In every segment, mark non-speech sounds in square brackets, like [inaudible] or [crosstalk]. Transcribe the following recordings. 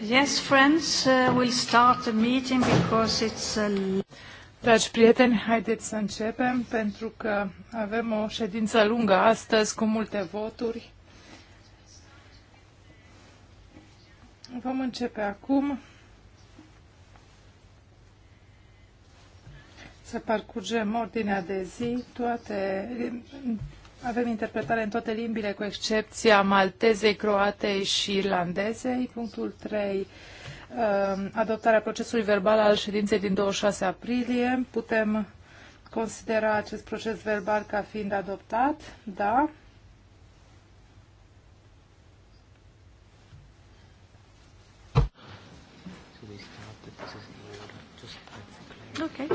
Yes, friends, uh, we'll start the meeting because it's a... Dragi prieteni, haideți să începem pentru că avem o ședință lungă astăzi cu multe voturi. Vom începe acum să parcurgem ordinea de zi, toate avem interpretare în toate limbile, cu excepția maltezei, croatei și irlandezei. Punctul 3. Um, adoptarea procesului verbal al ședinței din 26 aprilie. Putem considera acest proces verbal ca fiind adoptat? Da. Okay.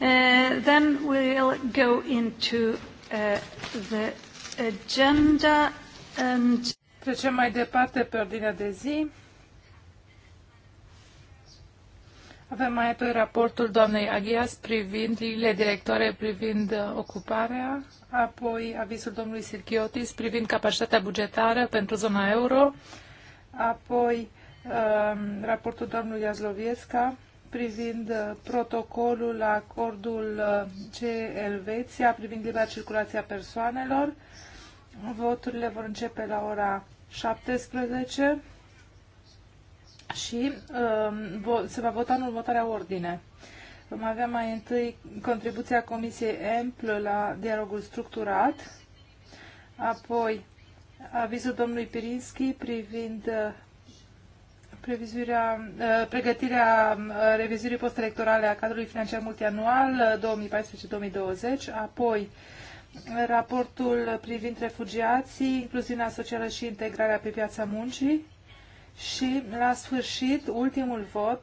Uh, then we'll go into the agenda and... Trecem mai departe pe ordinea de zi. Avem mai apoi raportul doamnei Aghias privind liile directoare privind uh, ocuparea, apoi avizul domnului Sirchiotis privind capacitatea bugetară pentru zona euro, apoi uh, raportul doamnului Iazloviesca privind uh, protocolul la acordul uh, C-Elveția privind libera circulație a persoanelor. Voturile vor începe la ora 17 și um, se va vota în următoarea ordine. Vom avea mai întâi contribuția Comisiei EMPL la dialogul structurat, apoi avizul domnului Pirinski privind uh, previzuirea, uh, pregătirea uh, revizuirii postelectorale a cadrului financiar multianual 2014-2020, uh, apoi raportul privind refugiații, incluziunea socială și integrarea pe piața muncii și, la sfârșit, ultimul vot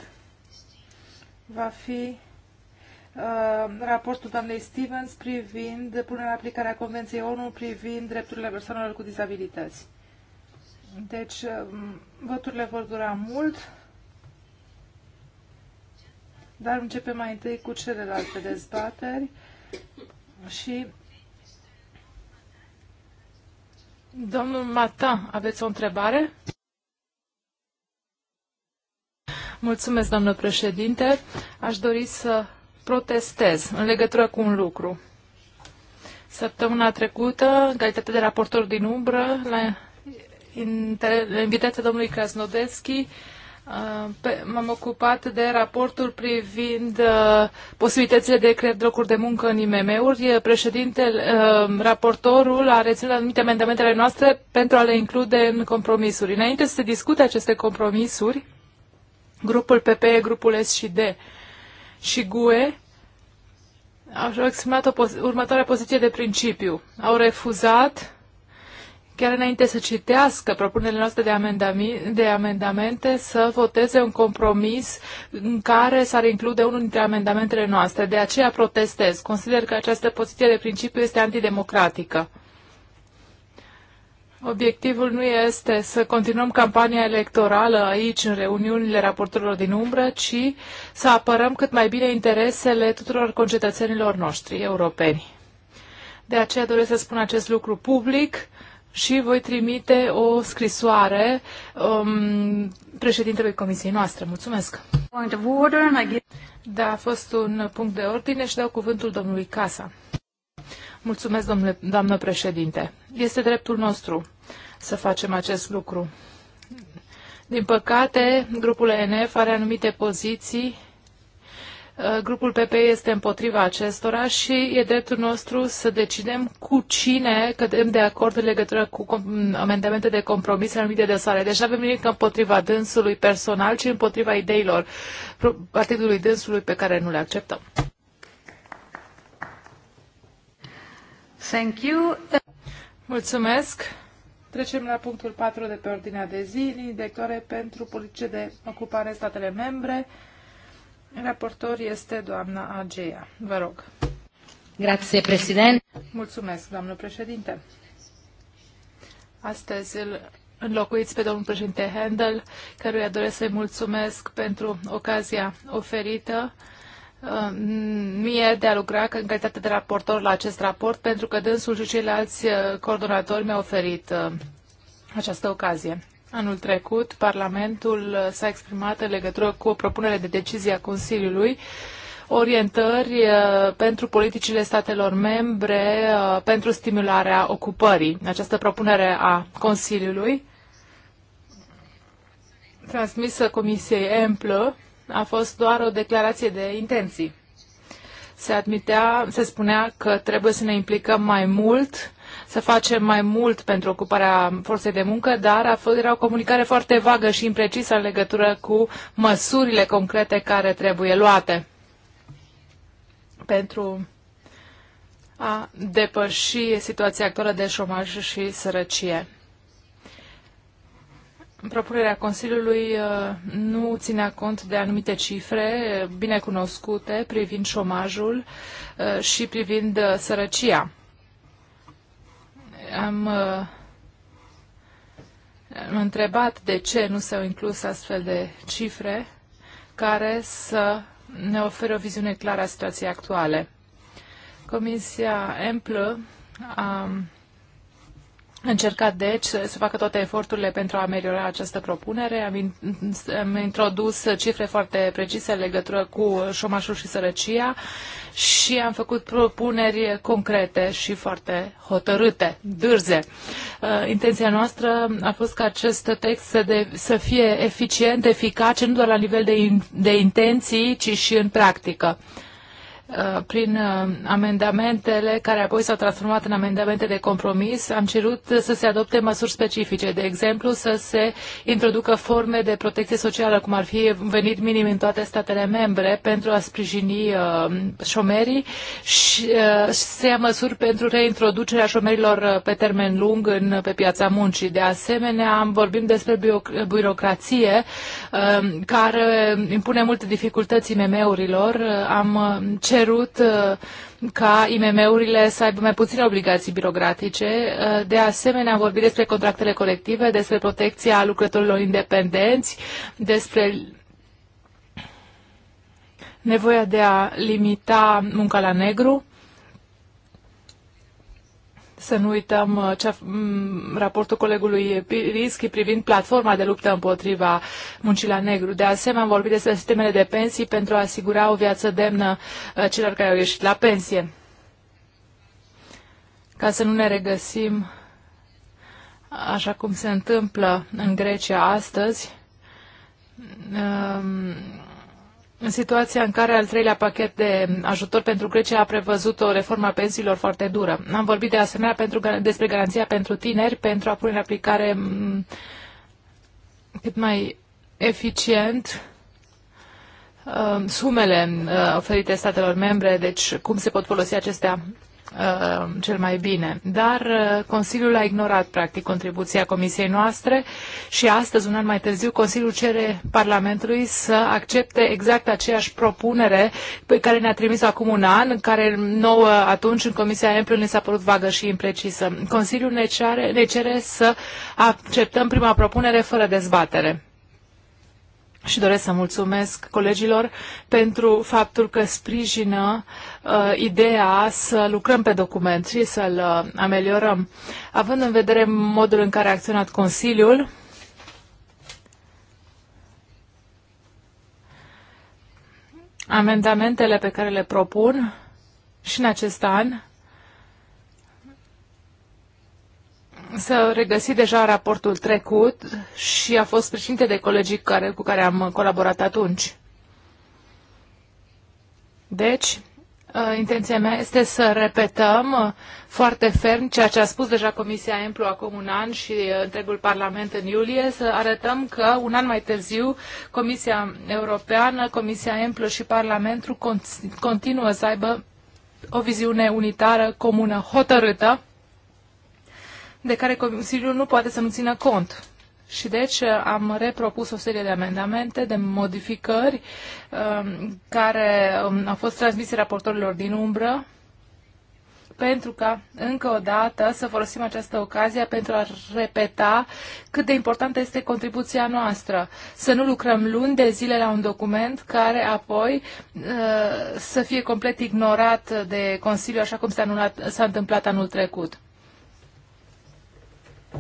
va fi raportul doamnei Stevens privind punerea aplicare a Convenției ONU privind drepturile persoanelor cu dizabilități. Deci, um, voturile vor dura mult, dar începem mai întâi cu celelalte dezbateri și Domnul Mata, aveți o întrebare? Mulțumesc, domnul președinte. Aș dori să protestez în legătură cu un lucru. Săptămâna trecută, în calitate de raportor din umbră, la invitația domnului Krasnodeschi. Uh, m-am ocupat de raportul privind uh, posibilitățile de creare locuri de muncă în IMM-uri. Președintele, uh, raportorul a reținut anumite amendamentele noastre pentru a le include în compromisuri. Înainte să se discute aceste compromisuri, grupul PPE, grupul S și D și GUE au exprimat o următoarea poziție de principiu. Au refuzat chiar înainte să citească propunerile noastre de, de amendamente, să voteze un compromis în care s-ar include unul dintre amendamentele noastre. De aceea protestez. Consider că această poziție de principiu este antidemocratică. Obiectivul nu este să continuăm campania electorală aici, în reuniunile raporturilor din umbră, ci să apărăm cât mai bine interesele tuturor concetățenilor noștri europeni. De aceea doresc să spun acest lucru public și voi trimite o scrisoare um, președintelui comisiei noastre. Mulțumesc! Da, a fost un punct de ordine și dau cuvântul domnului Casa. Mulțumesc, domnule, doamnă președinte. Este dreptul nostru să facem acest lucru. Din păcate, grupul ENF are anumite poziții Uh, grupul PP este împotriva acestora și e dreptul nostru să decidem cu cine cădem de acord în legătură cu amendamente de compromis anumite de soare. Deci avem nimic împotriva dânsului personal, ci împotriva ideilor partidului dânsului pe care nu le acceptăm. Thank you. Mulțumesc. Trecem la punctul 4 de pe ordinea de zi, linii directoare pentru politice de ocupare statele membre. Raportor este doamna Agea. Vă rog. Grație, președinte. Mulțumesc, doamnă președinte. Astăzi îl înlocuiți pe domnul președinte Handel, căruia doresc să-i mulțumesc pentru ocazia oferită uh, mie de a lucra în calitate de raportor la acest raport, pentru că dânsul și ceilalți uh, coordonatori mi-au oferit uh, această ocazie. Anul trecut, Parlamentul s-a exprimat în legătură cu o propunere de decizie a Consiliului orientări uh, pentru politicile statelor membre uh, pentru stimularea ocupării. Această propunere a Consiliului, transmisă Comisiei Emplă, a fost doar o declarație de intenții. Se admitea, se spunea că trebuie să ne implicăm mai mult să facem mai mult pentru ocuparea forței de muncă, dar a fost, era o comunicare foarte vagă și imprecisă în legătură cu măsurile concrete care trebuie luate pentru a depăși situația actuală de șomaj și sărăcie. Propunerea Consiliului uh, nu ținea cont de anumite cifre binecunoscute privind șomajul uh, și privind uh, sărăcia am uh, am întrebat de ce nu s-au inclus astfel de cifre care să ne oferă o viziune clară a situației actuale. Comisia Emplă a încercat, deci, să, să facă toate eforturile pentru a ameliora această propunere. Am, in, am introdus cifre foarte precise în legătură cu șomașul și sărăcia și am făcut propuneri concrete și foarte hotărâte, dârze. Uh, intenția noastră a fost ca acest text să, de, să fie eficient, eficace, nu doar la nivel de, in, de intenții, ci și în practică. Uh, prin uh, amendamentele care apoi s-au transformat în amendamente de compromis, am cerut să se adopte măsuri specifice, de exemplu să se introducă forme de protecție socială, cum ar fi venit minim în toate statele membre, pentru a sprijini uh, șomerii și să ia măsuri pentru reintroducerea șomerilor pe termen lung în, pe piața muncii. De asemenea, vorbim despre birocrație Um, care impune multe dificultăți IMM-urilor. Uh, am uh, cerut uh, ca IMM-urile să aibă mai puține obligații birocratice. De asemenea, am vorbit despre contractele colective, despre protecția lucrătorilor independenți, despre nevoia de a limita munca la negru. Să nu uităm uh, ce, raportul colegului Rischi privind platforma de luptă împotriva muncii la negru. De asemenea, am vorbit despre sistemele de pensii pentru a asigura o viață demnă uh, celor care au ieșit la pensie. Ca să nu ne regăsim așa cum se întâmplă în Grecia astăzi, um, în situația în care al treilea pachet de ajutor pentru Grecia a prevăzut o reformă a pensiilor foarte dură. Am vorbit de asemenea pentru, despre garanția pentru tineri pentru a pune în aplicare cât mai eficient uh, sumele uh, oferite statelor membre, deci cum se pot folosi acestea Uh, cel mai bine. Dar uh, Consiliul a ignorat, practic, contribuția Comisiei noastre și astăzi, un an mai târziu, Consiliul cere Parlamentului să accepte exact aceeași propunere pe care ne-a trimis acum un an, care nouă atunci în Comisia Emplu ne s-a părut vagă și imprecisă. Consiliul ne cere, ne cere să acceptăm prima propunere fără dezbatere și doresc să mulțumesc colegilor pentru faptul că sprijină uh, ideea să lucrăm pe document și să-l uh, ameliorăm. Având în vedere modul în care a acționat Consiliul, amendamentele pe care le propun și în acest an să regăsi deja raportul trecut și a fost președinte de colegii care, cu care am colaborat atunci. Deci, Uh, intenția mea este să repetăm uh, foarte ferm ceea ce a spus deja Comisia Emplu acum un an și uh, întregul Parlament în iulie, să arătăm că un an mai târziu Comisia Europeană, Comisia Emplu și Parlamentul continuă să aibă o viziune unitară, comună, hotărâtă, de care Consiliul nu poate să nu țină cont. Și deci uh, am repropus o serie de amendamente, de modificări um, care um, au fost transmise raportorilor din umbră pentru ca, încă o dată, să folosim această ocazie pentru a repeta cât de importantă este contribuția noastră. Să nu lucrăm luni de zile la un document care apoi uh, să fie complet ignorat de Consiliu, așa cum s-a întâmplat anul trecut.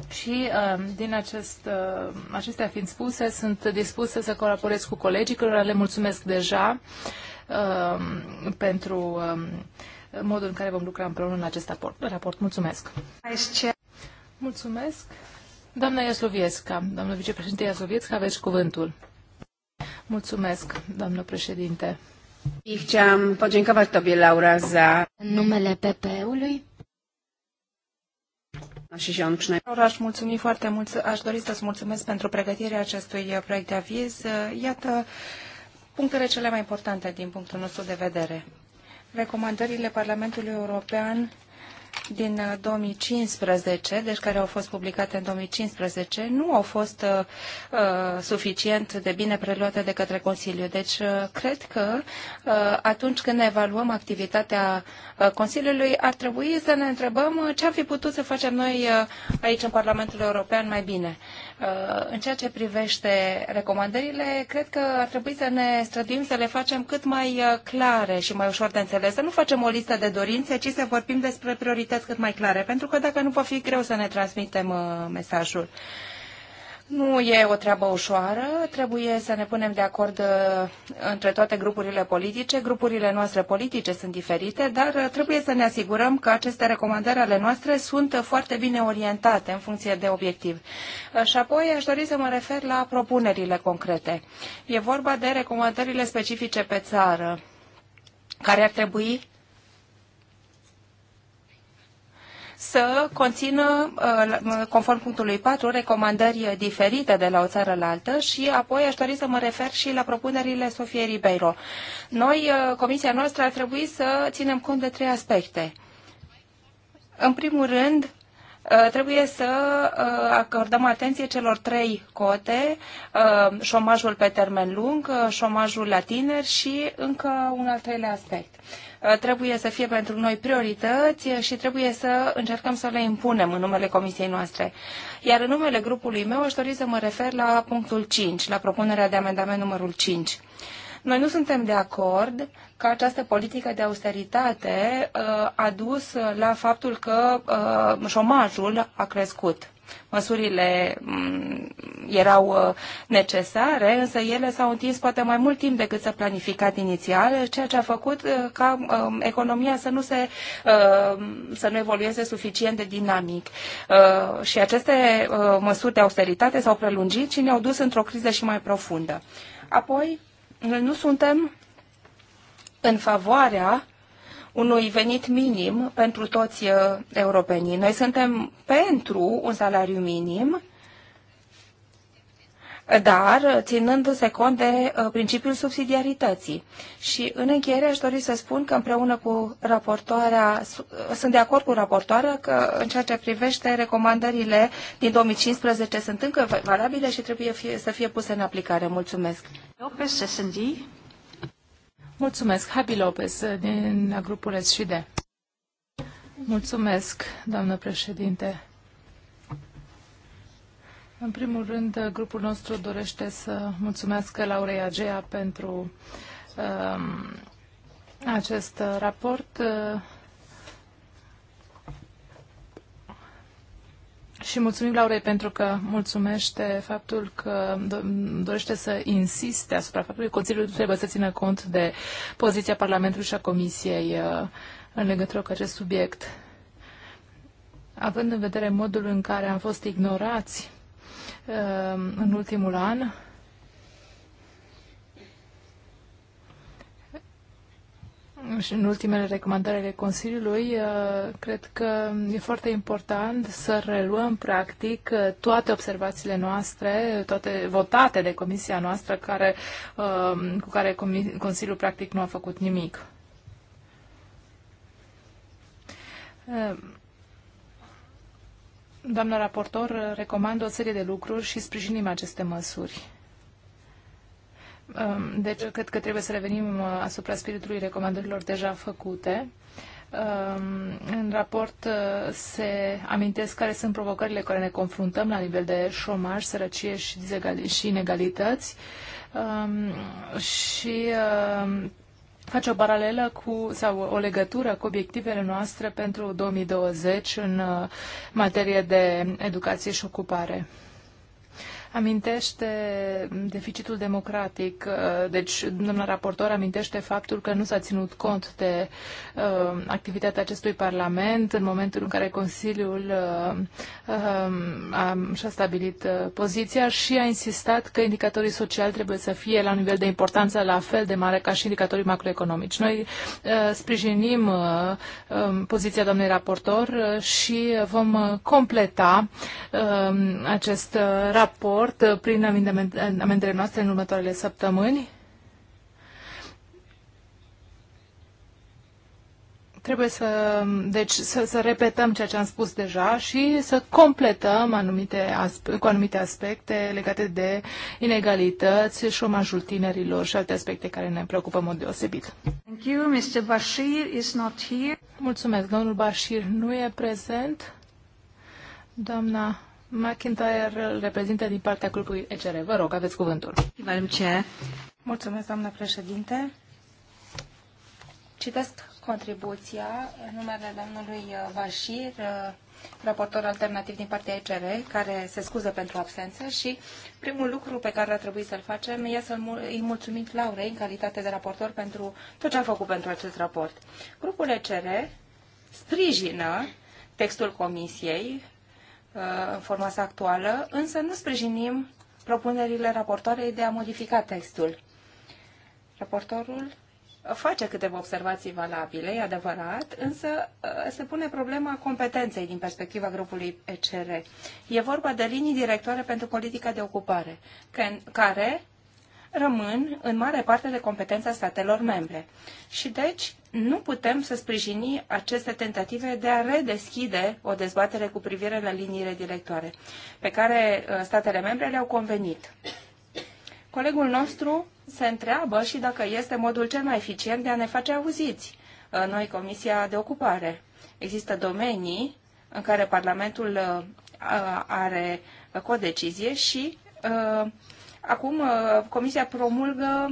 Și um, din acest, um, acestea fiind spuse, sunt dispusă să colaborez cu colegii, cărora le mulțumesc deja um, pentru modul în care vom lucra împreună în acest raport. Mulțumesc! Mulțumesc! Doamna Iasloviesca, domnul vicepreședinte Iasloviesca, aveți cuvântul. Mulțumesc, doamnă președinte. I chciałam podziękować Tobie, Laura, za... numele PP-ului Aș mulțumi foarte mult, aș dori să-ți mulțumesc pentru pregătirea acestui uh, proiect de aviz. Uh, iată punctele cele mai importante din punctul nostru de vedere. Recomandările Parlamentului European din 2015, uh, deci care au fost publicate în 2015, nu au fost uh, uh, suficient de bine preluate de către Consiliu. Deci, uh, cred că uh, atunci când evaluăm activitatea uh, Consiliului, ar trebui să ne întrebăm uh, ce am fi putut să facem noi uh, aici în Parlamentul European mai bine. Uh, în ceea ce privește recomandările, cred că ar trebui să ne străduim să le facem cât mai uh, clare și mai ușor de înțeles. Să nu facem o listă de dorințe, ci să vorbim despre priorități cât mai clare, pentru că dacă nu va fi greu să ne transmitem uh, mesajul. Nu e o treabă ușoară, trebuie să ne punem de acord uh, între toate grupurile politice. Grupurile noastre politice sunt diferite, dar uh, trebuie să ne asigurăm că aceste recomandări ale noastre sunt uh, foarte bine orientate în funcție de obiectiv. Și apoi aș dori să mă refer la propunerile concrete. E vorba de recomandările specifice pe țară care ar trebui să conțină, uh, conform punctului 4, recomandări diferite de la o țară la altă și apoi aș dori să mă refer și la propunerile Sofiei Ribeiro. Noi, uh, comisia noastră, ar trebui să ținem cont de trei aspecte. În primul rând, Uh, trebuie să uh, acordăm atenție celor trei cote, uh, șomajul pe termen lung, șomajul la tineri și încă un al treilea aspect. Trebuie să fie pentru noi priorități și trebuie să încercăm să le impunem în numele comisiei noastre. Iar în numele grupului meu aș dori să mă refer la punctul 5, la propunerea de amendament numărul 5. Noi nu suntem de acord că această politică de austeritate uh, a dus la faptul că uh, șomajul a crescut. Măsurile mm, erau uh, necesare, însă ele s-au întins poate mai mult timp decât s-a planificat inițial, ceea ce a făcut ca um, economia să nu, se, să nu evolueze suficient de dinamic. Și aceste măsuri de austeritate s-au prelungit și ne-au dus într-o criză și mai profundă. Apoi, noi nu suntem în favoarea unui venit minim pentru toți uh, europenii. Noi suntem pentru un salariu minim dar ținându-se cont de uh, principiul subsidiarității. Și în încheiere aș dori să spun că împreună cu raportoarea, uh, sunt de acord cu raportoarea că în ceea ce privește recomandările din 2015 sunt încă valabile și trebuie fie, să fie puse în aplicare. Mulțumesc. Lopez, S&D. Mulțumesc. Habi Lopez uh, din grupul SD. Mulțumesc, doamnă președinte. În primul rând, grupul nostru dorește să mulțumească Laurei Agea pentru um, acest raport uh, și mulțumim Laurei pentru că mulțumește faptul că dorește să insiste asupra faptului că Consiliul trebuie să țină cont de poziția Parlamentului și a Comisiei uh, în legătură cu acest subiect. Având în vedere modul în care am fost ignorați Ehm, în ultimul an. Și în ultimele recomandări ale Consiliului, eh, cred că e foarte important să reluăm practic eh, toate observațiile noastre, toate votate de comisia noastră care, ehm, cu care Consiliul practic nu a făcut nimic. Ehm, Doamna raportor uh, recomandă o serie de lucruri și sprijinim aceste măsuri. Um, deci, cred că trebuie să revenim uh, asupra spiritului recomandărilor deja făcute. Um, în raport uh, se amintesc care sunt provocările care ne confruntăm la nivel de șomaj, sărăcie și inegalități um, și face o paralelă cu sau o legătură cu obiectivele noastre pentru 2020 în uh, materie de educație și ocupare amintește deficitul democratic, uh, deci domnul raportor amintește faptul că nu s-a ținut cont de uh, activitatea acestui Parlament în momentul în care Consiliul uh, uh, a, și-a stabilit uh, poziția și a insistat că indicatorii sociali trebuie să fie la un nivel de importanță la fel de mare ca și indicatorii macroeconomici. Noi uh, sprijinim uh, uh, poziția doamnei raportor uh, și vom uh, completa uh, acest uh, raport raport uh, prin amendele noastre în următoarele săptămâni. Trebuie să, deci, să, să repetăm ceea ce am spus deja și să completăm anumite cu anumite aspecte legate de inegalități, șomajul tinerilor și alte aspecte care ne preocupă în mod deosebit. Thank you. Mr. Bashir is not here. Mulțumesc. Domnul Bashir nu e prezent. Doamna McIntyre îl reprezintă din partea grupului ECR. Vă rog, aveți cuvântul. Mulțumesc, doamnă președinte. Citesc contribuția în numele domnului Vașir, uh, uh, raportor alternativ din partea ECR, care se scuză pentru absență și primul lucru pe care ar trebui să-l facem e să îi mulțumim Laurei în calitate de raportor pentru tot ce a făcut pentru acest raport. Grupul ECR sprijină textul comisiei Uh, în forma sa actuală, însă nu sprijinim propunerile raportoarei de a modifica textul. Raportorul face câteva observații valabile, e adevărat, însă uh, se pune problema competenței din perspectiva grupului ECR. E vorba de linii directoare pentru politica de ocupare, care rămân în mare parte de competența statelor membre. Și deci nu putem să sprijini aceste tentative de a redeschide o dezbatere cu privire la liniile directoare pe care uh, statele membre le-au convenit. Colegul nostru se întreabă și dacă este modul cel mai eficient de a ne face auziți uh, noi Comisia de Ocupare. Există domenii în care Parlamentul uh, are codecizie și Acum uh, Comisia promulgă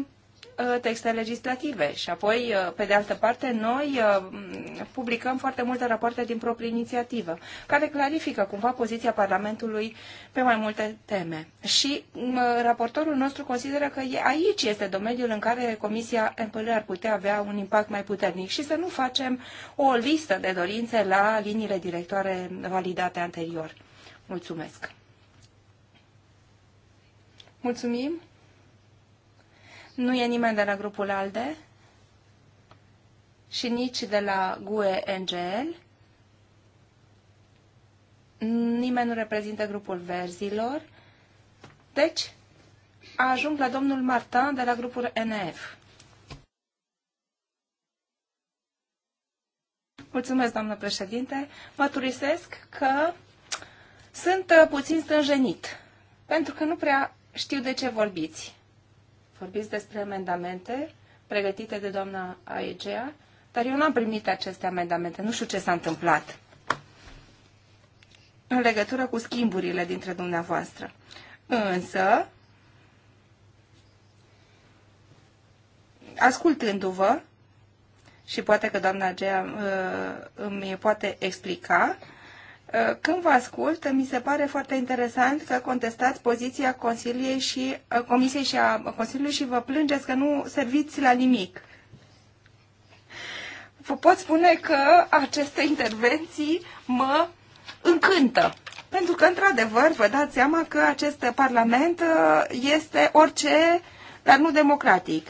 uh, texte legislative și apoi, uh, pe de altă parte, noi publicăm foarte multe rapoarte din proprie inițiativă, care clarifică cumva poziția Parlamentului pe mai multe teme. Și raportorul nostru consideră că aici este domeniul în care Comisia MPL ar putea avea un impact mai puternic și să nu facem o listă de dorințe la liniile directoare validate anterior. Mulțumesc! Mulțumim. Nu e nimeni de la grupul ALDE și nici de la GUE NGL. Nimeni nu reprezintă grupul verzilor. Deci, ajung la domnul Martin de la grupul NF. Mulțumesc, doamnă președinte. turisesc că sunt uh, puțin stânjenit, pentru că nu prea știu de ce vorbiți. Vorbiți despre amendamente pregătite de doamna Aegea, dar eu n-am primit aceste amendamente. Nu știu ce s-a întâmplat în legătură cu schimburile dintre dumneavoastră. Însă, ascultându-vă, și poate că doamna uh, îmi poate explica, Uh, când vă ascult, mi se pare foarte interesant că contestați poziția Consiliei și, uh, Comisiei și a Consiliului și vă plângeți că nu serviți la nimic. Vă pot spune că aceste intervenții mă încântă. Pentru că, într-adevăr, vă dați seama că acest Parlament uh, este orice, dar nu democratic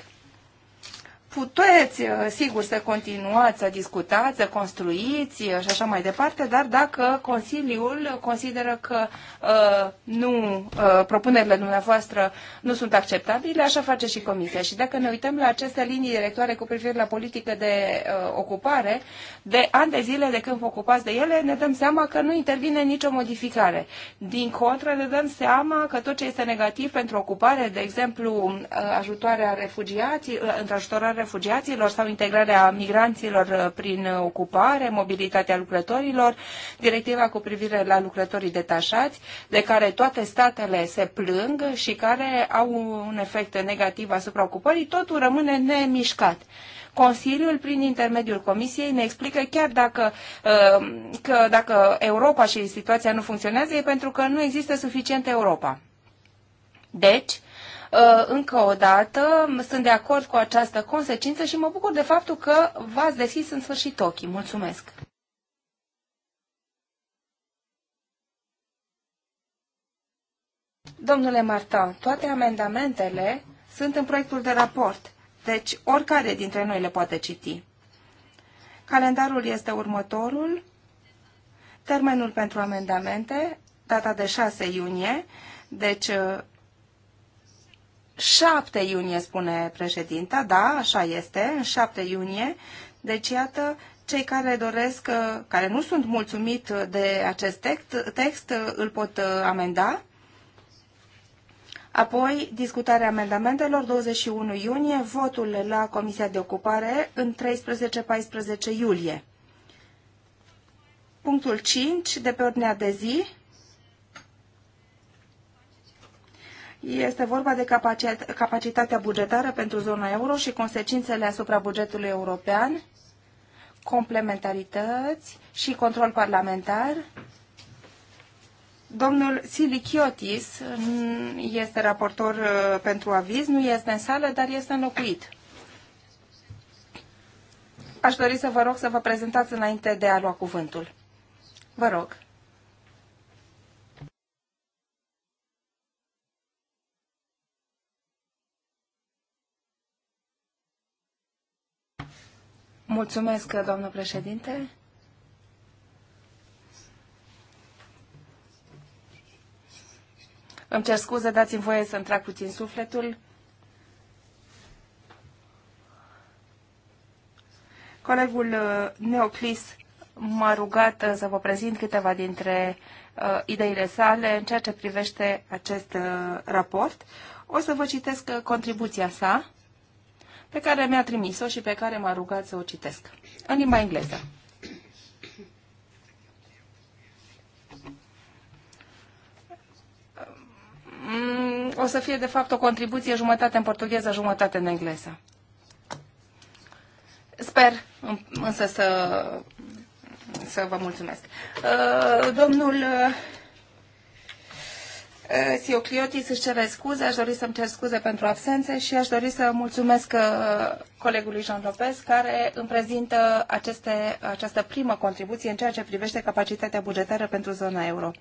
puteți, uh, sigur, să continuați, să discutați, să construiți uh, și așa mai departe, dar dacă Consiliul consideră că uh, nu, uh, propunerile dumneavoastră nu sunt acceptabile, așa face și Comisia. Și dacă ne uităm la aceste linii directoare cu privire la politică de uh, ocupare, de ani de zile de când vă ocupați de ele, ne dăm seama că nu intervine nicio modificare. Din contră, ne dăm seama că tot ce este negativ pentru ocupare, de exemplu, uh, ajutoarea refugiații, uh, într-ajutorarea refugiaților sau integrarea migranților uh, prin ocupare, mobilitatea lucrătorilor, directiva cu privire la lucrătorii detașați, de care toate statele se plâng și care au un efect negativ asupra ocupării, totul rămâne nemișcat. Consiliul, prin intermediul Comisiei, ne explică chiar dacă, uh, că dacă Europa și situația nu funcționează, e pentru că nu există suficient Europa. Deci, Uh, încă o dată sunt de acord cu această consecință și mă bucur de faptul că v-ați deschis în sfârșit ochii. Mulțumesc! Domnule Marta, toate amendamentele sunt în proiectul de raport, deci oricare dintre noi le poate citi. Calendarul este următorul. Termenul pentru amendamente, data de 6 iunie, deci uh, 7 iunie, spune președinta, da, așa este, în 7 iunie. Deci, iată, cei care doresc, uh, care nu sunt mulțumit de acest text, text uh, îl pot uh, amenda. Apoi, discutarea amendamentelor 21 iunie, votul la Comisia de Ocupare în 13-14 iulie. Punctul 5 de pe ordinea de zi, Este vorba de capacitatea bugetară pentru zona euro și consecințele asupra bugetului european, complementarități și control parlamentar. Domnul Silichiotis este raportor uh, pentru aviz, nu este în sală, dar este înlocuit. Aș dori să vă rog să vă prezentați înainte de a lua cuvântul. Vă rog. Mulțumesc, doamnă președinte. Îmi cer scuze, dați-mi voie să-mi trag puțin sufletul. Colegul uh, Neoclis m-a rugat uh, să vă prezint câteva dintre uh, ideile sale în ceea ce privește acest uh, raport. O să vă citesc uh, contribuția sa pe care mi-a trimis-o și pe care m-a rugat să o citesc în limba engleză. Mm, o să fie, de fapt, o contribuție jumătate în portugheză, jumătate în engleză. Sper însă să, să vă mulțumesc. Uh, domnul uh, Eh, Siocliotis își cere scuze, aș dori să-mi cer scuze pentru absențe și aș dori să mulțumesc eh, colegului Jean Lopez care îmi prezintă aceste, această primă contribuție în ceea ce privește capacitatea bugetară pentru zona euro.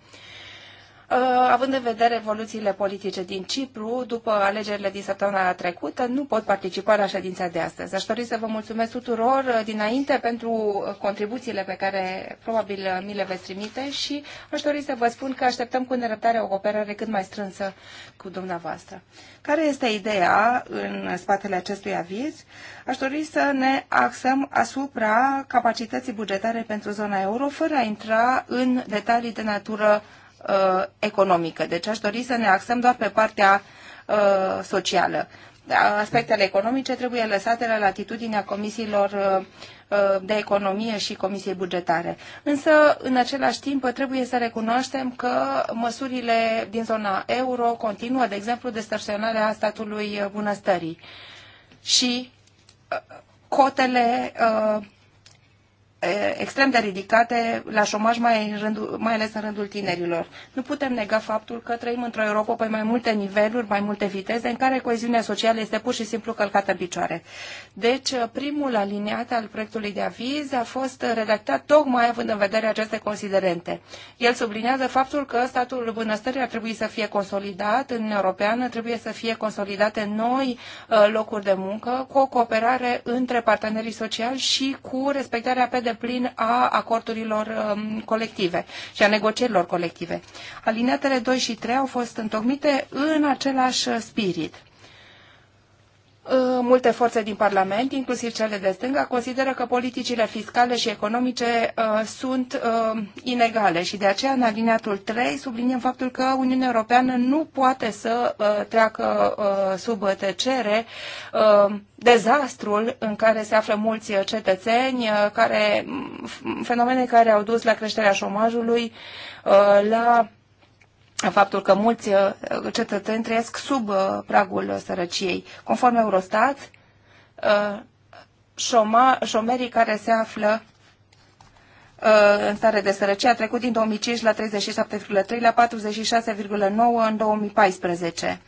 Uh, având în vedere evoluțiile politice din Cipru, după alegerile din săptămâna trecută, nu pot participa la ședința de astăzi. Aș dori să vă mulțumesc tuturor uh, dinainte pentru uh, contribuțiile pe care probabil mi le veți trimite și aș dori să vă spun că așteptăm cu nerăbdare o cooperare cât mai strânsă cu dumneavoastră. Care este ideea în spatele acestui aviz? Aș dori să ne axăm asupra capacității bugetare pentru zona euro, fără a intra în detalii de natură uh, economică. Deci aș dori să ne axăm doar pe partea uh, socială. Aspectele economice trebuie lăsate la latitudinea comisiilor uh, uh, de economie și comisiei bugetare. Însă, în același timp, trebuie să recunoaștem că măsurile din zona euro continuă, de exemplu, destărționarea statului uh, bunăstării. Și cotele extrem de ridicate la șomaj, mai, în rândul, mai ales în rândul tinerilor. Nu putem nega faptul că trăim într-o Europa pe mai multe niveluri, mai multe viteze, în care coeziunea socială este pur și simplu călcată în picioare. Deci, primul aliniat al proiectului de aviz a fost redactat tocmai având în vedere aceste considerente. El sublinează faptul că statul bunăstării ar trebui să fie consolidat în Europeană, trebuie să fie consolidate noi uh, locuri de muncă cu o cooperare între partenerii sociali și cu respectarea pe deplin a acordurilor um, colective și a negocierilor colective. Alineatele 2 și 3 au fost întocmite în același spirit. Uh, multe forțe din Parlament, inclusiv cele de stânga, consideră că politicile fiscale și economice uh, sunt uh, inegale și de aceea în aliniatul 3 subliniem faptul că Uniunea Europeană nu poate să uh, treacă uh, sub tăcere uh, dezastrul în care se află mulți cetățeni, uh, care, fenomene care au dus la creșterea șomajului, uh, la faptul că mulți uh, cetățeni trăiesc sub uh, pragul sărăciei. Conform Eurostat, uh, șoma, șomerii care se află în stare de sărăcie a trecut din 2005 la 37,3 la 46,9 în 2014.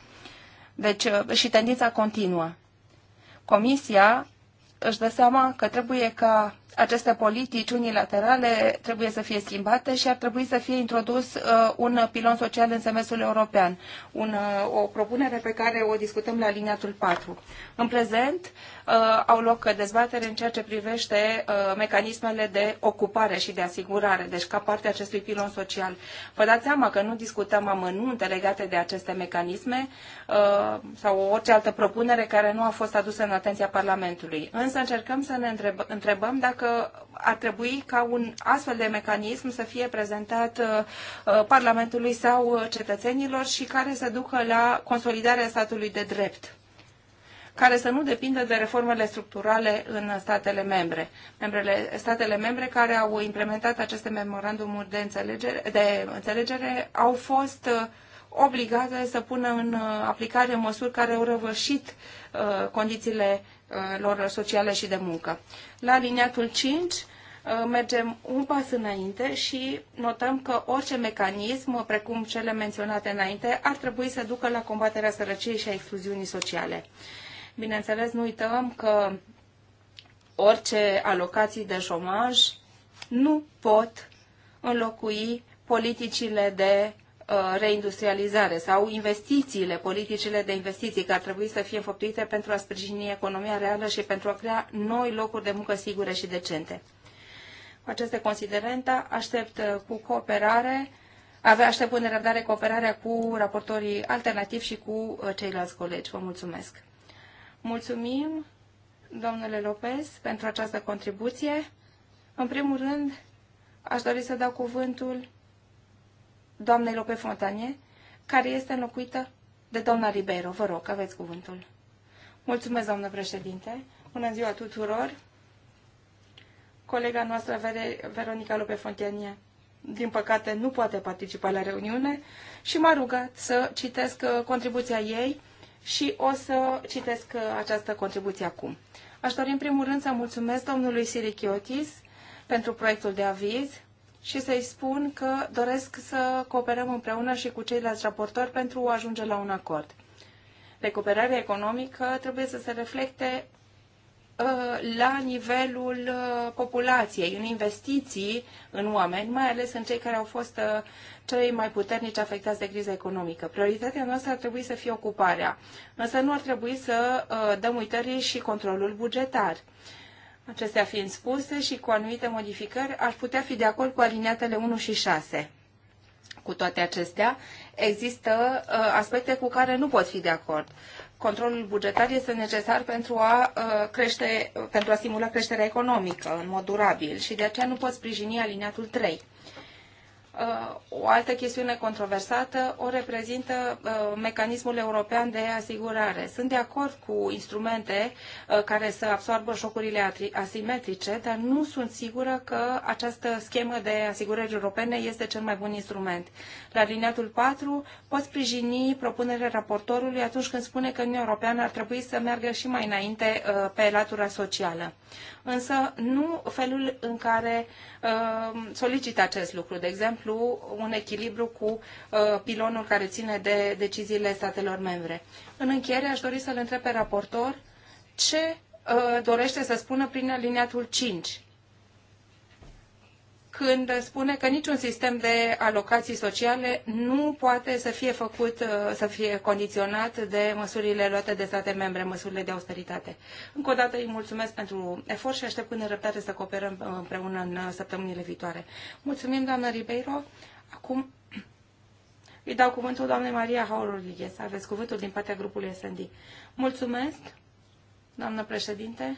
Deci și tendința continuă. Comisia își dă seama că trebuie ca aceste politici unilaterale trebuie să fie schimbate și ar trebui să fie introdus uh, un pilon social în semestrul european, un, uh, o propunere pe care o discutăm la liniatul 4. În prezent uh, au loc dezbatere în ceea ce privește uh, mecanismele de ocupare și de asigurare, deci ca parte a acestui pilon social. Vă dați seama că nu discutăm amănunte legate de aceste mecanisme uh, sau orice altă propunere care nu a fost adusă în atenția Parlamentului. Însă încercăm să ne întreb, întrebăm dacă că ar trebui ca un astfel de mecanism să fie prezentat uh, uh, Parlamentului sau cetățenilor și care să ducă la consolidarea statului de drept care să nu depindă de reformele structurale în statele membre. Membrele, statele membre care au implementat aceste memorandumuri de înțelegere, de înțelegere au fost uh, obligate să pună în aplicare măsuri care au răvășit uh, condițiile Uh, lor sociale și de muncă. La liniatul 5 uh, mergem un pas înainte și notăm că orice mecanism, precum cele menționate înainte, ar trebui să ducă la combaterea sărăciei și a excluziunii sociale. Bineînțeles, nu uităm că orice alocații de șomaj nu pot înlocui politicile de Uh, reindustrializare sau investițiile, politicile de investiții care ar trebui să fie înfăptuite pentru a sprijini economia reală și pentru a crea noi locuri de muncă sigure și decente. Cu aceste considerente aștept uh, cu cooperare, avea aștept cu nerăbdare cooperarea cu raportorii alternativi și cu uh, ceilalți colegi. Vă mulțumesc! Mulțumim, domnule Lopez, pentru această contribuție. În primul rând, aș dori să dau cuvântul doamnei Lope Fontanie, care este înlocuită de doamna Ribeiro. Vă rog, aveți cuvântul. Mulțumesc, doamnă președinte. Bună ziua tuturor. Colega noastră, Veronica Lope Fontanie, din păcate nu poate participa la reuniune și m-a rugat să citesc uh, contribuția ei și o să citesc uh, această contribuție acum. Aș dori în primul rând să mulțumesc domnului Sirichiotis pentru proiectul de aviz și să-i spun că doresc să cooperăm împreună și cu ceilalți raportori pentru a ajunge la un acord. Recuperarea economică trebuie să se reflecte uh, la nivelul uh, populației, în investiții în oameni, mai ales în cei care au fost uh, cei mai puternici afectați de criza economică. Prioritatea noastră ar trebui să fie ocuparea, însă nu ar trebui să dăm uitării și controlul bugetar. Acestea fiind spuse și cu anumite modificări, aș putea fi de acord cu aliniatele 1 și 6. Cu toate acestea, există uh, aspecte cu care nu pot fi de acord. Controlul bugetar este necesar pentru a, uh, crește, pentru a stimula creșterea economică în mod durabil și de aceea nu pot sprijini aliniatul 3. Uh, o altă chestiune controversată o reprezintă uh, mecanismul european de asigurare. Sunt de acord cu instrumente uh, care să absorbă șocurile asimetrice, dar nu sunt sigură că această schemă de asigurări europene este cel mai bun instrument. La liniatul 4 pot sprijini propunerea raportorului atunci când spune că Uniunea Europeană ar trebui să meargă și mai înainte pe latura socială. Însă nu felul în care solicită acest lucru. De exemplu, exemplu, un echilibru cu uh, pilonul care ține de deciziile statelor membre. În încheiere, aș dori să-l întreb pe raportor ce uh, dorește să spună prin aliniatul 5 când spune că niciun sistem de alocații sociale nu poate să fie făcut, uh, să fie condiționat de măsurile luate de state membre, măsurile de austeritate. Încă o dată îi mulțumesc pentru efort și aștept cu răbdare să cooperăm uh, împreună în uh, săptămânile viitoare. Mulțumim, doamnă Ribeiro. Acum [clears throat] îi dau cuvântul doamnei Maria Haurulidie. aveți cuvântul din partea grupului SND. Mulțumesc, doamnă președinte.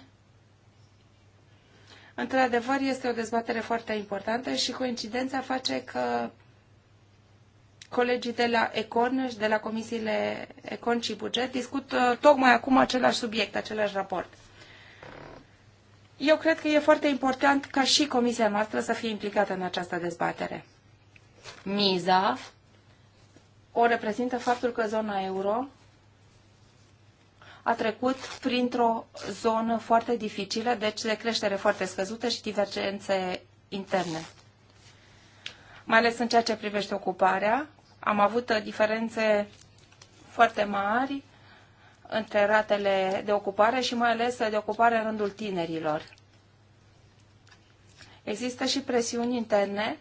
Într-adevăr, este o dezbatere foarte importantă și coincidența face că colegii de la Econ și de la comisiile Econ și Buget discută uh, tocmai acum același subiect, același raport. Eu cred că e foarte important ca și comisia noastră să fie implicată în această dezbatere. Miza o reprezintă faptul că zona euro a trecut printr-o zonă foarte dificilă, deci de creștere foarte scăzută și divergențe interne. Mai ales în ceea ce privește ocuparea, am avut diferențe foarte mari între ratele de ocupare și mai ales de ocupare în rândul tinerilor. Există și presiuni interne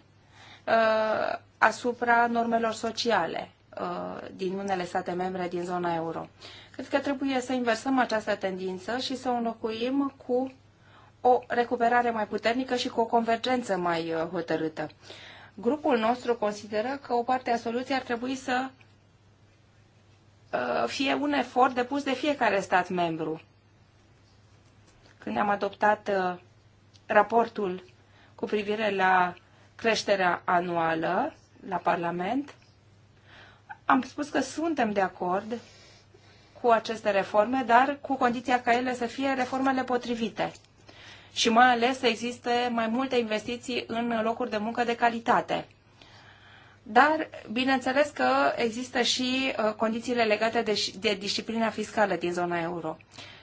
uh, asupra normelor sociale uh, din unele state membre din zona euro. Cred că trebuie să inversăm această tendință și să o înlocuim cu o recuperare mai puternică și cu o convergență mai uh, hotărâtă. Grupul nostru consideră că o parte a soluției ar trebui să uh, fie un efort depus de fiecare stat membru. Când am adoptat uh, raportul cu privire la creșterea anuală la Parlament, am spus că suntem de acord cu aceste reforme, dar cu condiția ca ele să fie reformele potrivite. Și mai ales să existe mai multe investiții în locuri de muncă de calitate. Dar, bineînțeles că există și uh, condițiile legate de, de disciplina fiscală din zona euro.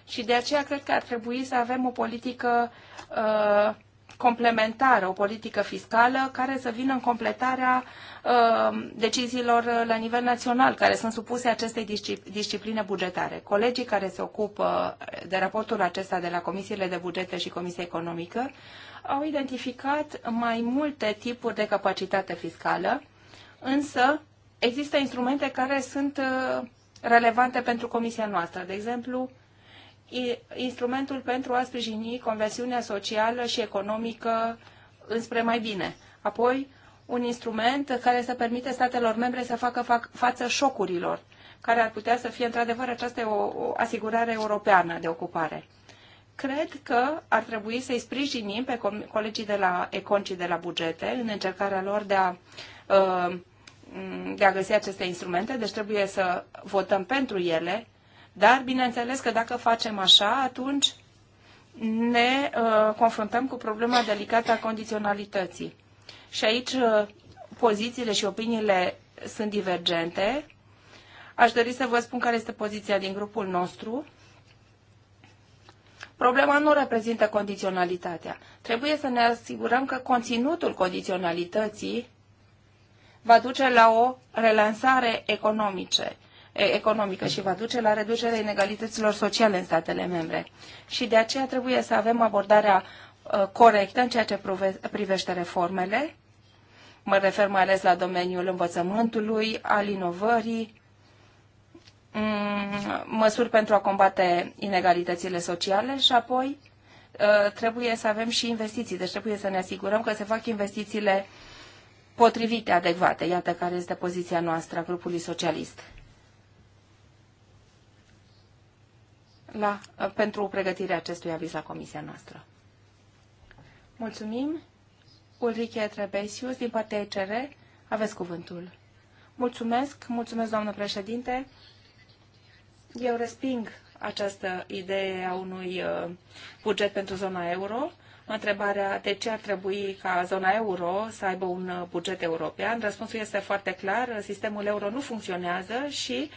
Și de aceea cred că ar trebui să avem o politică uh, complementară, o politică fiscală care să vină în completarea uh, deciziilor la nivel național, care sunt supuse acestei discipline bugetare. Colegii care se ocupă de raportul acesta de la Comisiile de Bugete și Comisia Economică au identificat mai multe tipuri de capacitate fiscală, însă există instrumente care sunt uh, relevante pentru comisia noastră. De exemplu, instrumentul pentru a sprijini conversiunea socială și economică înspre mai bine. Apoi, un instrument care să permite statelor membre să facă fa- față șocurilor, care ar putea să fie într-adevăr această o, o asigurare europeană de ocupare. Cred că ar trebui să-i sprijinim pe colegii de la Econci de la bugete în încercarea lor de a, uh, de a găsi aceste instrumente, deci trebuie să votăm pentru ele dar, bineînțeles că dacă facem așa, atunci ne uh, confruntăm cu problema delicată a condiționalității. Și aici uh, pozițiile și opiniile sunt divergente. Aș dori să vă spun care este poziția din grupul nostru. Problema nu reprezintă condiționalitatea. Trebuie să ne asigurăm că conținutul condiționalității va duce la o relansare economice, economică și va duce la reducerea inegalităților sociale în statele membre. Și de aceea trebuie să avem abordarea uh, corectă în ceea ce privește reformele. Mă refer mai ales la domeniul învățământului, al inovării, mm, măsuri pentru a combate inegalitățile sociale și apoi uh, trebuie să avem și investiții. Deci trebuie să ne asigurăm că se fac investițiile potrivite, adecvate. Iată care este poziția noastră a grupului socialist. la, pentru pregătirea acestui aviz la comisia noastră. Mulțumim. Ulrike Trebesius, din partea ECR, aveți cuvântul. Mulțumesc, mulțumesc, doamnă președinte. Eu resping această idee a unui uh, buget pentru zona euro întrebarea de ce ar trebui ca zona euro să aibă un buget european. Răspunsul este foarte clar, sistemul euro nu funcționează și uh,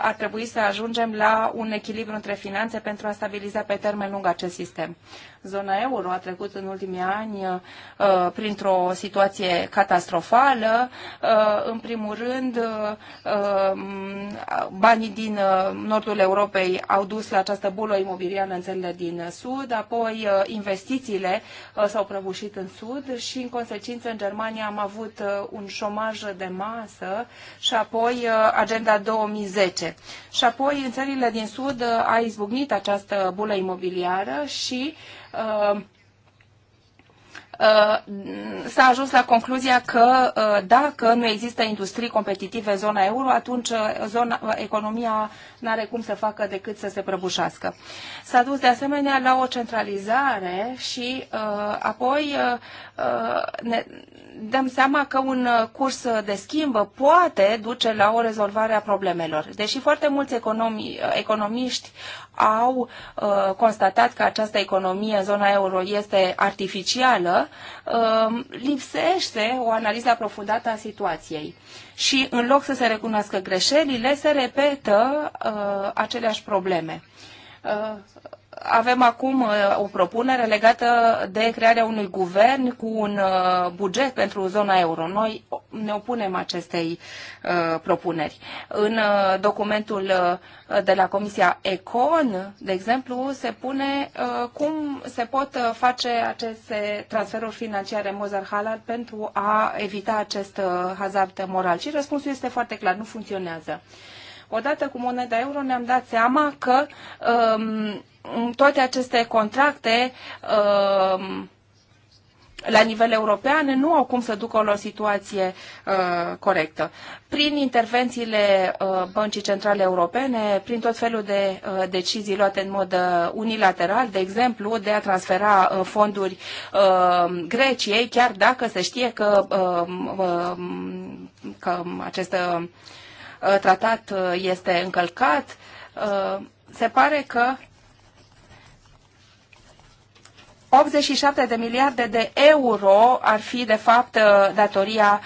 ar trebui să ajungem la un echilibru între finanțe pentru a stabiliza pe termen lung acest sistem. Zona euro a trecut în ultimii ani uh, printr-o situație catastrofală. Uh, în primul rând, uh, uh banii din uh, nordul Europei au dus la această bulă imobiliară în țările din sud, apoi uh, investițiile s-au prăbușit în sud și, în consecință, în Germania am avut un șomaj de masă și apoi agenda 2010. Și apoi, în țările din sud, a izbucnit această bulă imobiliară și Uh, uh, s-a ajuns la concluzia că uh, dacă nu există industrii competitive în zona euro, atunci zona, economia nu are cum să facă decât să se prăbușească. S-a dus de asemenea la o centralizare și apoi Uh, ne dăm seama că un uh, curs de schimb poate duce la o rezolvare a problemelor. Deși foarte mulți economi, uh, economiști au uh, constatat că această economie în zona euro este artificială, uh, lipsește o analiză aprofundată a situației. Și în loc să se recunoască greșelile, se repetă uh, aceleași probleme. Uh, avem acum uh, o propunere legată de crearea unui guvern cu un uh, buget pentru zona euro. Noi ne opunem acestei uh, propuneri. În documentul de la Comisia Econ, de exemplu, se pune cum se pot face aceste transferuri financiare Mozart Halal pentru a evita acest hazard moral. Și răspunsul este foarte clar, nu funcționează. Odată cu moneda euro ne-am dat seama că um, toate aceste contracte um, la nivel european nu au cum să ducă la o situație uh, corectă. Prin intervențiile uh, Băncii Centrale Europene, prin tot felul de uh, decizii luate în mod uh, unilateral, de exemplu, de a transfera uh, fonduri uh, Greciei, chiar dacă se știe că, uh, uh, că această uh, Uh, tratat uh, este încălcat. Uh, se pare că 87 de miliarde de euro ar fi, de fapt, datoria,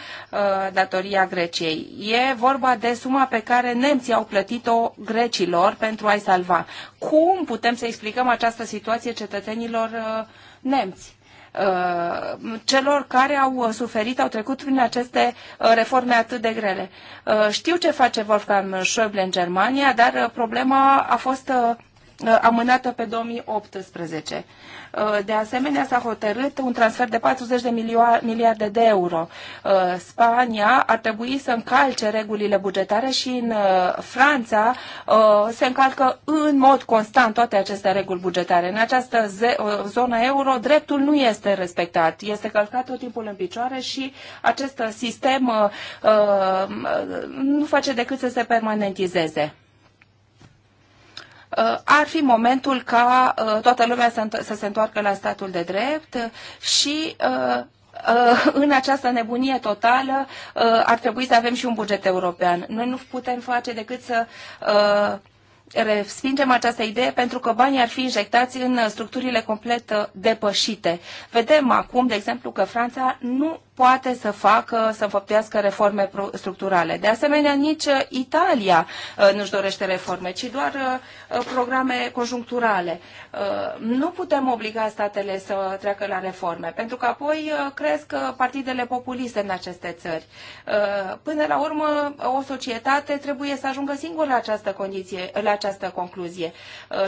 datoria Greciei. E vorba de suma pe care nemții au plătit-o grecilor pentru a-i salva. Cum putem să explicăm această situație cetățenilor nemți? Uh, celor care au uh, suferit, au trecut prin aceste uh, reforme atât de grele. Știu ce face Wolfgang Schäuble în Germania, dar problema a fost amânată pe 2018. Uh, de asemenea, s-a hotărât un transfer de 40 de miliarde de euro. Uh, Spania ar trebui să încalce regulile bugetare și în uh, Franța se încalcă în mod constant toate aceste reguli bugetare. În această zonă euro, dreptul nu este respectat. Este călcat tot timpul în picioare și acest sistem nu face decât să se permanentizeze. Uh, ar fi momentul ca uh, toată lumea să se întoarcă la statul de drept și uh, în această nebunie totală ar trebui să avem și un buget european. Noi nu putem face decât să respingem această idee pentru că banii ar fi injectați în structurile complet depășite. Vedem acum, de exemplu, că Franța nu poate să facă, să făptească reforme structurale. De asemenea, nici uh, Italia uh, nu-și dorește reforme, ci doar uh, programe conjuncturale. Nu putem obliga statele să treacă la reforme, pentru că apoi cresc partidele populiste în aceste țări. Până la urmă, o societate trebuie să ajungă singură la această condiție, la această concluzie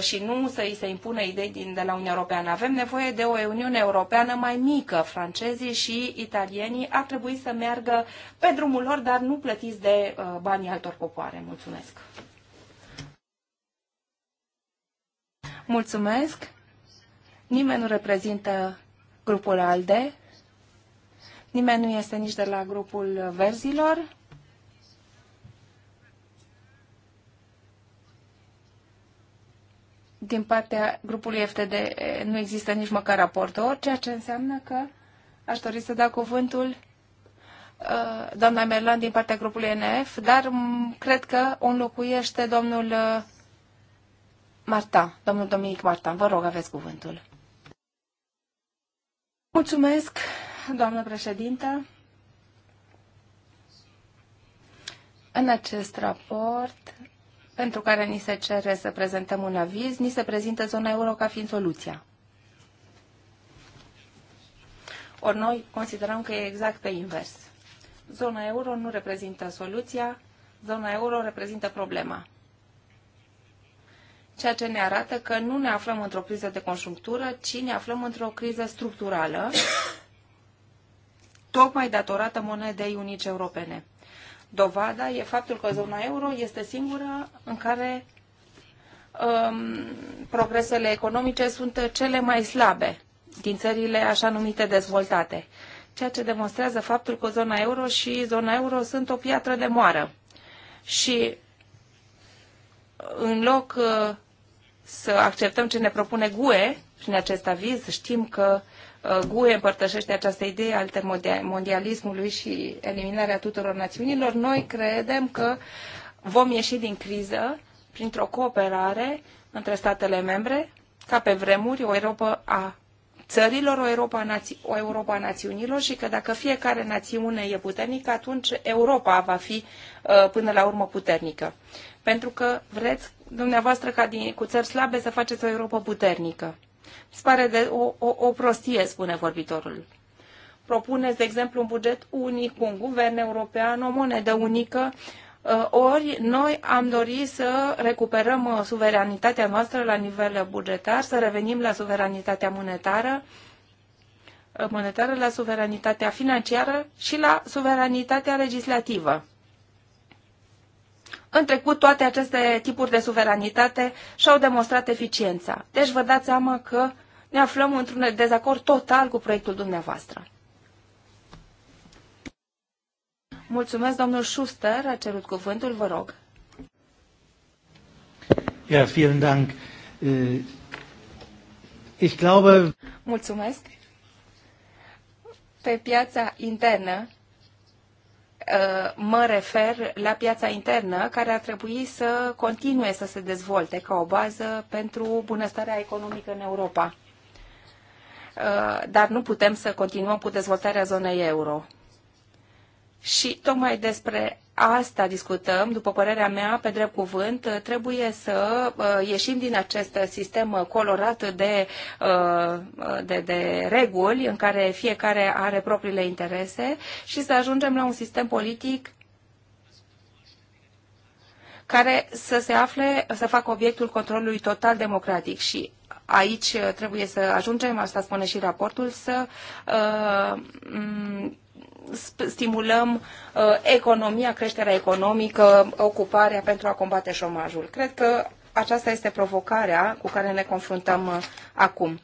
și nu să îi se impună idei din, de la Uniunea Europeană. Avem nevoie de o Uniune Europeană mai mică, francezii și italieni sirienii ar trebui să meargă pe drumul lor, dar nu plătiți de uh, banii altor popoare. Mulțumesc! Mulțumesc! Nimeni nu reprezintă grupul ALDE, nimeni nu este nici de la grupul Verzilor. Din partea grupului FTD eh, nu există nici măcar raportor, ceea ce înseamnă că Aș dori să dau cuvântul uh, doamna Merlan din partea grupului NF, dar mm, cred că o înlocuiește domnul uh, Marta, domnul Dominic Marta. Vă rog, aveți cuvântul. Mulțumesc, doamnă președintă. În acest raport, pentru care ni se cere să prezentăm un aviz, ni se prezintă zona euro ca fiind soluția. Ori noi considerăm că e exact pe invers. Zona euro nu reprezintă soluția, zona euro reprezintă problema. Ceea ce ne arată că nu ne aflăm într-o criză de conjunctură, ci ne aflăm într-o criză structurală, tocmai datorată monedei unice europene. Dovada e faptul că zona euro este singura în care um, progresele economice sunt cele mai slabe din țările așa numite dezvoltate, ceea ce demonstrează faptul că zona euro și zona euro sunt o piatră de moară. Și în loc uh, să acceptăm ce ne propune GUE prin acest aviz, știm că uh, GUE împărtășește această idee al mondialismului și eliminarea tuturor națiunilor, noi credem că vom ieși din criză printr-o cooperare între statele membre, ca pe vremuri o Europa a țărilor, o Europa, nați- o Europa națiunilor și că dacă fiecare națiune e puternică, atunci Europa va fi uh, până la urmă puternică. Pentru că vreți dumneavoastră ca din, cu țări slabe să faceți o Europa puternică. Se pare de o, o, o prostie, spune vorbitorul. Propuneți, de exemplu, un buget unic, un guvern european, o monedă unică, uh, Uh, ori noi am dorit să recuperăm uh, suveranitatea noastră la nivel bugetar, să revenim la suveranitatea monetară, uh, monetară, la suveranitatea financiară și la suveranitatea legislativă. În trecut, toate aceste tipuri de suveranitate și-au demonstrat eficiența. Deci vă dați seama că ne aflăm într-un dezacord total cu proiectul dumneavoastră. Mulțumesc, domnul Schuster, a cerut cuvântul, vă rog. Ja, vielen Dank. Äh, ich glaube... Mulțumesc. Pe piața internă, äh, mă refer la piața internă, care ar trebui să continue să se dezvolte ca o bază pentru bunăstarea economică în Europa. Äh, dar nu putem să continuăm cu dezvoltarea zonei euro. Și tocmai despre asta discutăm, după părerea mea, pe drept cuvânt, trebuie să uh, ieșim din acest sistem colorat de, uh, de, de reguli în care fiecare are propriile interese și să ajungem la un sistem politic care să se afle, să facă obiectul controlului total democratic și aici trebuie să ajungem, asta spune și raportul, să uh, stimulăm uh, economia, creșterea economică, ocuparea pentru a combate șomajul. Cred că aceasta este provocarea cu care ne confruntăm uh, acum.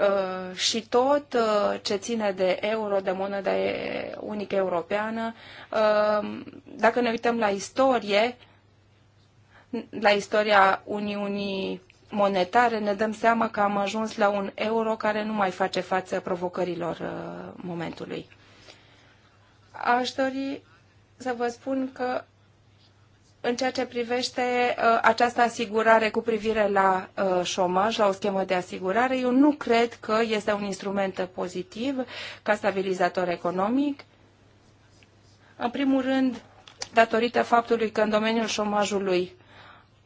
Uh, și tot ce ține de euro, de monedă unică europeană, dacă ne uităm la istorie, la istoria Uniunii monetare, ne dăm seama că am ajuns la un euro care nu mai face față provocărilor momentului aș dori să vă spun că în ceea ce privește uh, această asigurare cu privire la uh, șomaj, la o schemă de asigurare, eu nu cred că este un instrument pozitiv ca stabilizator economic. În primul rând, datorită faptului că în domeniul șomajului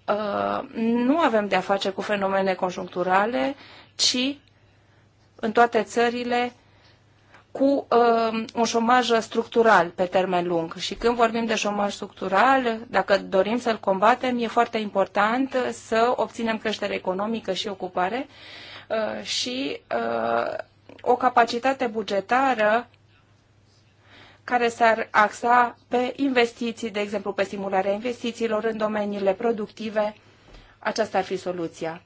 uh, nu avem de-a face cu fenomene conjuncturale, ci în toate țările cu uh, un șomaj structural pe termen lung. Și când vorbim de șomaj structural, dacă dorim să-l combatem, e foarte important să obținem creștere economică și ocupare uh, și uh, o capacitate bugetară care s-ar axa pe investiții, de exemplu pe stimularea investițiilor în domeniile productive. Aceasta ar fi soluția.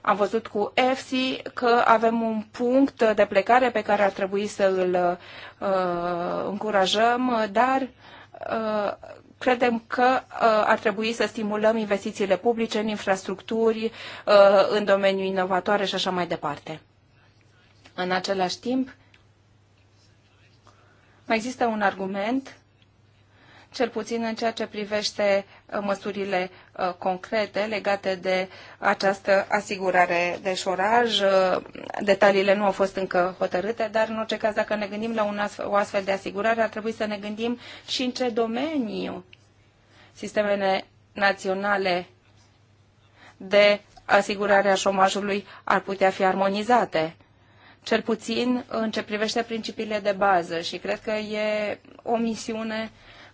Am văzut cu EFSI că avem un punct de plecare pe care ar trebui să îl uh, încurajăm, dar uh, credem că uh, ar trebui să stimulăm investițiile publice în infrastructuri, uh, în domeniul inovatoare și așa mai departe. În același timp, mai există un argument cel puțin în ceea ce privește uh, măsurile uh, concrete legate de această asigurare de șoraj. Uh, detaliile nu au fost încă hotărâte, dar în orice caz, dacă ne gândim la un astfel, o astfel de asigurare, ar trebui să ne gândim și în ce domeniu sistemele naționale de asigurare a șomajului ar putea fi armonizate cel puțin în ce privește principiile de bază și cred că e o misiune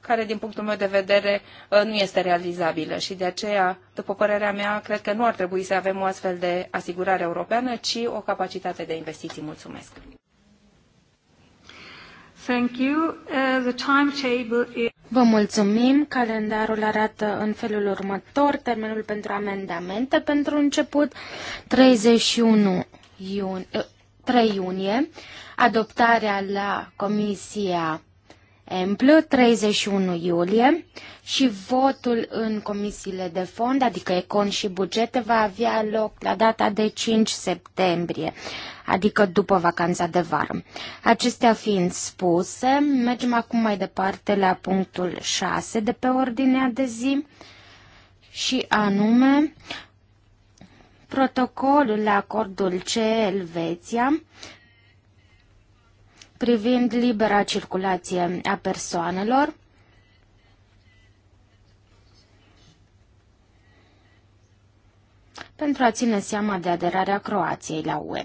care, din punctul meu de vedere, uh, nu este realizabilă și de aceea, după părerea mea, cred că nu ar trebui să avem o astfel de asigurare europeană, ci o capacitate de investiții. Mulțumesc! Thank you. Uh, the is... Vă mulțumim. Calendarul arată în felul următor. Termenul pentru amendamente pentru început 31 iun, 3 uh, iunie, adoptarea la Comisia amplu, 31 iulie și votul în comisiile de fond, adică econ și bugete, va avea loc la data de 5 septembrie, adică după vacanța de vară. Acestea fiind spuse, mergem acum mai departe la punctul 6 de pe ordinea de zi și anume protocolul la acordul CE Elveția privind libera circulație a persoanelor, pentru a ține seama de aderarea Croației la UE.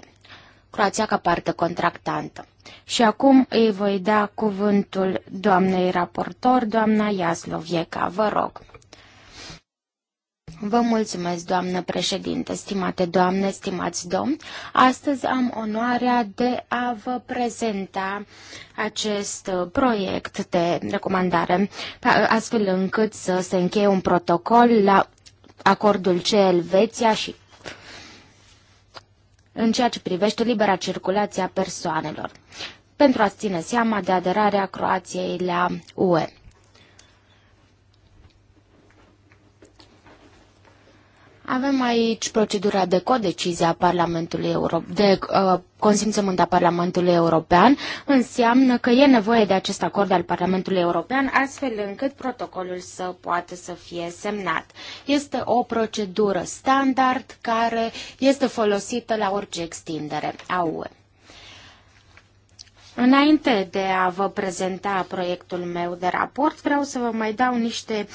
Croația ca parte contractantă. Și acum îi voi da cuvântul doamnei raportor, doamna Iaslovieca, vă rog. Vă mulțumesc, doamnă președinte, stimate doamne, stimați domni. Astăzi am onoarea de a vă prezenta acest proiect de recomandare, astfel încât să se încheie un protocol la acordul ce Elveția și în ceea ce privește libera circulație a persoanelor, pentru a ține seama de aderarea Croației la UE. Avem aici procedura de codecizie a Parlamentului European, de uh, consimțământ a Parlamentului European, înseamnă că e nevoie de acest acord al Parlamentului European astfel încât protocolul să poată să fie semnat. Este o procedură standard care este folosită la orice extindere a UE. Înainte de a vă prezenta proiectul meu de raport, vreau să vă mai dau niște,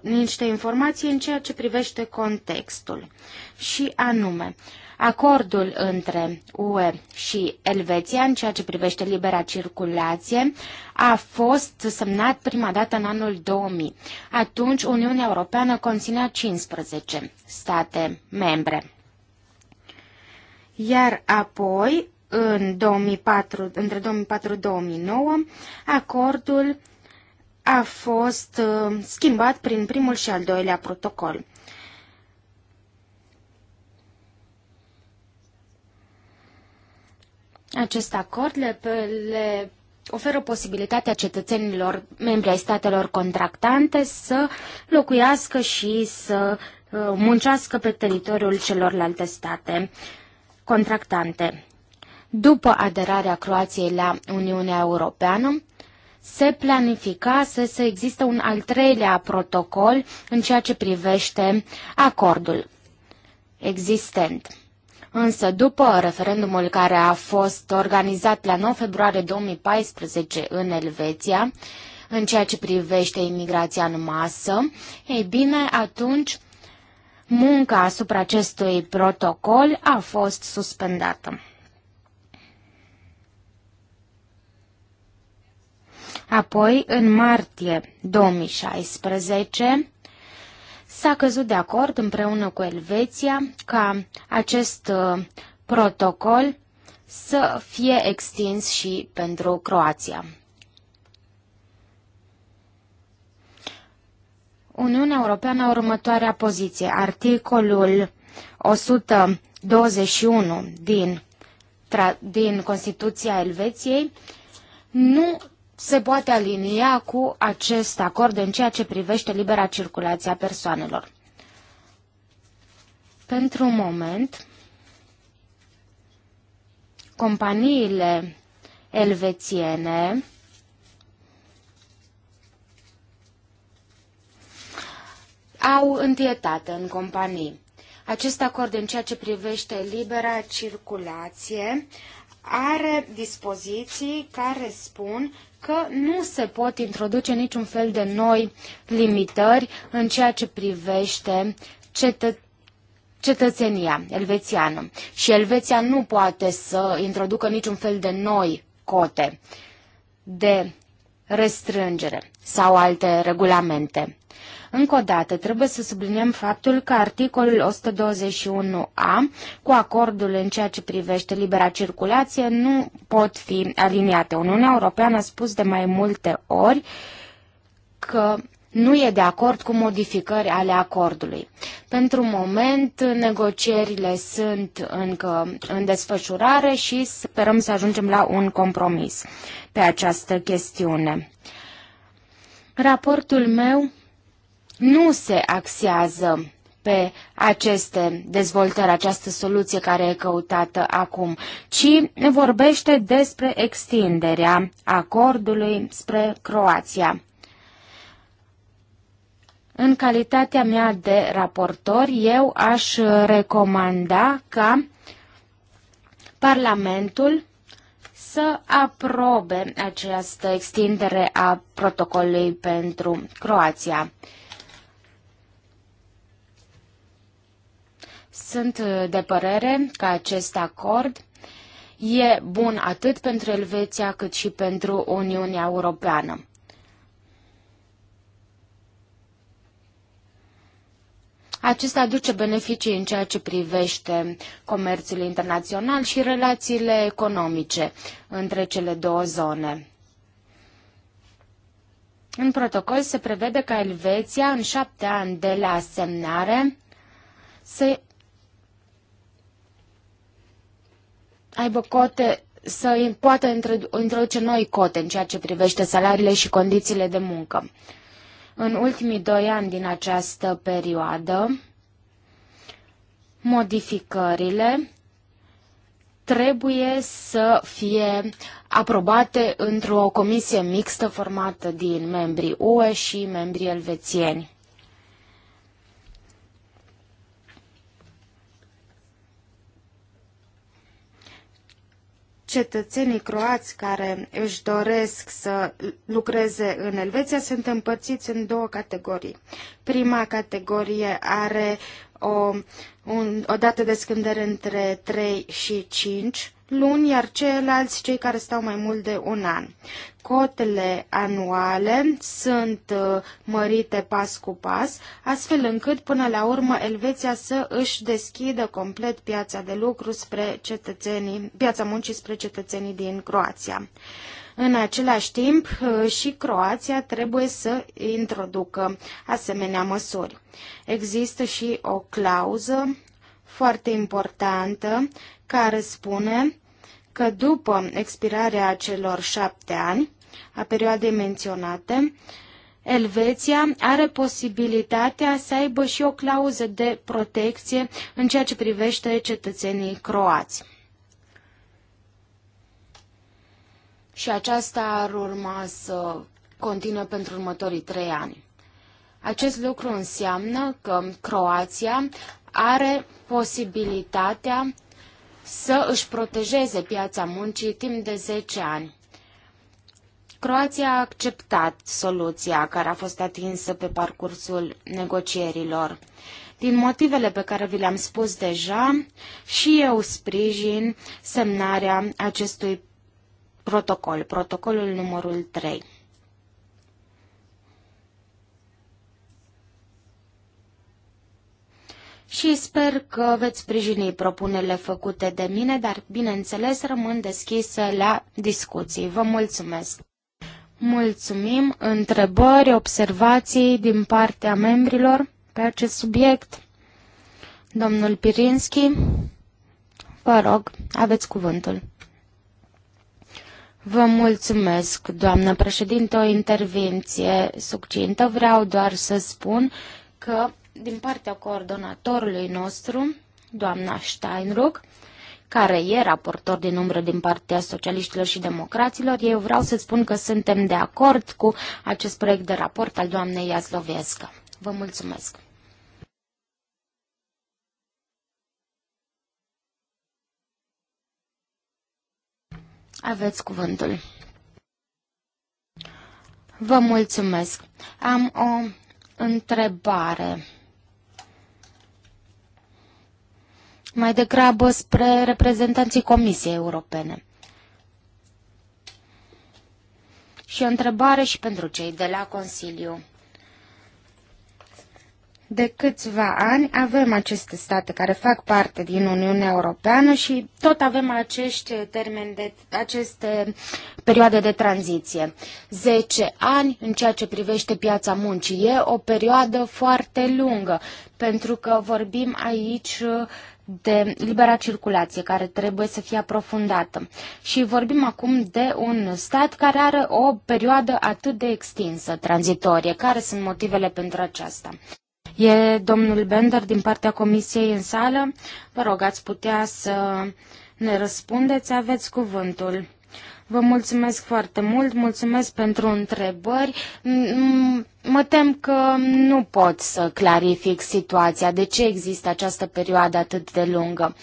niște informații în ceea ce privește contextul. Și anume, acordul între UE și Elveția în ceea ce privește libera circulație a fost semnat prima dată în anul 2000. Atunci Uniunea Europeană conținea 15 state membre. Iar apoi, în 2004, între 2004-2009, acordul a fost uh, schimbat prin primul și al doilea protocol. Acest acord le, le oferă posibilitatea cetățenilor membri ai statelor contractante să locuiască și să uh, muncească pe teritoriul celorlalte state contractante după aderarea Croației la Uniunea Europeană, se planifica să, să există un al treilea protocol în ceea ce privește acordul existent. Însă, după referendumul care a fost organizat la 9 februarie 2014 în Elveția, în ceea ce privește imigrația în masă, ei bine, atunci munca asupra acestui protocol a fost suspendată. Apoi, în martie 2016, s-a căzut de acord împreună cu Elveția ca acest uh, protocol să fie extins și pentru Croația. Uniunea Europeană următoarea poziție, articolul 121 din, din Constituția Elveției, nu se poate alinia cu acest acord în ceea ce privește libera circulație a persoanelor. Pentru un moment, companiile elvețiene au întietate în companii. Acest acord în ceea ce privește libera circulație are dispoziții care spun că nu se pot introduce niciun fel de noi limitări în ceea ce privește cetățenii cetățenia elvețiană. Și Elveția nu poate să introducă niciun fel de noi cote de restrângere sau alte regulamente. Încă o dată, trebuie să subliniem faptul că articolul 121a cu acordul în ceea ce privește libera circulație nu pot fi aliniate. Uniunea Europeană a spus de mai multe ori că nu e de acord cu modificări ale acordului. Pentru moment, negocierile sunt încă în desfășurare și sperăm să ajungem la un compromis pe această chestiune. Raportul meu nu se axează pe aceste dezvoltări, această soluție care e căutată acum, ci vorbește despre extinderea acordului spre Croația. În calitatea mea de raportor, eu aș recomanda ca Parlamentul să aprobe această extindere a protocolului pentru Croația. Sunt uh, de părere că acest acord e bun atât pentru Elveția cât și pentru Uniunea Europeană. Acesta aduce beneficii în ceea ce privește comerțul internațional și relațiile economice între cele două zone. În protocol se prevede ca Elveția în șapte ani de la semnare să aibă cote, să poată introduce noi cote în ceea ce privește salariile și condițiile de muncă. În ultimii doi ani din această perioadă, modificările trebuie să fie aprobate într-o comisie mixtă formată din membrii UE și membrii elvețieni. cetățenii croați care își doresc să lucreze în Elveția sunt împărțiți în două categorii. Prima categorie are o, un, o dată de scândere între 3 și 5 luni, iar ceilalți cei care stau mai mult de un an. Cotele anuale sunt uh, mărite pas cu pas, astfel încât până la urmă Elveția să își deschidă complet piața de lucru spre cetățenii, piața muncii spre cetățenii din Croația. În același timp, uh, și Croația trebuie să introducă asemenea măsuri. Există și o clauză foarte importantă care spune că după expirarea celor șapte ani, a perioadei menționate, Elveția are posibilitatea să aibă și o clauză de protecție în ceea ce privește cetățenii croați. Și aceasta ar urma să continuă pentru următorii trei ani. Acest lucru înseamnă că Croația are posibilitatea să își protejeze piața muncii timp de 10 ani. Croația a acceptat soluția care a fost atinsă pe parcursul negocierilor. Din motivele pe care vi le-am spus deja, și eu sprijin semnarea acestui protocol, protocolul numărul 3. și sper că veți sprijini propunerile făcute de mine, dar bineînțeles rămân deschisă la discuții. Vă mulțumesc! Mulțumim! Întrebări, observații din partea membrilor pe acest subiect? Domnul Pirinski, vă rog, aveți cuvântul. Vă mulțumesc, doamnă președinte, o intervenție succintă. Vreau doar să spun că din partea coordonatorului nostru, doamna Steinruck, care e raportor din umbră din partea socialiștilor și democraților, eu vreau să spun că suntem de acord cu acest proiect de raport al doamnei Iaslovescă. Vă mulțumesc! Aveți cuvântul. Vă mulțumesc. Am o întrebare. mai degrabă spre reprezentanții Comisiei Europene. Și o întrebare și pentru cei de la Consiliu. De câțiva ani avem aceste state care fac parte din Uniunea Europeană și tot avem acești termeni de, aceste perioade de tranziție. 10 ani în ceea ce privește piața muncii e o perioadă foarte lungă, pentru că vorbim aici de libera circulație care trebuie să fie aprofundată. Și vorbim acum de un stat care are o perioadă atât de extinsă, tranzitorie. Care sunt motivele pentru aceasta? E domnul Bender din partea comisiei în sală? Vă rog, ați putea să ne răspundeți, aveți cuvântul. Vă mulțumesc foarte mult, mulțumesc pentru întrebări. Mm, mă tem că nu pot să clarific situația, de ce există această perioadă atât de lungă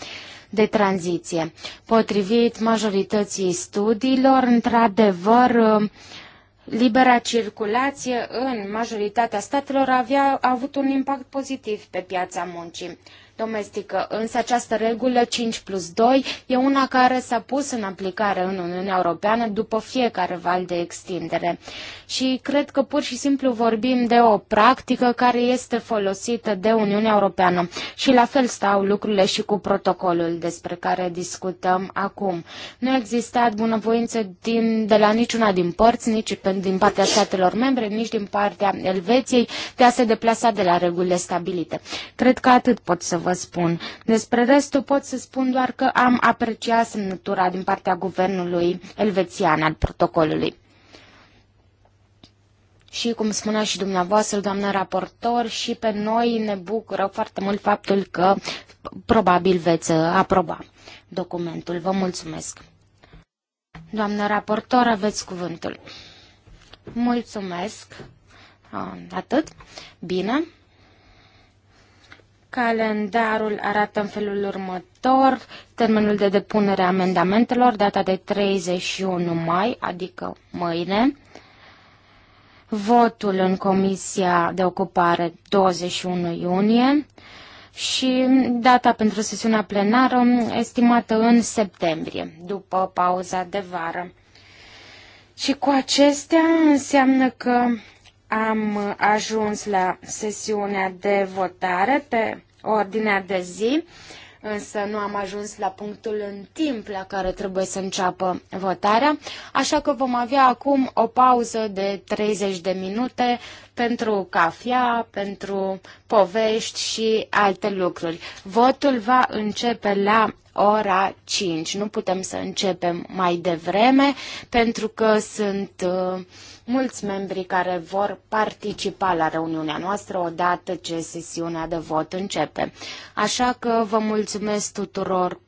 de tranziție. Potrivit majorității studiilor, într-adevăr, libera circulație în majoritatea statelor avea, a avut un impact pozitiv pe piața muncii domestică, însă această regulă 5 plus 2 e una care s-a pus în aplicare în Uniunea Europeană după fiecare val de extindere. Și cred că pur și simplu vorbim de o practică care este folosită de Uniunea Europeană. Și la fel stau lucrurile și cu protocolul despre care discutăm acum. Nu a existat bunăvoință din, de la niciuna din părți, nici din partea statelor membre, nici din partea Elveției, de a se deplasa de la regulile stabilite. Cred că atât pot să vă vă spun. Despre restul pot să spun doar că am apreciat semnătura din partea guvernului elvețian al protocolului. Și, cum spunea și dumneavoastră, doamnă raportor, și pe noi ne bucură foarte mult faptul că probabil veți aproba documentul. Vă mulțumesc. Doamnă raportor, aveți cuvântul. Mulțumesc. Ah, atât. Bine. Calendarul arată în felul următor, termenul de depunere a amendamentelor, data de 31 mai, adică mâine, votul în Comisia de Ocupare 21 iunie și data pentru sesiunea plenară estimată în septembrie, după pauza de vară. Și cu acestea înseamnă că am ajuns la sesiunea de votare pe ordinea de zi, însă nu am ajuns la punctul în timp la care trebuie să înceapă votarea, așa că vom avea acum o pauză de 30 de minute pentru cafea, pentru povești și alte lucruri. Votul va începe la ora 5. Nu putem să începem mai devreme pentru că sunt uh, mulți membri care vor participa la reuniunea noastră odată ce sesiunea de vot începe. Așa că vă mulțumesc tuturor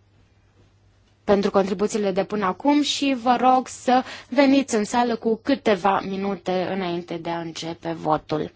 pentru contribuțiile de până acum și vă rog să veniți în sală cu câteva minute înainte de a începe votul.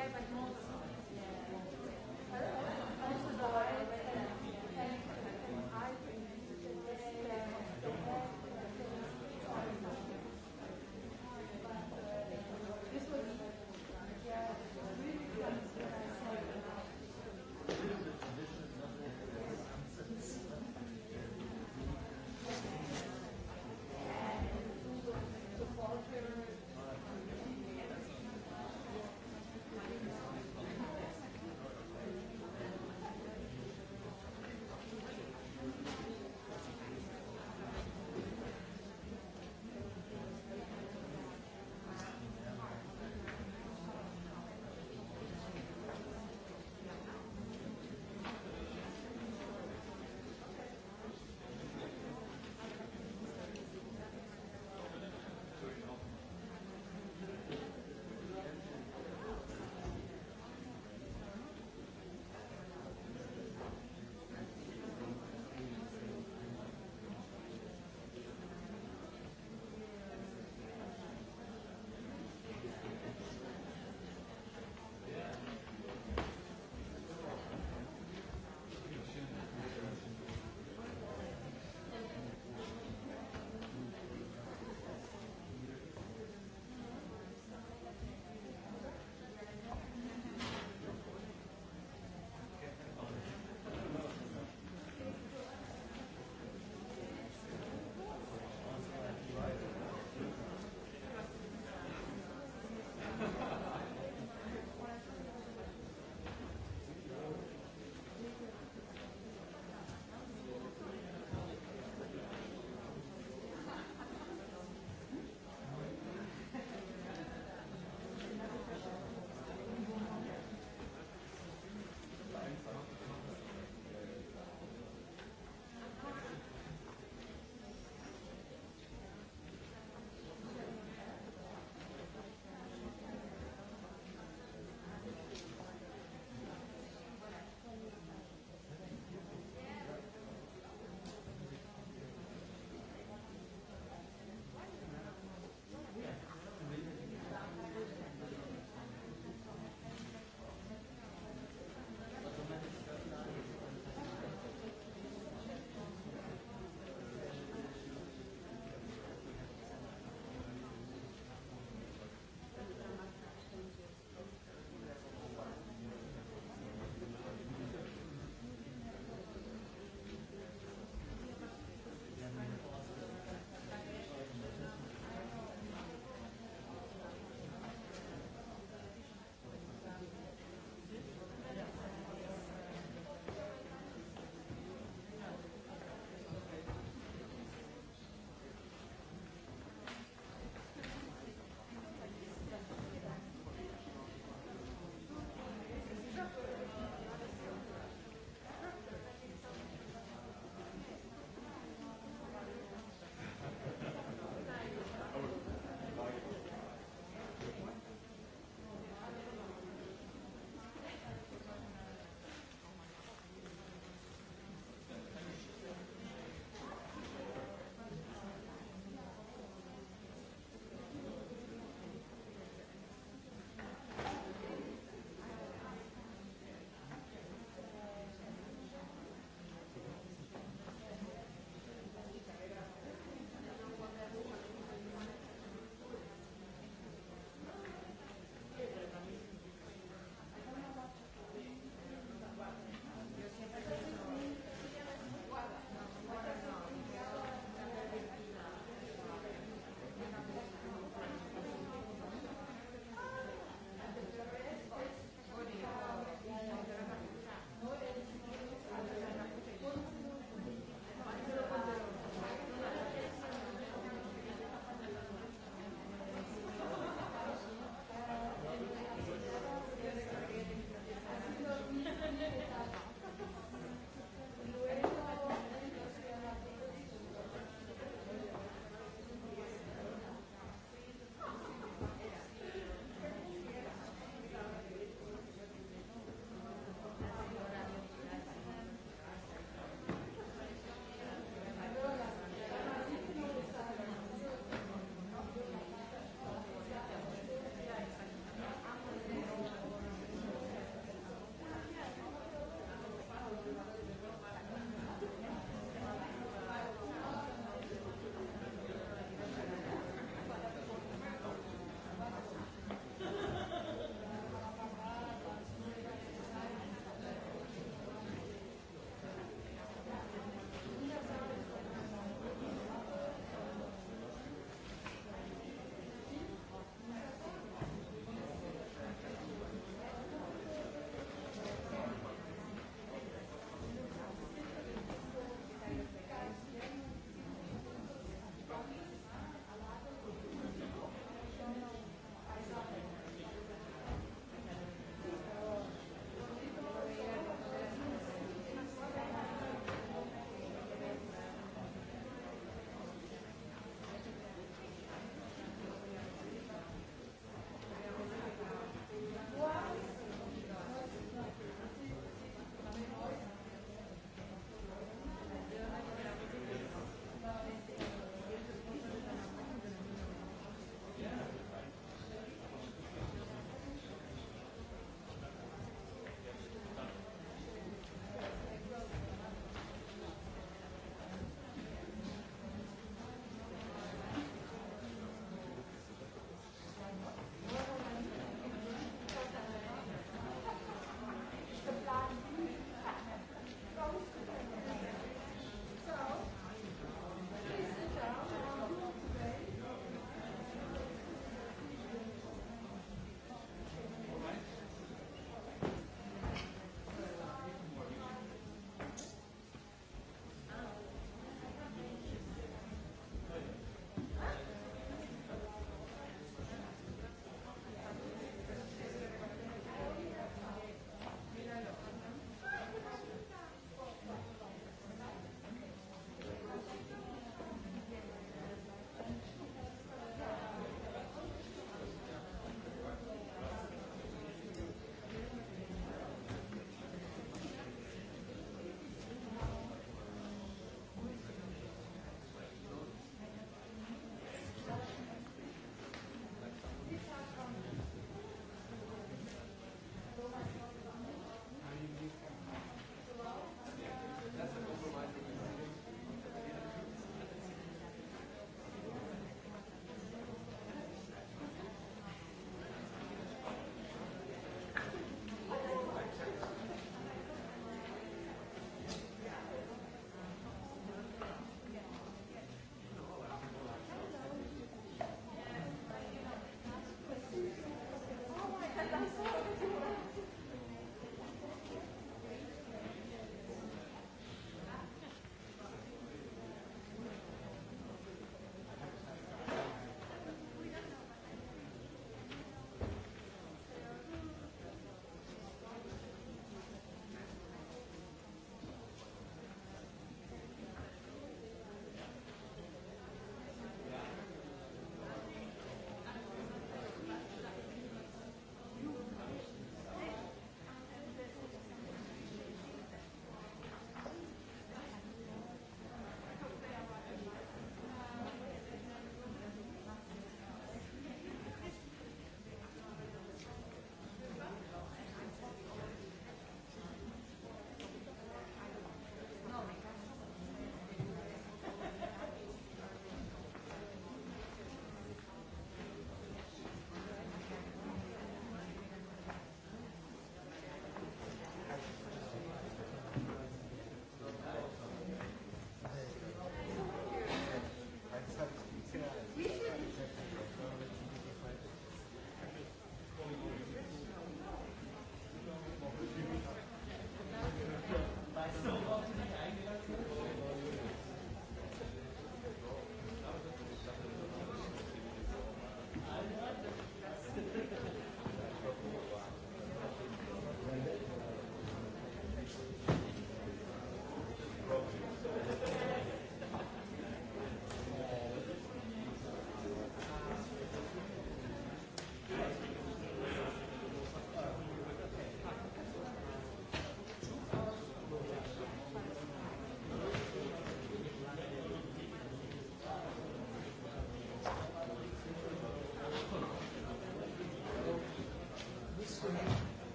ใกล้ๆบ้านโม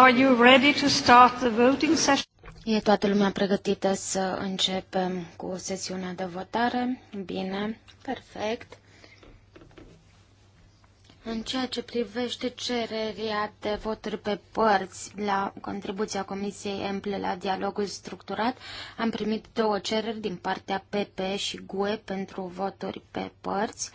Are you ready to start the voting session? E toată lumea pregătită să începem cu sesiunea de votare? Bine, perfect. În ceea ce privește cererea de voturi pe părți la contribuția Comisiei Emple la dialogul structurat, am primit două cereri din partea PP și GUE pentru voturi pe părți.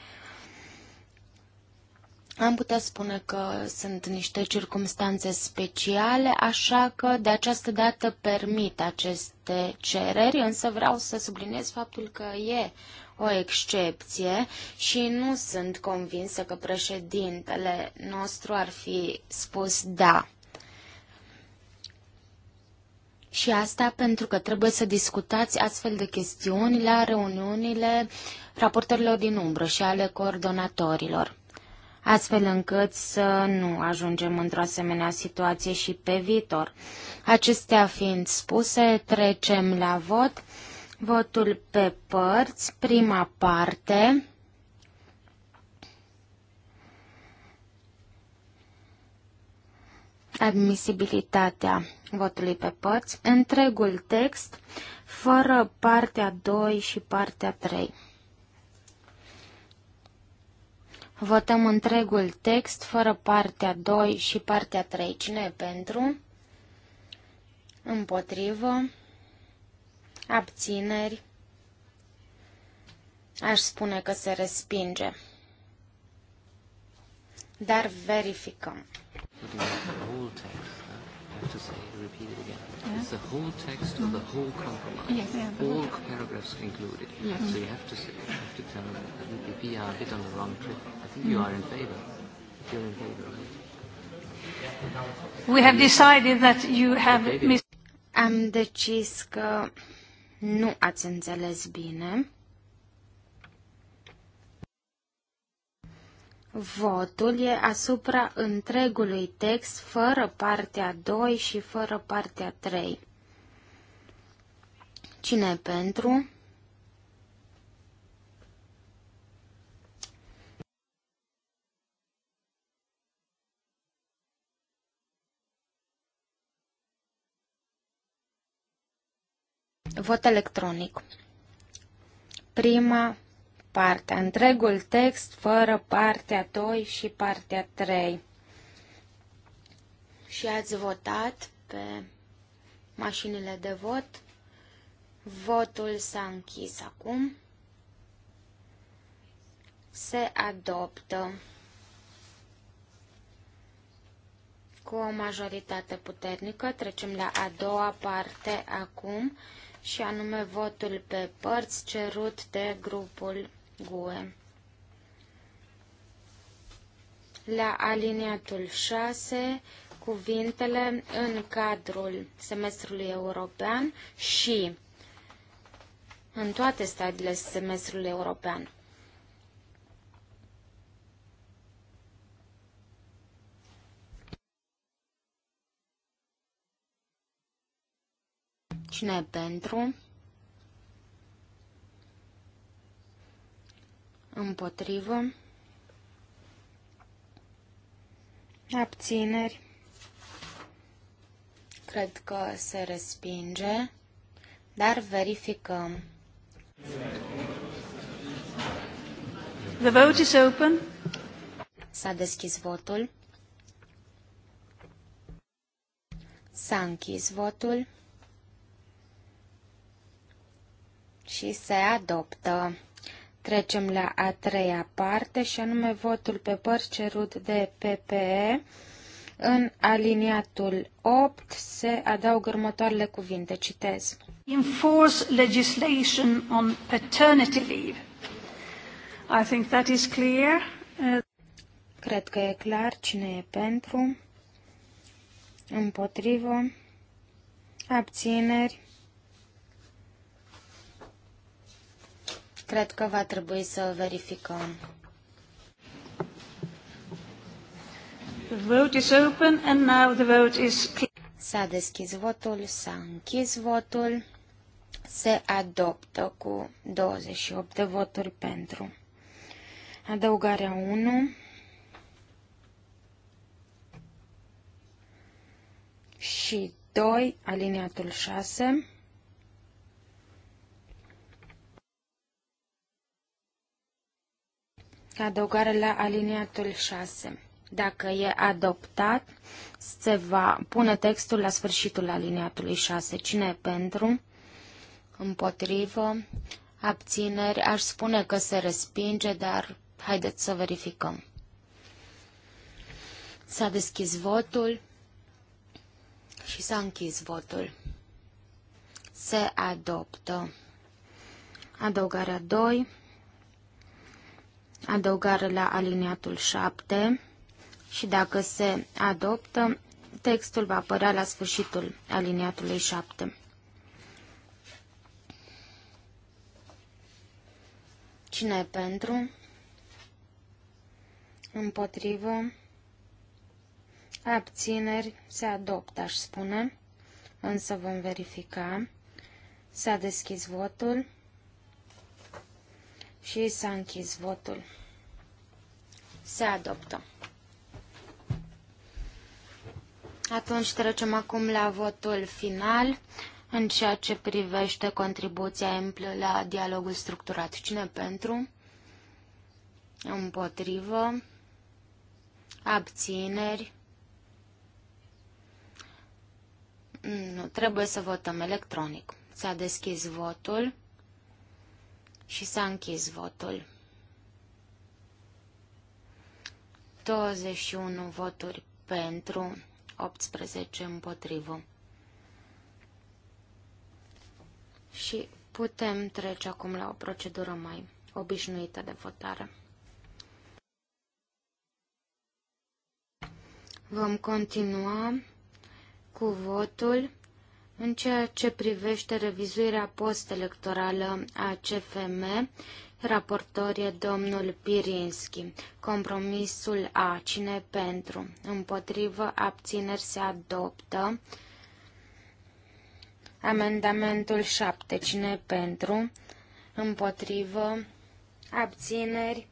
Am putea spune că sunt niște circumstanțe speciale, așa că de această dată permit aceste cereri, însă vreau să subliniez faptul că e o excepție și nu sunt convinsă că președintele nostru ar fi spus da. Și asta pentru că trebuie să discutați astfel de chestiuni la reuniunile raportărilor din umbră și ale coordonatorilor astfel încât să nu ajungem într-o asemenea situație și pe viitor. Acestea fiind spuse, trecem la vot. Votul pe părți, prima parte. Admisibilitatea votului pe părți, întregul text, fără partea 2 și partea 3. Votăm întregul text fără partea 2 și partea 3. Cine e pentru? Împotrivă. Abțineri. Aș spune că se respinge. Dar verificăm. Yes. The whole text mm. of the whole compromise, yes, yeah, all whole paragraphs included. Yes. So you have to say, you have to tell them that the EPP are a bit on the wrong trip. I think mm. you are in favour. You're in favour, right? We have decided that you have missed. Am decis că nu ați înțeles bine. Votul e asupra întregului text fără partea 2 și fără partea 3. Cine pentru? Vot electronic. Prima partea, întregul text fără partea 2 și partea 3. Și ați votat pe mașinile de vot. Votul s-a închis acum. Se adoptă cu o majoritate puternică. Trecem la a doua parte acum și anume votul pe părți cerut de grupul GUE. La aliniatul 6, cuvintele în cadrul semestrului european și în toate stadiile semestrului european. Cine pentru? împotrivă, abțineri, cred că se respinge, dar verificăm. The vote is open. S-a deschis votul. S-a închis votul și se adoptă. Trecem la a treia parte și anume votul pe părți cerut de PPE. În aliniatul 8 se adaugă următoarele cuvinte. Citez. Enforce legislation on paternity leave. I think that is clear. Cred că e clar cine e pentru, împotrivă, abțineri, cred că va trebui să verificăm. The vote is open and now the vote is S-a deschis votul, s-a închis votul, se adoptă cu 28 de voturi pentru. Adăugarea 1. Și 2, aliniatul 6. Ca adăugare la aliniatul 6. Dacă e adoptat, se va pune textul la sfârșitul aliniatului 6. Cine e pentru? Împotrivă? Abțineri? Aș spune că se respinge, dar haideți să verificăm. S-a deschis votul și s-a închis votul. Se adoptă. Adăugarea 2 adăugare la aliniatul 7 și dacă se adoptă, textul va apărea la sfârșitul aliniatului 7. Cine e pentru? Împotrivă? Abțineri se adoptă, aș spune, însă vom verifica. S-a deschis votul. Și s-a închis votul. Se adoptă. Atunci trecem acum la votul final în ceea ce privește contribuția amplă la dialogul structurat. Cine pentru? Împotrivă? Abțineri? Nu, trebuie să votăm electronic. S-a deschis votul și s-a închis votul. 21 voturi pentru, 18 împotrivă. Și putem trece acum la o procedură mai obișnuită de votare. Vom continua cu votul în ceea ce privește revizuirea postelectorală a CFM, raportor e domnul Pirinski. Compromisul A. Cine pentru? Împotrivă abțineri se adoptă. Amendamentul 7. Cine pentru? Împotrivă abțineri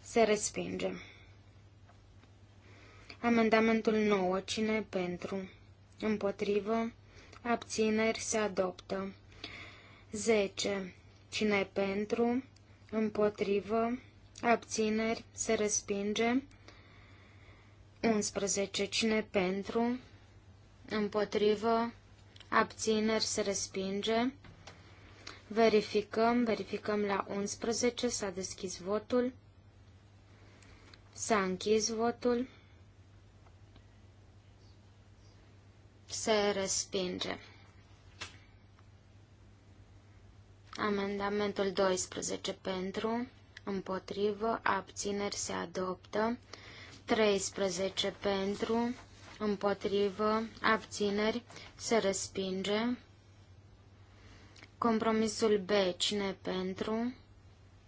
se respinge. Amendamentul 9. Cine pentru? Împotrivă? abțineri se adoptă. 10. Cine pentru, împotrivă, abțineri se respinge. 11. Cine pentru, împotrivă, abțineri se respinge. Verificăm, verificăm la 11, s-a deschis votul, s-a închis votul. se respinge. Amendamentul 12 pentru, împotrivă, abțineri se adoptă. 13 pentru, împotrivă, abțineri se respinge. Compromisul B, cine pentru,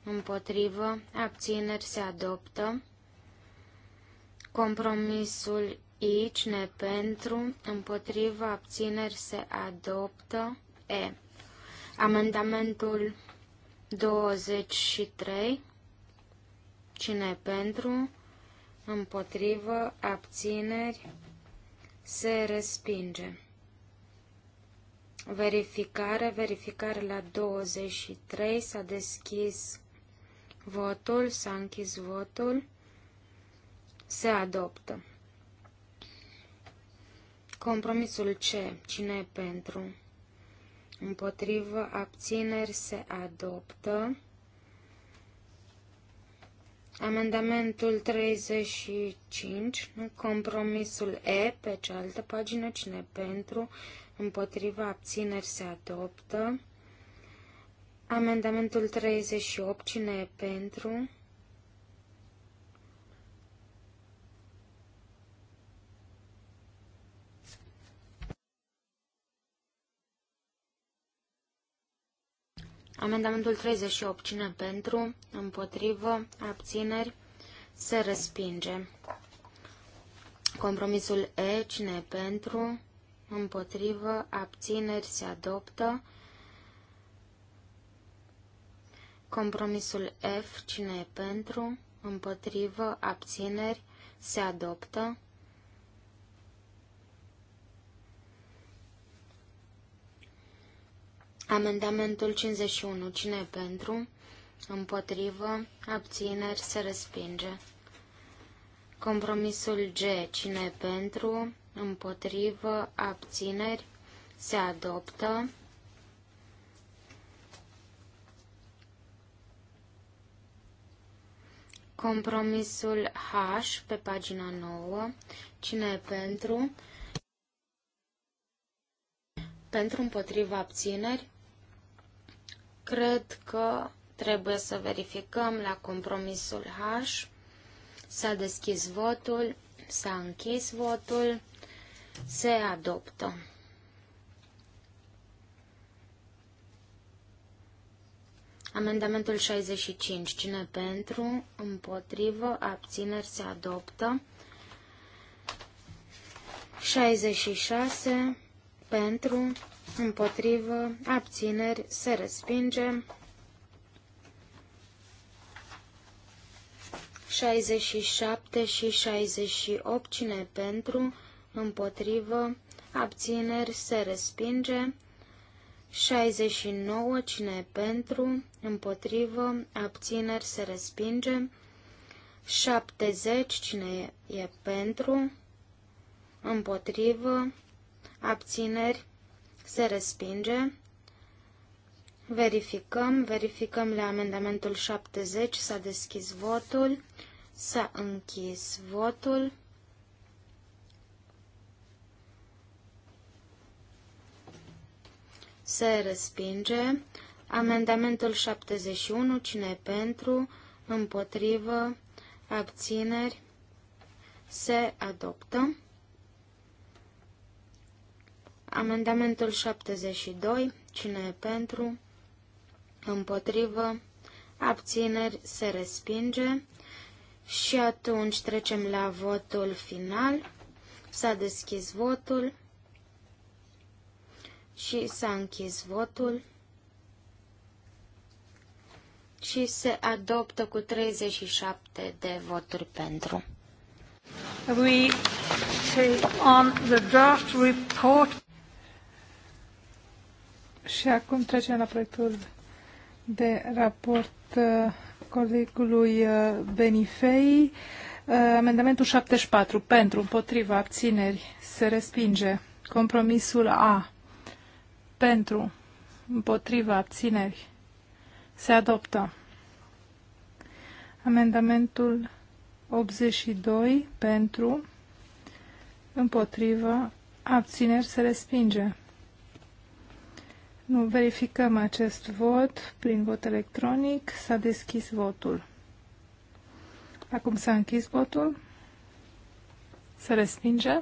împotrivă, abțineri se adoptă. Compromisul I, ne pentru, împotriva, abțineri se adoptă, E. Amendamentul 23, cine pentru, împotrivă, abțineri, se respinge. Verificare, verificare la 23, s-a deschis votul, s-a închis votul, se adoptă. Compromisul C. Cine e pentru? Împotrivă abțineri se adoptă. Amendamentul 35, compromisul E, pe cealaltă pagină, cine pentru, împotriva abțineri se adoptă. Amendamentul 38, cine e pentru, Amendamentul 38. Cine pentru? Împotrivă? Abțineri? Se respinge. Compromisul E. Cine pentru? Împotrivă? Abțineri? Se adoptă. Compromisul F. Cine e pentru? Împotrivă? Abțineri? Se adoptă. Amendamentul 51. Cine e pentru? Împotrivă. Abțineri. Se respinge. Compromisul G. Cine e pentru? Împotrivă. Abțineri. Se adoptă. Compromisul H pe pagina 9. Cine e pentru? Pentru împotriva abțineri Cred că trebuie să verificăm la compromisul H. S-a deschis votul, s-a închis votul, se adoptă. Amendamentul 65. Cine pentru? Împotrivă? Abțineri? Se adoptă. 66. Pentru? împotrivă, abțineri, se respinge. 67 și 68, cine pentru, împotrivă, abțineri, se respinge. 69, cine pentru, împotrivă, abțineri, se respinge. 70, cine e pentru, împotrivă, abțineri, se respinge. Verificăm, verificăm la amendamentul 70, s-a deschis votul, s-a închis votul. Se respinge. Amendamentul 71, cine e pentru, împotrivă, abțineri, se adoptă. Amendamentul 72, cine e pentru, împotrivă, abțineri, se respinge. Și atunci trecem la votul final. S-a deschis votul și s-a închis votul și se adoptă cu 37 de voturi pentru. We take on the draft report. Și acum trecem la proiectul de raport uh, colegului uh, Benifei. Uh, amendamentul 74. Pentru, împotriva, abțineri, se respinge. Compromisul A. Pentru, împotriva, abțineri, se adoptă. Amendamentul 82. Pentru, împotriva, abțineri, se respinge. Nu verificăm acest vot prin vot electronic. S-a deschis votul. Acum s-a închis votul. Se respinge.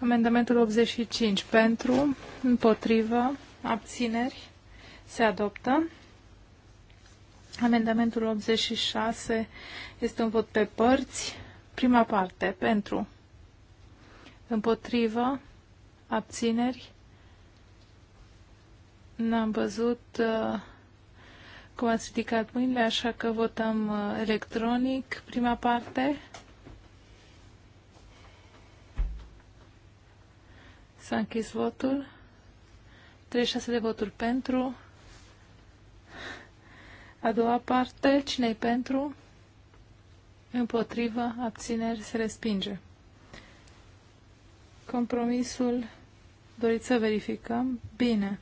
Amendamentul 85 pentru, împotrivă, abțineri, se adoptă. Amendamentul 86 este un vot pe părți. Prima parte, pentru, împotrivă, abțineri, N-am văzut uh, cum ați ridicat mâinile, așa că votăm uh, electronic prima parte. S-a închis votul. 36 de voturi pentru. A doua parte, cine-i pentru? Împotrivă, abțineri, se respinge. Compromisul, doriți să verificăm? Bine.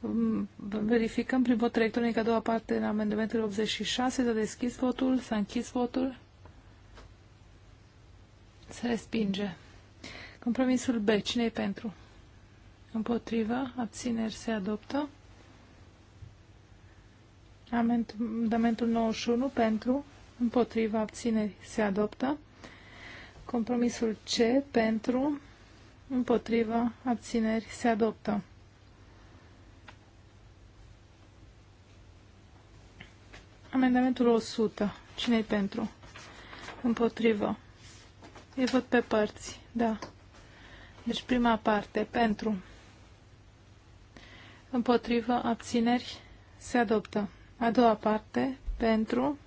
Mm, verificăm prin vot electronic a doua parte în amendamentul 86. S-a deschis votul, s-a închis votul. Se respinge. Compromisul B. Cine-i pentru? Împotrivă. Abțineri se adoptă. Amendamentul 91 pentru. Împotrivă. Abțineri se adoptă. Compromisul C pentru. Împotrivă. Abțineri se adoptă. Amendamentul 100. Cine-i pentru? Împotrivă. E văd pe părți, da. Deci prima parte, pentru. Împotrivă, abțineri, se adoptă. A doua parte, pentru.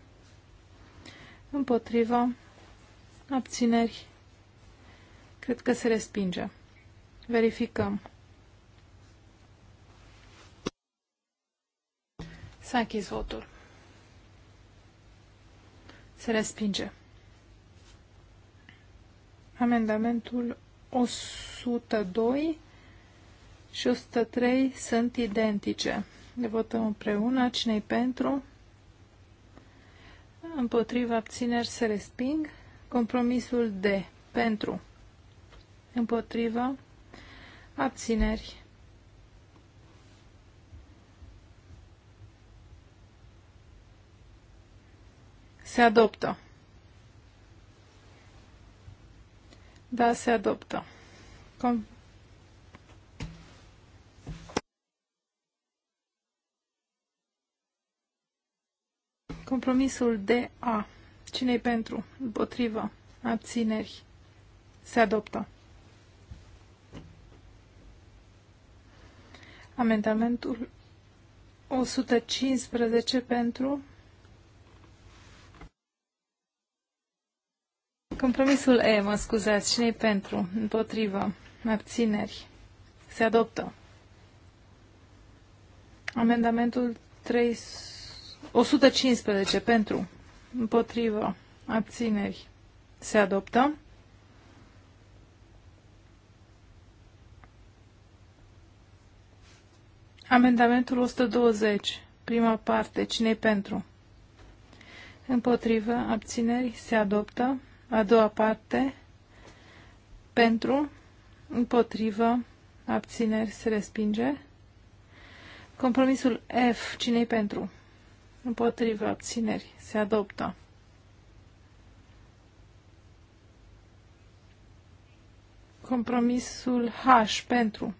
Împotrivă, abțineri, cred că se respinge. Verificăm. S-a închis votul. Se respinge. Amendamentul 102 și 103 sunt identice. Le votăm împreună. Cine-i pentru? Împotriva abțineri se resping. Compromisul D. Pentru. Împotriva abțineri Se adoptă. Da, se adoptă. Com Compromisul a, cine e pentru? Împotrivă. Abțineri. Se adoptă. Amendamentul 115 pentru Compromisul E, mă scuzați, cine pentru? Împotrivă. Abțineri. Se adoptă. Amendamentul 3... 115 pentru. Împotrivă. Abțineri. Se adoptă. Amendamentul 120. Prima parte. cine pentru? Împotrivă. Abțineri. Se adoptă. A doua parte, pentru, împotrivă, abțineri, se respinge. Compromisul F, cine pentru? Împotrivă, abțineri, se adoptă. Compromisul H, pentru.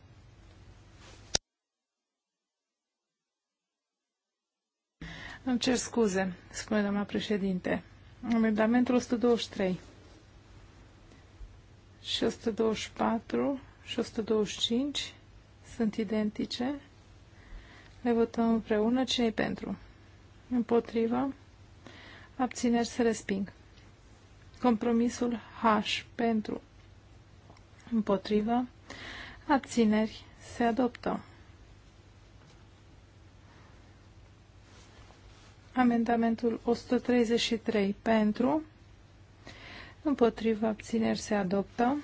Îmi cer scuze, spune doamna președinte. Amendamentul 123 și 124 și 125 sunt identice. Le votăm împreună. cine pentru? Împotriva. Abțineri se resping. Compromisul H pentru. Împotriva. Abțineri se adoptă. Amendamentul 133 pentru, împotriva abțineri se adoptă.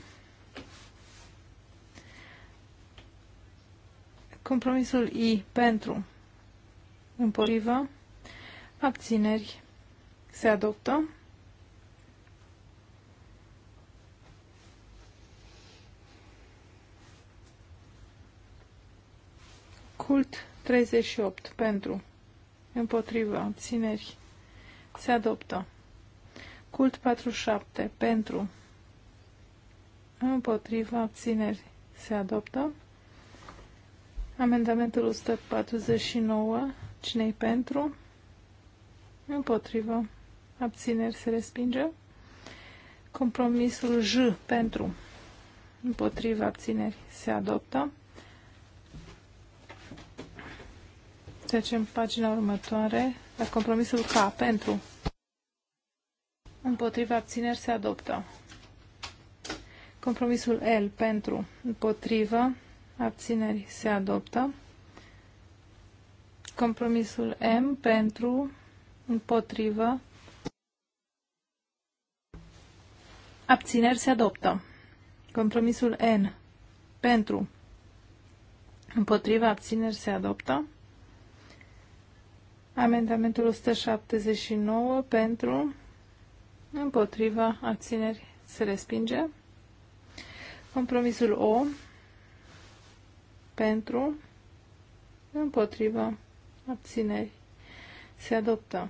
Compromisul I pentru, împotriva, abțineri se adoptă. Cult 38 pentru Împotrivă. Abțineri. Se adoptă. Cult 47. Pentru. Împotrivă. Abțineri. Se adoptă. Amendamentul 149. Cine-i pentru? Împotrivă. Abțineri. Se respinge. Compromisul J. Pentru. Împotrivă. Abțineri. Se adoptă. Trecem pagina următoare, la compromisul K, pentru. Împotriva abțineri se adoptă. Compromisul L, pentru. Împotriva abțineri se adoptă. Compromisul M, pentru. împotriva Abțineri se adoptă. Compromisul N. Pentru. Împotriva abțineri se adoptă. Amendamentul 179 pentru, împotriva, abțineri, se respinge. Compromisul O pentru, împotriva, abțineri, se adoptă.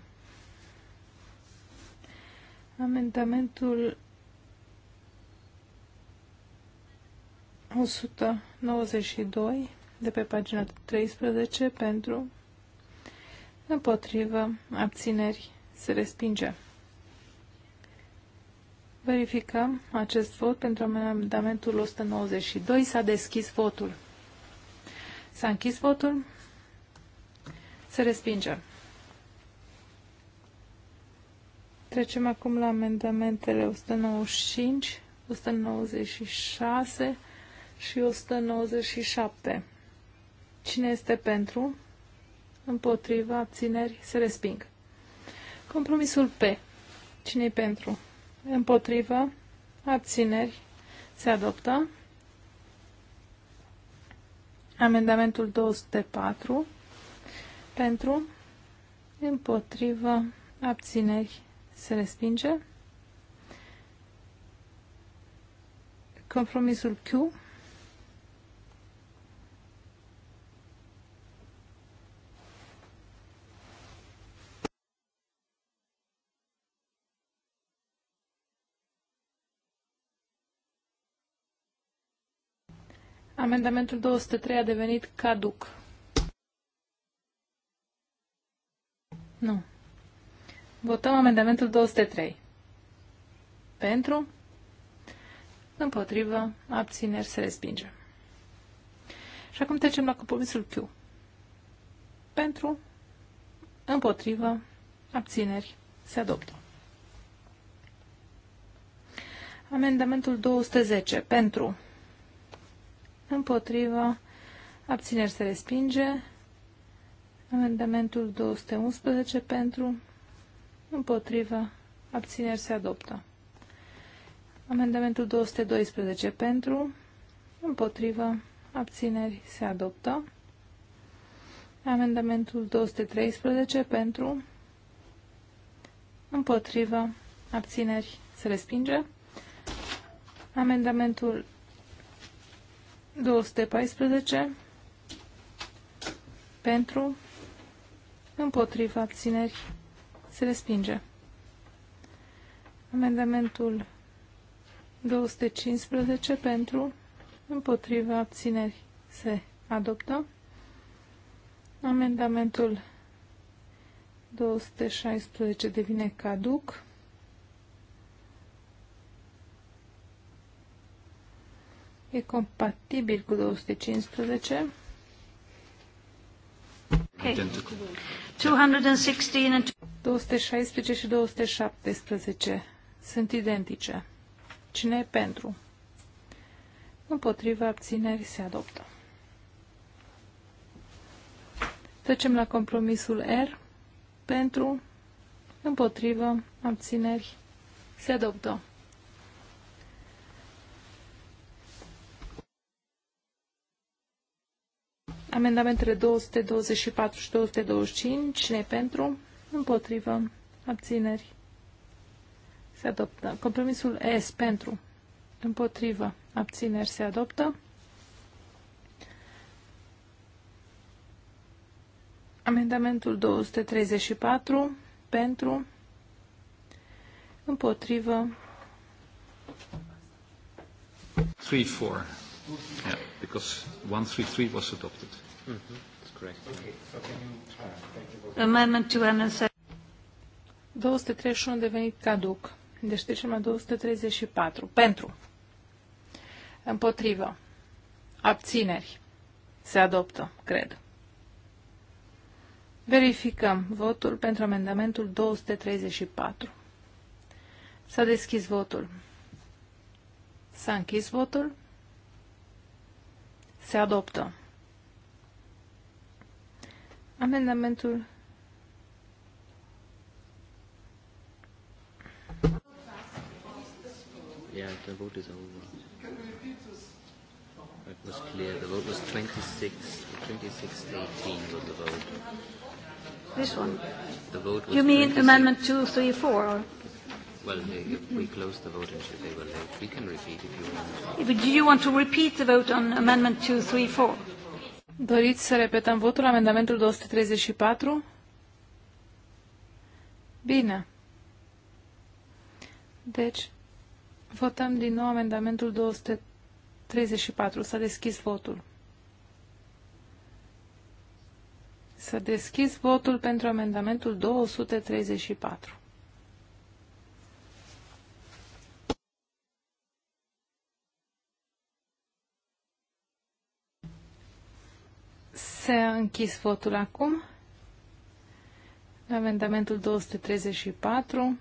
Amendamentul 192 de pe pagina 13 pentru Împotrivă. Abțineri. Se respinge. Verificăm acest vot pentru amendamentul 192. S-a deschis votul. S-a închis votul. Se respinge. Trecem acum la amendamentele 195, 196 și 197. Cine este pentru? împotriva, abțineri, se resping. Compromisul P. Cine-i pentru? Împotriva, abțineri, se adoptă. Amendamentul 204 pentru, împotriva, abțineri, se respinge. Compromisul Q Amendamentul 203 a devenit caduc. Nu. Votăm amendamentul 203. Pentru? Împotrivă, abțineri, se respinge. Și acum trecem la compromisul Q. Pentru, împotrivă, abțineri, se adoptă. Amendamentul 210. Pentru, împotrivă, abțineri se respinge. Amendamentul 211 pentru, împotrivă, abțineri se adoptă. Amendamentul 212 pentru, împotrivă, abțineri se adoptă. Amendamentul 213 pentru, împotrivă, abțineri se respinge. Amendamentul 214 pentru, împotriva abțineri, se respinge. Amendamentul 215 pentru, împotriva abțineri, se adoptă. Amendamentul 216 devine caduc. E compatibil cu 215. Okay. 216, și 217 sunt identice. Cine e pentru? Împotriva abțineri se adoptă. Trecem la compromisul R. Pentru, împotrivă, abțineri se adoptă. Amendamentele 224 și 225, cine pentru? Împotrivă. Abțineri. Se adoptă. Compromisul S pentru. Împotrivă. Abțineri se adoptă. Amendamentul 234 pentru. Împotrivă. 3-4. Yeah, because 133 was adopted. Mm-hmm. That's 231 devenit caduc. Deci trecem la 234. Pentru. Împotrivă. Abțineri. Se adoptă, cred. Verificăm votul pentru amendamentul 234. S-a deschis votul. S-a închis votul. Se adoptă. Amendamentul Yeah, the vote is over. It was clear. The vote was 26, 26 18 was the vote. This one? The vote was You mean 26. Amendment 2, 3, 4? Or? Well, we closed the vote and they were late. We can repeat if you want. But do you want to repeat the vote on Amendment 2, 3, 4? Doriți să repetăm votul amendamentul 234? Bine. Deci, votăm din nou amendamentul 234. S-a deschis votul. S-a deschis votul pentru amendamentul 234. să închis votul acum. Amendamentul 234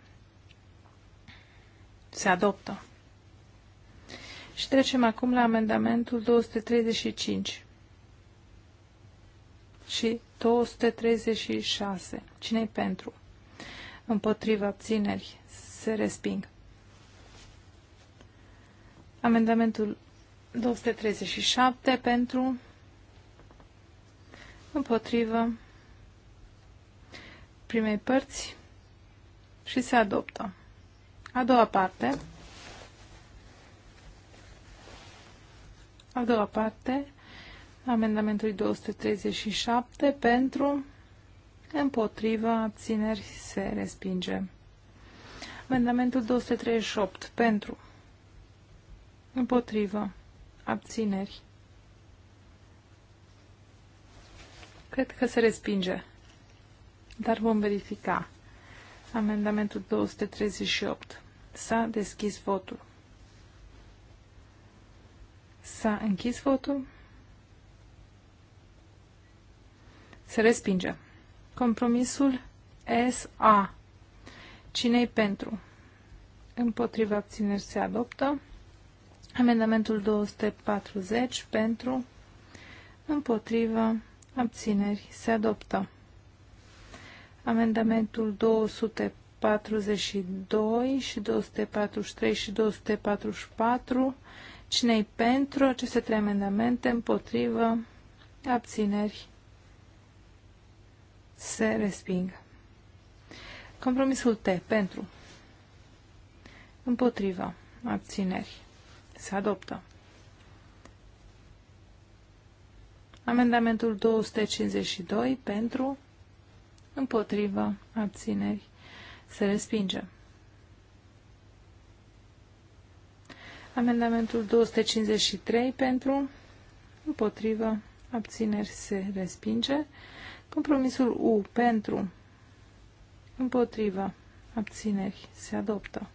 se adoptă. Și trecem acum la amendamentul 235 și 236. Cine-i pentru? Împotriva abțineri se resping. Amendamentul 237 pentru împotrivă primei părți și se adoptă. A doua parte. A doua parte. amendamentul 237 pentru împotrivă abțineri se respinge. Amendamentul 238 pentru împotrivă abțineri Cred că se respinge. Dar vom verifica. Amendamentul 238. S-a deschis votul. S-a închis votul. Se respinge. Compromisul SA. cine pentru? Împotriva abțineri se adoptă. Amendamentul 240 pentru. Împotriva Abțineri. Se adoptă. Amendamentul 242 și 243 și 244. Cine-i pentru aceste trei amendamente? Împotrivă. Abțineri. Se resping. Compromisul T. Pentru. Împotrivă. Abțineri. Se adoptă. Amendamentul 252 pentru, împotrivă, abțineri, se respinge. Amendamentul 253 pentru, împotrivă, abțineri, se respinge. Compromisul U pentru, împotrivă, abțineri, se adoptă.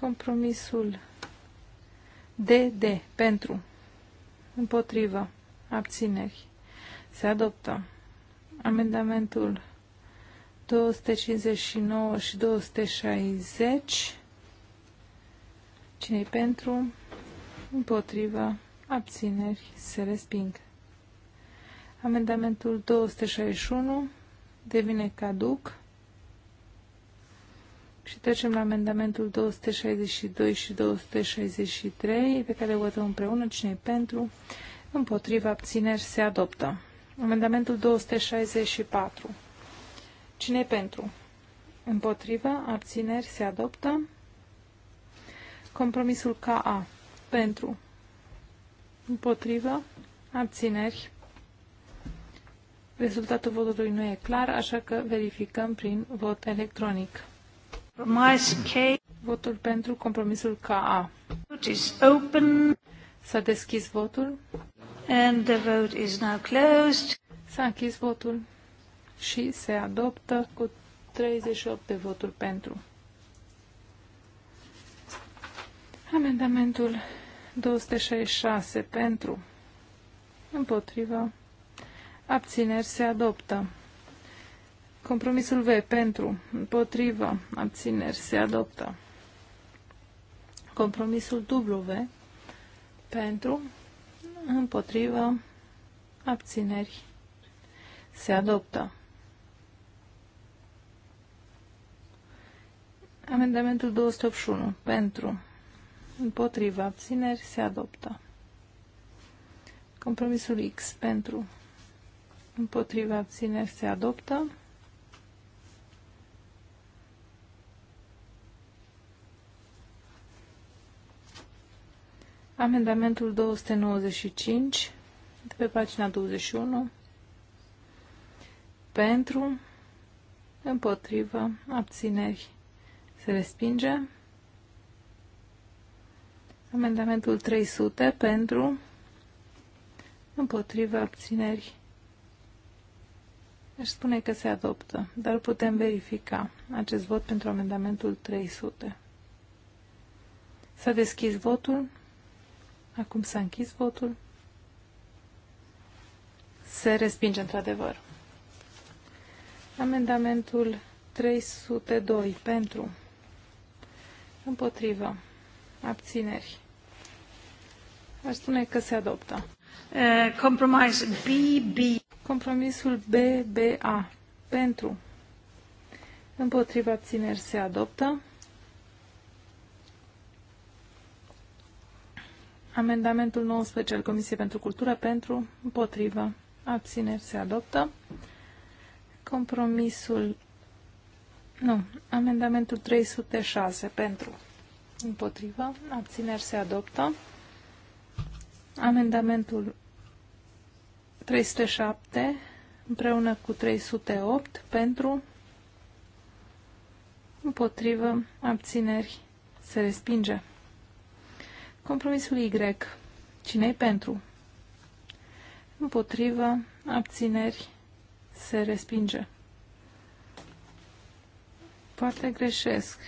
Compromisul DD pentru, Împotrivă. Abțineri. Se adoptă. Amendamentul 259 și 260. Cine-i pentru? Împotrivă. Abțineri. Se resping. Amendamentul 261 devine caduc. Și trecem la amendamentul 262 și 263, pe care le votăm împreună. Cine pentru? Împotriva abțineri se adoptă. Amendamentul 264. Cine pentru? Împotriva abțineri se adoptă. Compromisul KA. Pentru. Împotriva abțineri. Rezultatul votului nu e clar, așa că verificăm prin vot electronic. Compromise K. Votul pentru compromisul KA. Vote is open. S-a deschis votul. And the vote is now closed. S-a închis votul și se adoptă cu 38 de voturi pentru. Amendamentul 266 pentru, împotriva, abțineri se adoptă. Compromisul V pentru, împotrivă, abțineri se adoptă. Compromisul W pentru, împotrivă, abțineri se adoptă. Amendamentul 281 pentru, împotrivă, abțineri se adoptă. Compromisul X pentru, împotrivă, abțineri se adoptă. Amendamentul 295 de pe pagina 21 pentru, împotrivă, abțineri se respinge. Amendamentul 300 pentru, împotrivă, abțineri își spune că se adoptă, dar putem verifica acest vot pentru amendamentul 300. S-a deschis votul. Acum s-a închis votul. Se respinge într-adevăr. Amendamentul 302 pentru împotrivă abțineri. Aș spune că se adoptă. Uh, eh, compromis BB. Compromisul BBA pentru împotriva abțineri se adoptă. Amendamentul 19 al Comisiei pentru Cultură pentru, împotrivă, abțineri se adoptă. Compromisul, nu, amendamentul 306 pentru, împotrivă, abțineri se adoptă. Amendamentul 307 împreună cu 308 pentru, împotrivă, abțineri se respinge. Compromisul Y. cine e pentru? Împotrivă, abțineri, se respinge. Poate greșesc,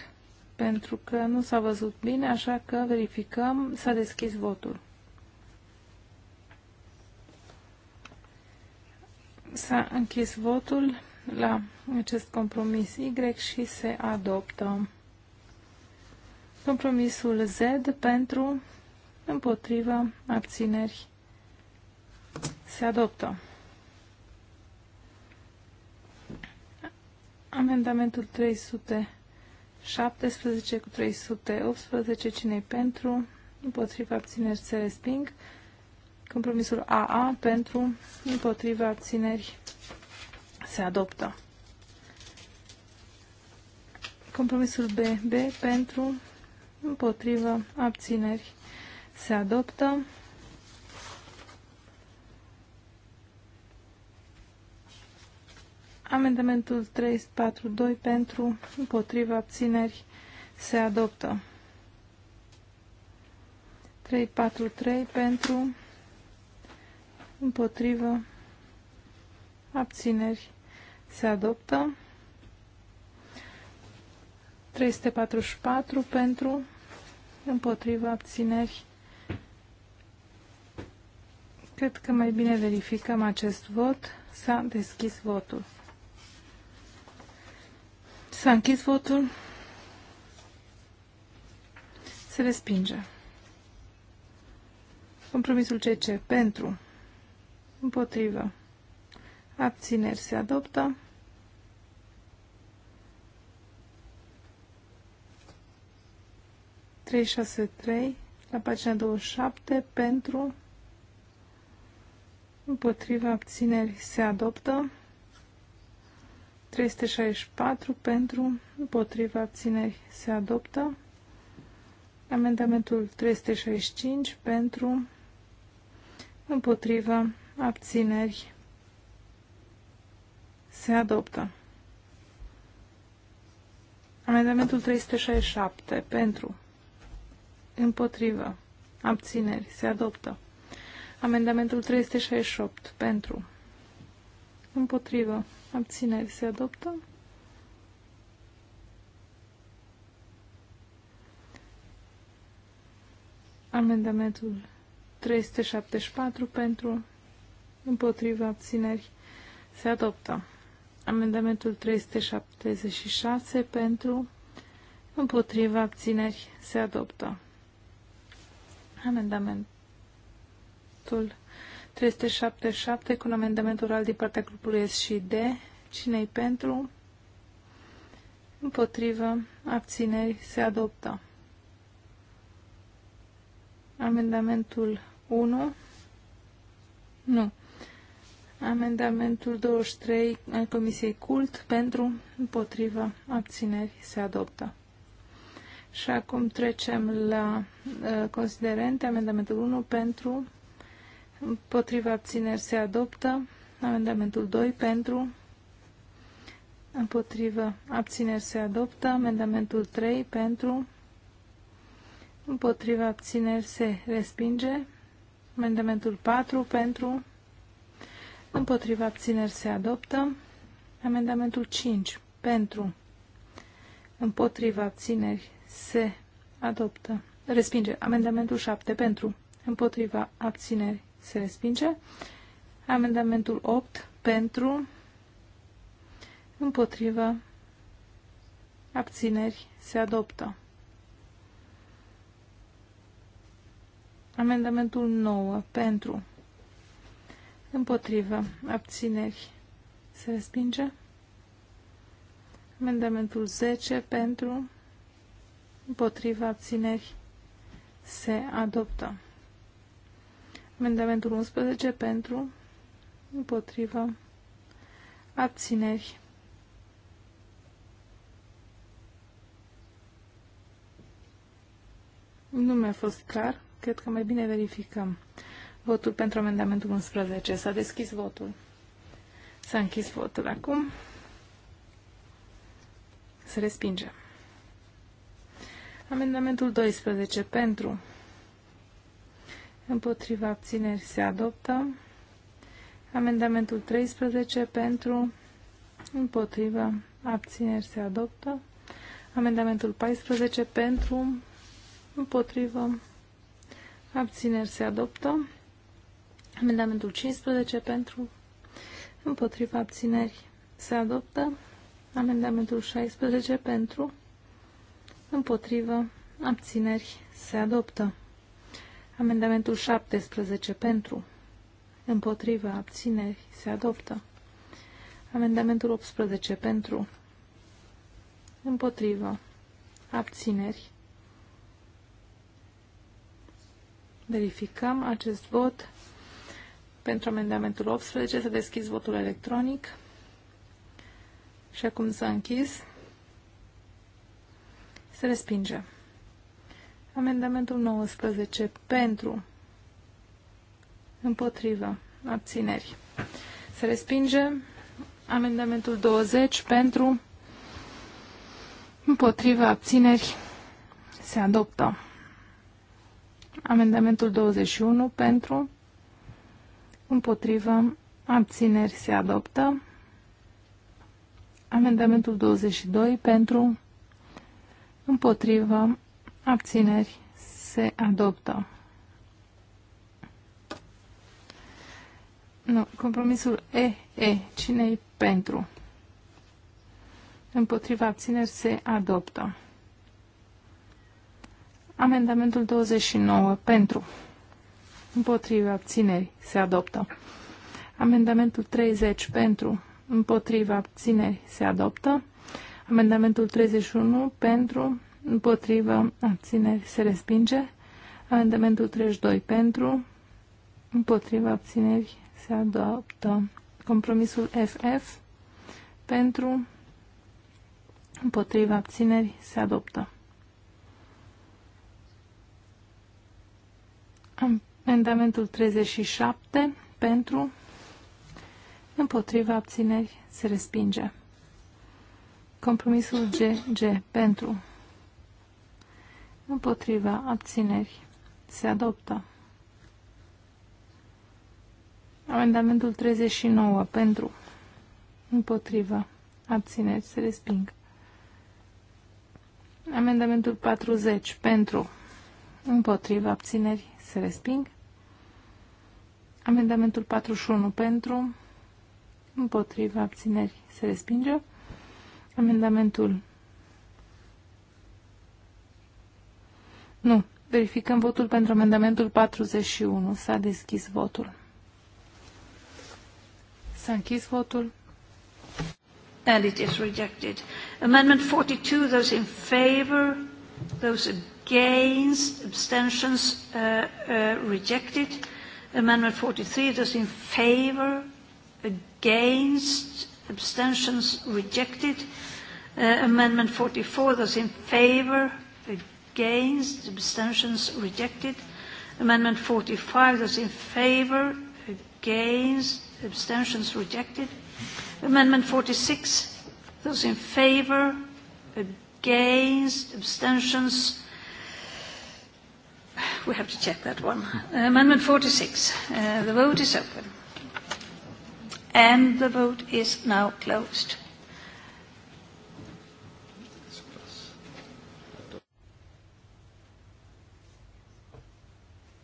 pentru că nu s-a văzut bine, așa că verificăm, s-a deschis votul. S-a închis votul la acest compromis Y și se adoptă. Compromisul Z pentru, împotriva, abțineri se adoptă. Amendamentul 317 cu 318, cine pentru, împotriva abțineri se resping. Compromisul AA pentru, împotriva abțineri se adoptă. Compromisul BB pentru, împotrivă, abțineri, se adoptă. Amendamentul 342 pentru, împotrivă, abțineri, se adoptă. 343 pentru, împotrivă, abțineri, se adoptă. 344 pentru, împotriva abțineri. Cred că mai bine verificăm acest vot. S-a deschis votul. S-a închis votul. Se respinge. Compromisul CC pentru, împotrivă, abțineri se adoptă. 363 la pagina 27 pentru împotriva abțineri se adoptă 364 pentru împotriva abțineri se adoptă amendamentul 365 pentru împotriva abțineri se adoptă amendamentul 367 pentru Împotrivă. Abțineri. Se adoptă. Amendamentul 368. Pentru. Împotrivă. Abțineri. Se adoptă. Amendamentul 374 pentru împotriva abțineri se adoptă. Amendamentul 376 pentru împotriva abțineri se adoptă. Amendamentul 377 cu un amendament oral din partea grupului S și D. Cine-i pentru? Împotrivă. Abțineri. Se adoptă. Amendamentul 1. Nu. Amendamentul 23 al Comisiei Cult pentru, împotrivă, abțineri se adoptă. Și acum trecem la uh, considerente. Amendamentul 1 pentru, împotriva abțineri se adoptă. Amendamentul 2 pentru, împotriva abțineri se adoptă. Amendamentul 3 pentru, împotriva abțineri se respinge. Amendamentul 4 pentru, împotriva abțineri se adoptă. Amendamentul 5 pentru, împotriva abțineri se adoptă. Respinge. Amendamentul 7 pentru. Împotriva abțineri se respinge. Amendamentul 8 pentru. Împotriva abțineri se adoptă. Amendamentul 9 pentru. împotriva Abțineri. Se respinge. Amendamentul 10 pentru împotriva abțineri se adoptă. Amendamentul 11 pentru, împotriva, abțineri. Nu mi-a fost clar. Cred că mai bine verificăm. Votul pentru amendamentul 11. S-a deschis votul. S-a închis votul acum. Se respinge. Amendamentul 12 pentru, împotriva abțineri se adoptă. Amendamentul 13 pentru, împotriva abțineri se adoptă. Amendamentul 14 pentru, împotriva abțineri se adoptă. Amendamentul 15 pentru, împotriva abțineri se adoptă. Amendamentul 16 pentru, împotrivă, abțineri, se adoptă. Amendamentul 17 pentru, împotrivă, abțineri, se adoptă. Amendamentul 18 pentru, împotrivă, abțineri. Verificăm acest vot. Pentru amendamentul 18 să deschizi votul electronic. Și acum s-a închis. Se respinge. Amendamentul 19 pentru împotrivă abțineri. Se respinge. Amendamentul 20 pentru împotrivă abțineri. Se adoptă. Amendamentul 21 pentru împotrivă abțineri. Se adoptă. Amendamentul 22 pentru împotrivă, abțineri, se adoptă. Nu, compromisul E, E, cine e pentru? Împotriva abțineri se adoptă. Amendamentul 29, pentru. Împotriva abțineri se adoptă. Amendamentul 30, pentru. Împotriva abțineri se adoptă. Amendamentul 31 pentru, împotrivă, abțineri, se respinge. Amendamentul 32 pentru, împotrivă, abțineri, se adoptă. Compromisul FF pentru, împotrivă, abțineri, se adoptă. Amendamentul 37 pentru, împotrivă, abțineri se respinge. Compromisul GG pentru împotriva abțineri se adoptă. Amendamentul 39 pentru împotriva abțineri se resping. Amendamentul 40 pentru împotriva abțineri se resping. Amendamentul 41 pentru împotriva abțineri se respinge. Amendamentul. Nu. Verificăm votul pentru amendamentul 41. S-a deschis votul. S-a închis votul. And it is rejected. Amendment 42, those in favor, those against, abstentions uh, uh, rejected. Amendment 43, those in favor, against, abstentions rejected. Uh, amendment 44, those in favor, against, abstentions rejected. Amendment 45, those in favor, against, abstentions rejected. Amendment 46, those in favor, against, abstentions. We have to check that one. Amendment 46, uh, the vote is open and the vote is now closed.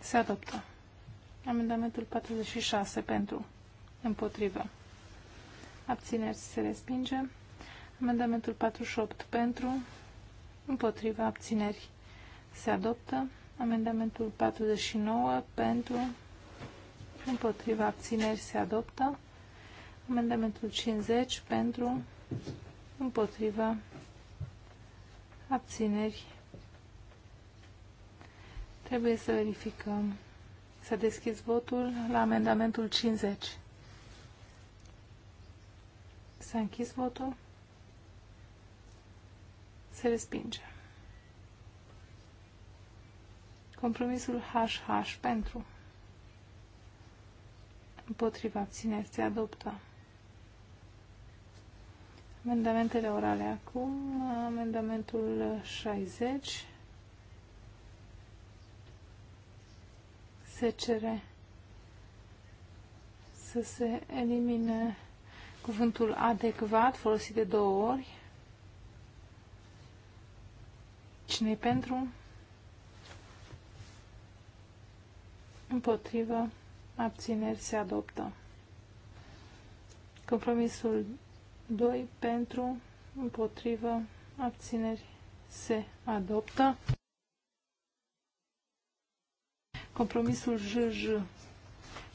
Se adoptă. Amendamentul 46 pentru. Împotrivă. Abțineri se respinge. Amendamentul 48 pentru. Împotrivă. Abțineri se adoptă. Amendamentul 49 pentru. Împotrivă. Abțineri se adoptă. Amendamentul 50 pentru, împotriva, abțineri. Trebuie să verificăm. Să deschis votul la amendamentul 50. S-a închis votul. Se respinge. Compromisul HH pentru. Împotriva abțineri se adoptă. Amendamentele orale acum. Amendamentul 60. Se cere să se elimine cuvântul adecvat folosit de două ori. cine pentru? Împotrivă. Abțineri se adoptă. Compromisul 2 pentru, împotrivă, abțineri, se adoptă. Compromisul JJ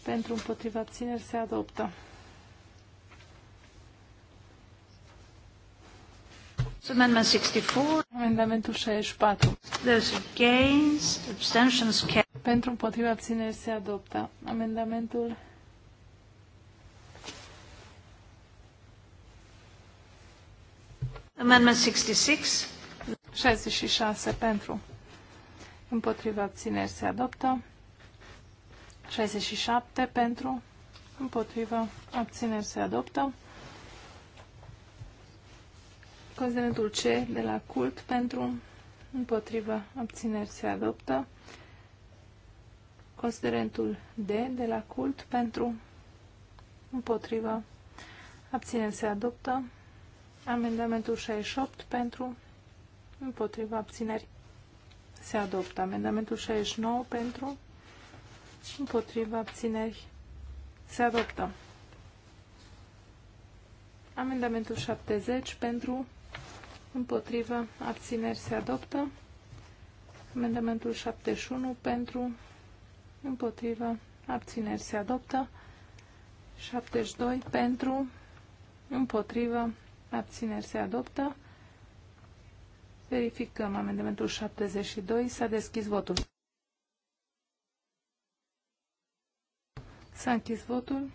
pentru împotrivă, abțineri se adoptă. Amendment 64. Amendamentul 64. Those against, abstentions Pentru împotriva abțineri se adoptă. Amendamentul Amendment 66. 66 pentru. Împotriva abțineri se adoptă. 67 pentru. Împotriva abțineri se adoptă. Considerentul C de la cult pentru. Împotriva abțineri se adoptă. Considerentul D de la cult pentru. Împotriva abțineri se adoptă. Amendamentul 68 pentru, împotriva abțineri se adoptă. Amendamentul 69 pentru, împotriva abțineri se adoptă. Amendamentul 70 pentru, împotriva abțineri se adoptă. Amendamentul 71 pentru, împotriva abțineri se adoptă. 72 pentru, împotriva abțineri se adoptă. Verificăm amendamentul 72. S-a deschis votul. S-a închis votul.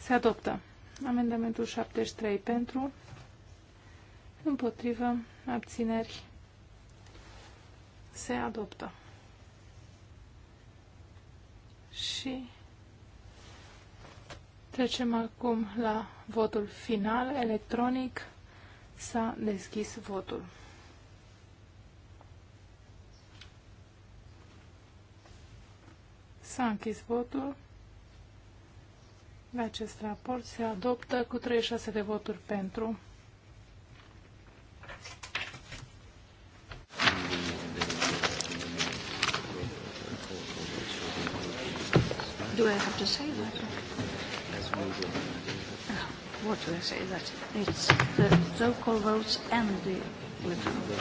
Se adoptă. Amendamentul 73 pentru, împotrivă, abțineri, se adoptă. Și Trecem acum la votul final electronic. S-a deschis votul. S-a închis votul. Acest raport se adoptă cu 36 de voturi pentru. Do I have to say that? What do I say that? It's the so-called votes and the The votes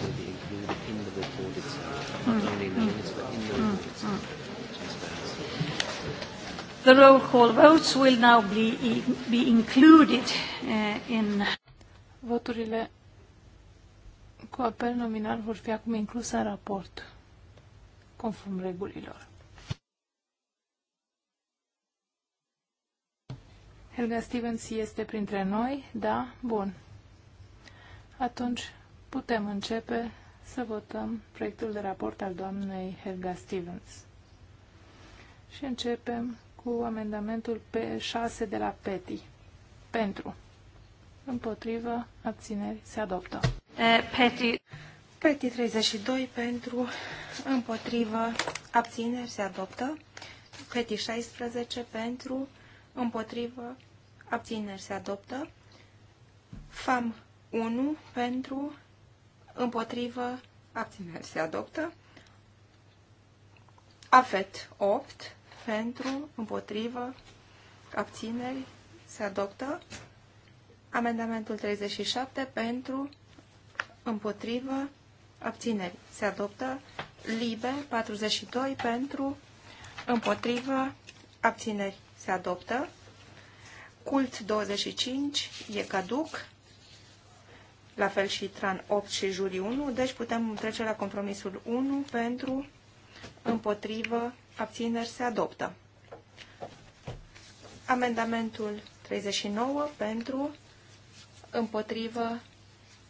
will be included in the report itself, not mm. only in the hmm. minutes, but in the hmm. report hmm. itself. Mm. The roll call votes will now be, be included uh, in... Voturile cu apel nominal vor fi acum incluse în raport, conform regulilor. Helga Stevens este printre noi? Da? Bun. Atunci putem începe să votăm proiectul de raport al doamnei Helga Stevens. Și începem cu amendamentul P6 de la PETI. Pentru. Împotrivă. Abțineri. Se adoptă. PETI. PETI 32 pentru. Împotrivă. Abțineri. Se adoptă. PETI 16 pentru. Împotrivă abțineri se adoptă. FAM 1 pentru, împotrivă, abțineri se adoptă. AFET 8 pentru, împotrivă, abțineri se adoptă. Amendamentul 37 pentru, împotrivă, abțineri se adoptă. Libe 42 pentru, împotrivă, abțineri se adoptă. Cult 25 e caduc, la fel și Tran 8 și Juri 1, deci putem trece la compromisul 1 pentru, împotrivă, abțineri se adoptă. Amendamentul 39 pentru, împotrivă,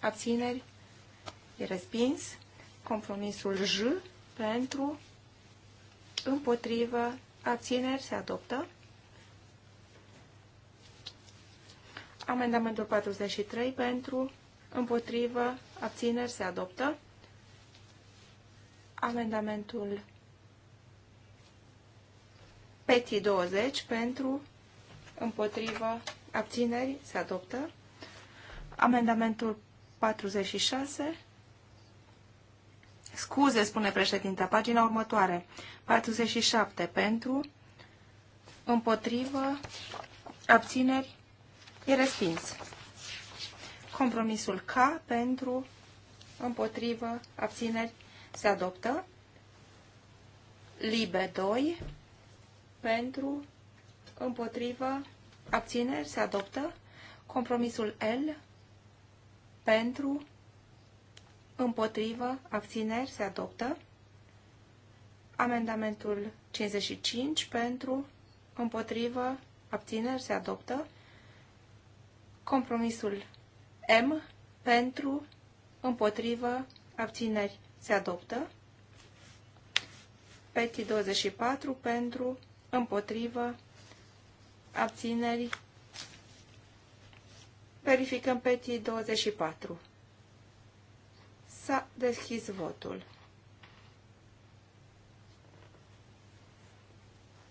abțineri e respins. Compromisul J pentru, împotrivă, abțineri se adoptă. Amendamentul 43 pentru, împotrivă, abțineri se adoptă. Amendamentul PETI 20 pentru, împotrivă, abțineri se adoptă. Amendamentul 46 Scuze, spune președinta, pagina următoare. 47 pentru, împotrivă, abțineri, E respins. Compromisul K pentru, împotrivă, abțineri, se adoptă. Libe 2 pentru, împotrivă, abțineri, se adoptă. Compromisul L pentru, împotrivă, abțineri, se adoptă. Amendamentul 55 pentru, împotrivă, abțineri, se adoptă. Compromisul M pentru, împotrivă, abțineri se adoptă. Peti 24 pentru, împotrivă, abțineri. Verificăm peti 24. S-a deschis votul.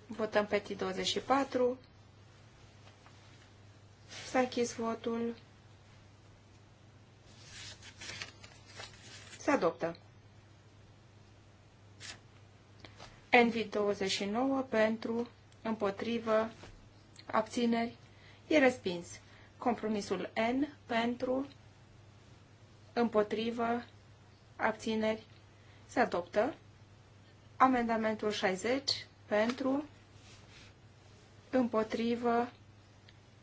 Votăm peti 24. S-a închis votul. Se adoptă. Envi 29 pentru, împotrivă, abțineri, e respins. Compromisul N pentru, împotrivă, abțineri, se adoptă. Amendamentul 60 pentru, împotrivă,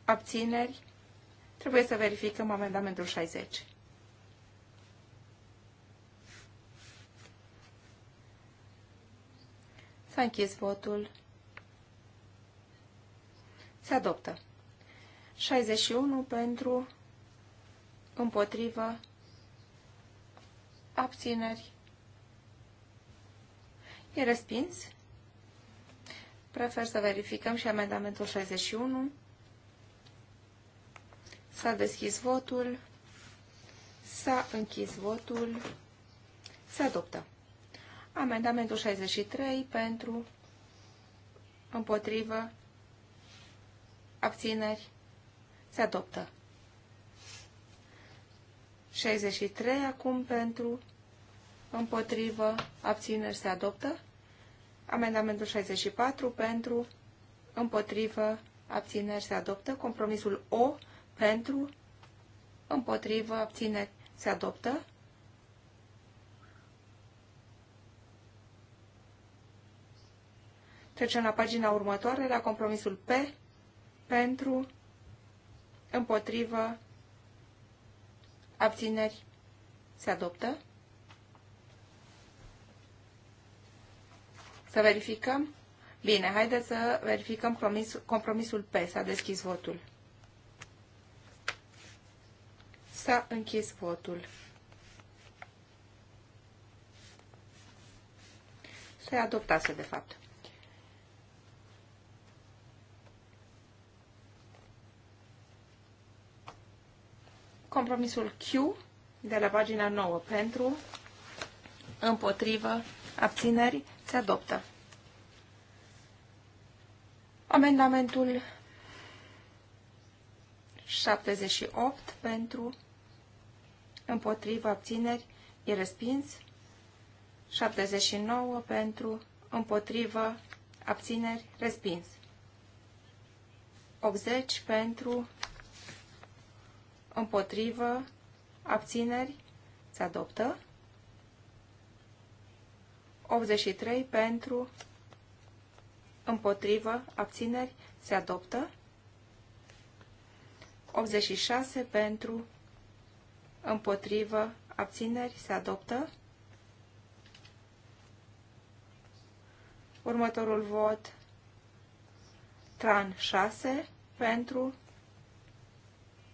Abțineri? Trebuie să verificăm amendamentul 60. S-a închis votul. Se adoptă. 61 pentru, împotrivă, abțineri. E respins. Prefer să verificăm și amendamentul 61. S-a deschis votul. S-a închis votul. Se adoptă. Amendamentul 63 pentru, împotrivă, abțineri, se adoptă. 63 acum pentru, împotrivă, abțineri, se adoptă. Amendamentul 64 pentru, împotrivă, abțineri, se adoptă. Compromisul O pentru, împotrivă, abțineri, se adoptă. Trecem la pagina următoare, la compromisul P, pentru, împotrivă, abțineri, se adoptă. Să verificăm? Bine, haideți să verificăm compromisul P. S-a deschis votul. S-a închis votul. Se adoptase, de fapt. Compromisul Q de la pagina 9 pentru, împotrivă, abțineri, se adoptă. Amendamentul 78 pentru împotrivă, abțineri, e respins. 79 pentru, împotrivă, abțineri, respins. 80 pentru, împotrivă, abțineri, se adoptă. 83 pentru, împotrivă, abțineri, se adoptă. 86 pentru, împotrivă, abțineri, se adoptă. Următorul vot, tran 6, pentru,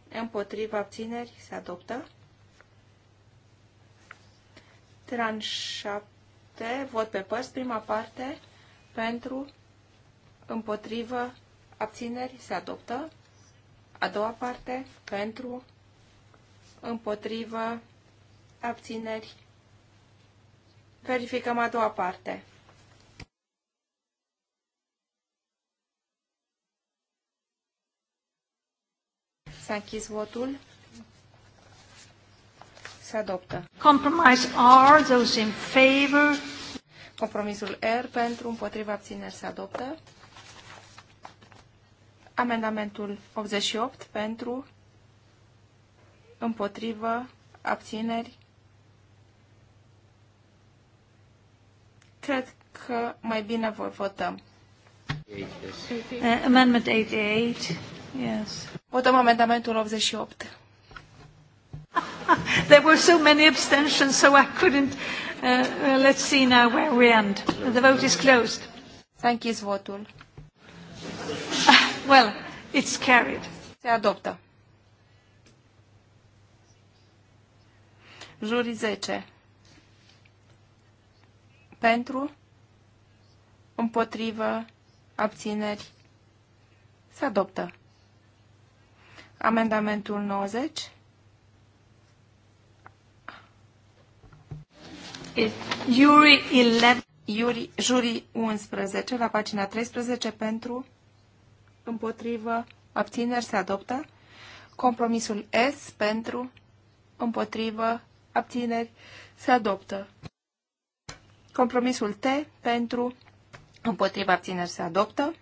împotrivă, abțineri, se adoptă. Tran 7, vot pe părți, prima parte, pentru, împotrivă, abțineri, se adoptă. A doua parte, pentru, împotrivă, abțineri. Verificăm a doua parte. S-a închis votul. Se adoptă. Compromise R, those in favor. Compromisul R pentru împotriva abțineri se adoptă. Amendamentul 88 pentru împotrivă, abțineri. Cred că mai bine voi votăm. Uh, amendment 88. Yes. Votăm amendamentul 88. [laughs] There were so many abstentions, so I couldn't. Uh, uh, let's see now where we end. The vote is closed. Thank you, Zvotul. Uh, [laughs] well, it's carried. Se adoptă. Juri 10. Pentru, împotrivă, abțineri, se adoptă. Amendamentul 90. Juri 11. Juri 11, la pagina 13, pentru, împotrivă, abțineri se adoptă. Compromisul S pentru, împotrivă, abțineri, se adoptă. Compromisul T pentru, împotriva abțineri, se adoptă.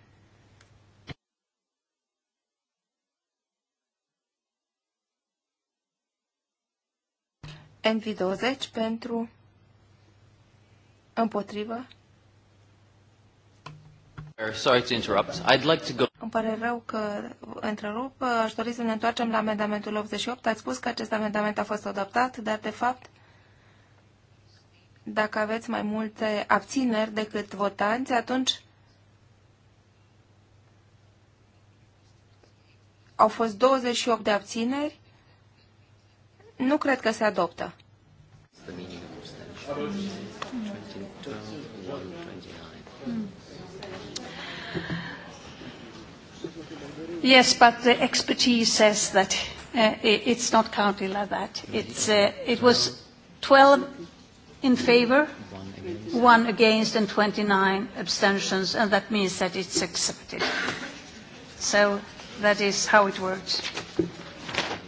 NV20 pentru, împotriva. Sorry to interrupt. I'd like to go îmi pare rău că întrerup. Aș dori să ne întoarcem la amendamentul 88. Ați spus că acest amendament a fost adoptat, dar de fapt, dacă aveți mai multe abțineri decât votanți, atunci au fost 28 de abțineri. Nu cred că se adoptă. Mm. Yes, but the expertise says that uh, it's not counted like that. It's, uh, it was 12 in favor, one against, and 29 abstentions, and that means that it's accepted. So that is how it works.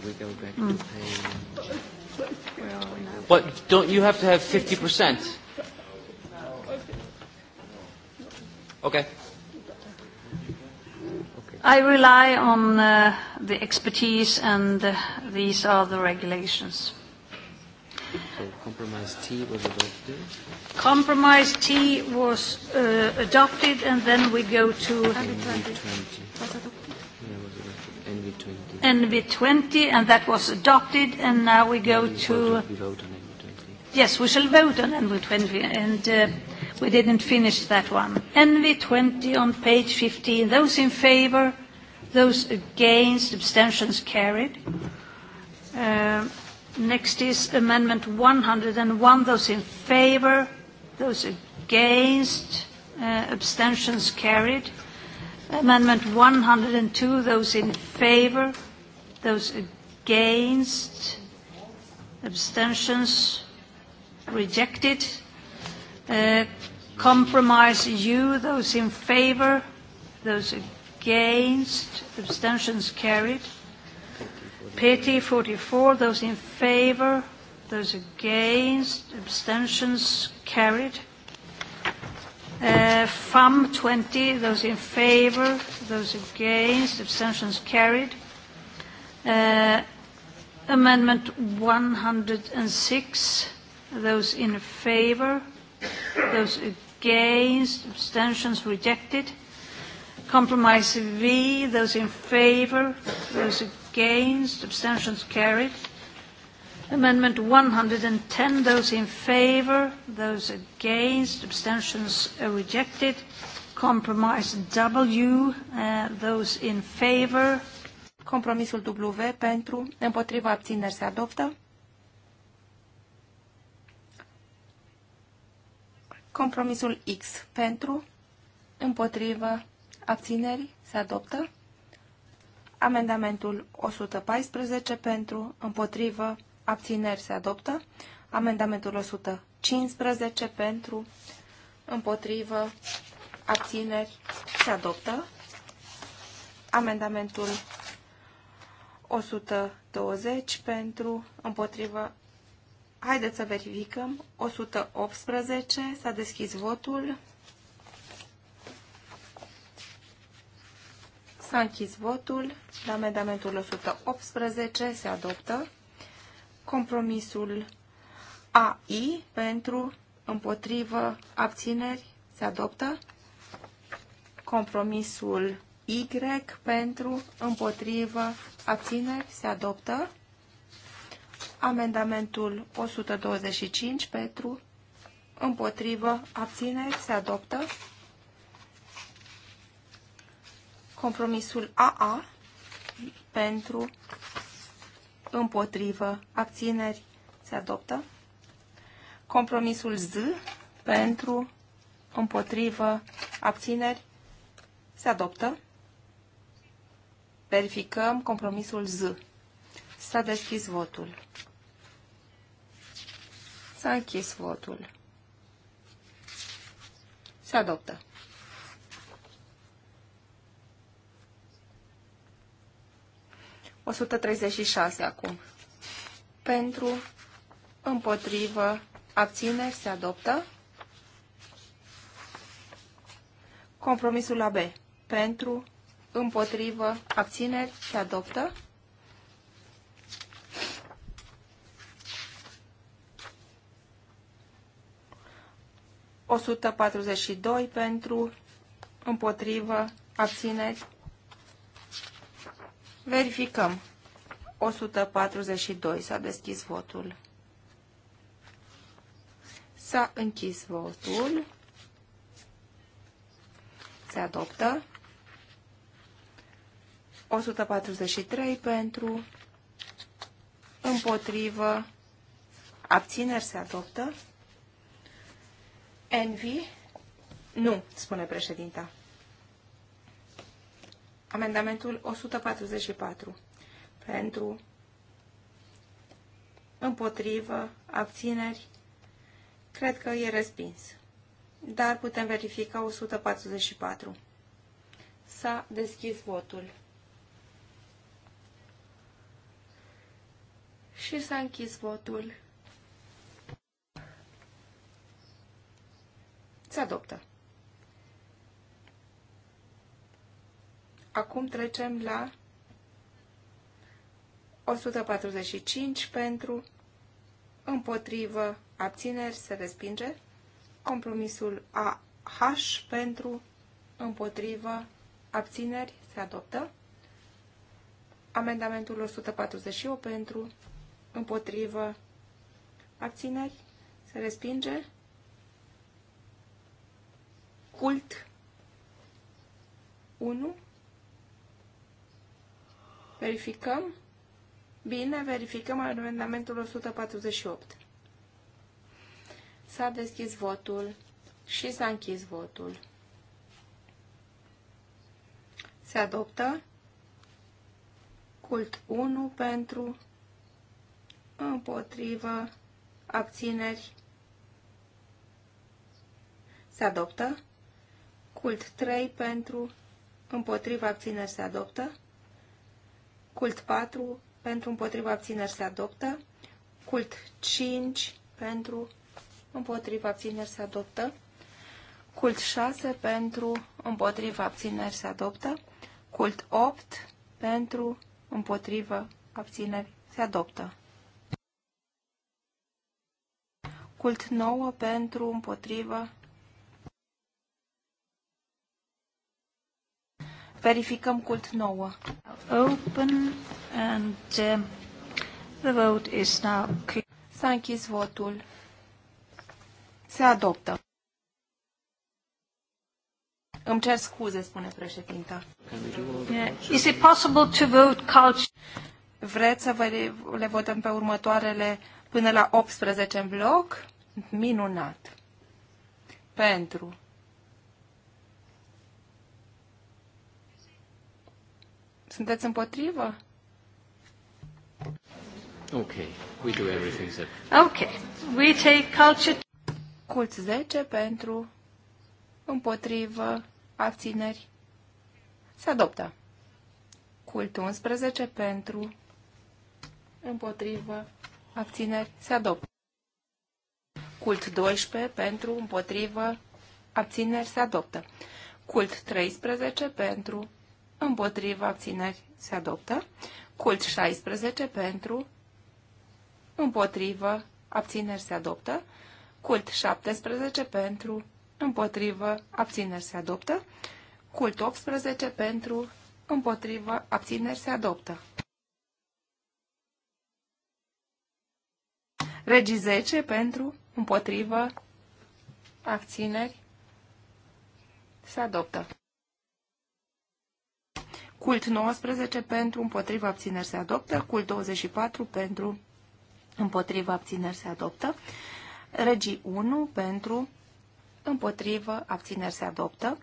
We go back mm. to hmm. But don't you have to have 50%? Okay. I rely on uh, the expertise and uh, these are the regulations. So compromise T was adopted. Compromise T was uh, adopted and then we go to NV20. NV20. 20 and that was adopted and now we go we to... Vote on, we vote on NV20. Yes, we shall vote on NV20 and uh, We didn't finish that one. NV 20 on page 15. Those in favor, those against, abstentions carried. Uh, next is amendment 101. Those in favor, those against, uh, abstentions carried. Amendment 102. Those in favor, those against, abstentions rejected. Uh, Compromise you, those in favor, those against, abstentions carried. Petty 44, those in favor, those against, abstentions carried. Uh, FAM 20, those in favor, those against, abstentions carried. Uh, amendment 106, those in favor, those against, against, abstentions rejected. Compromise V, those in favour, those against, abstentions carried. Amendment 110, those in favour, those against, abstentions rejected. Compromise W, uh, those in favour. Compromisul W pentru, împotriva abțineri se adoptă. Compromisul X pentru, împotrivă, abțineri, se adoptă. Amendamentul 114 pentru, împotrivă, abțineri, se adoptă. Amendamentul 115 pentru, împotrivă, abțineri, se adoptă. Amendamentul 120 pentru, împotrivă, Haideți să verificăm. 118. S-a deschis votul. S-a închis votul. La amendamentul 118 se adoptă compromisul AI pentru împotrivă abțineri se adoptă. Compromisul Y pentru împotrivă abțineri se adoptă. Amendamentul 125 pentru, împotrivă, abțineri, se adoptă. Compromisul AA pentru, împotrivă, abțineri, se adoptă. Compromisul Z pentru, împotrivă, abțineri, se adoptă. Verificăm compromisul Z. S-a deschis votul. S-a închis votul. Se adoptă. O 136 acum. Pentru, împotrivă, abțineri se adoptă. Compromisul B. Pentru, împotrivă, abțineri se adoptă. 142 pentru, împotrivă, abțineri. Verificăm. 142. S-a deschis votul. S-a închis votul. Se adoptă. 143 pentru, împotrivă, abțineri se adoptă. Envy? Nu, spune președinta. Amendamentul 144. Pentru, împotrivă, abțineri, cred că e respins. Dar putem verifica 144. S-a deschis votul. Și s-a închis votul. Se adoptă. Acum trecem la 145 pentru, împotrivă, abțineri, se respinge. Compromisul AH pentru, împotrivă, abțineri, se adoptă. Amendamentul 148 pentru, împotrivă, abțineri, se respinge. Cult 1. Verificăm. Bine, verificăm amendamentul 148. S-a deschis votul și s-a închis votul. Se adoptă cult 1 pentru împotrivă abțineri. Se adoptă Cult 3 pentru împotriva abțineri se adoptă. Cult 4 pentru împotriva abțineri se adoptă. Cult 5 pentru împotriva abțineri se adoptă. Cult 6 pentru împotriva abțineri se adoptă. Cult 8 pentru împotriva abțineri se adoptă. Cult 9 pentru împotriva Verificăm cult nouă. Open and uh, the vote is now clear. S-a închis votul. Se adoptă. Îmi cer scuze, spune președinta. Yeah. Is it possible to vote culture? Vreți să vă le votăm pe următoarele până la 18 în bloc? Minunat. Pentru. Sunteți împotrivă? Ok, we do everything separate. Ok, we take culture... Cult 10 pentru împotrivă abțineri. Se adoptă. Cult 11 pentru împotrivă abțineri. Se adoptă. Cult 12 pentru împotrivă abțineri. Se adoptă. Cult 13 pentru împotriva abțineri se adoptă. Cult 16 pentru, împotrivă, abțineri se adoptă. Cult 17 pentru, împotrivă, abțineri se adoptă. Cult 18 pentru, împotrivă, abțineri se adoptă. Regi 10 pentru, împotrivă, abțineri se adoptă. Cult 19 pentru, împotriva abțineri se adoptă. Cult 24 pentru, împotriva abțineri se adoptă. Regii 1 pentru, împotrivă, abțineri se adoptă.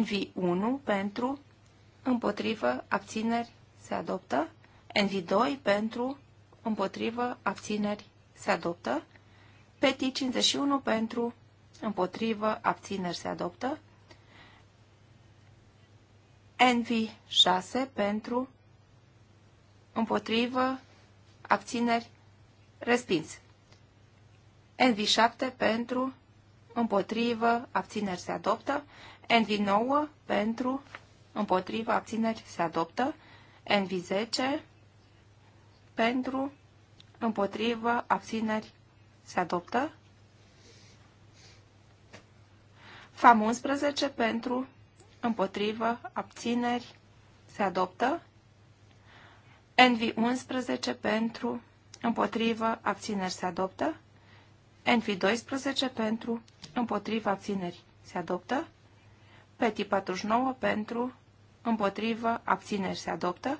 NV1 pentru, împotrivă, abțineri se adoptă. NV2 pentru, împotrivă, abțineri se adoptă. Peti 51 pentru, împotrivă, abțineri se adoptă. NV 6 pentru, împotrivă, abțineri, respins. NV 7 pentru, împotrivă, abțineri se adoptă. NV 9 pentru, împotrivă, abțineri se adoptă. NV 10 pentru, împotrivă, abțineri se adoptă. FAM 11 pentru, împotrivă, abțineri, se adoptă. NV11 pentru, împotrivă, abțineri, se adoptă. NV12 pentru, împotrivă, abțineri, se adoptă. Peti 49 pentru, împotrivă, abțineri, se adoptă.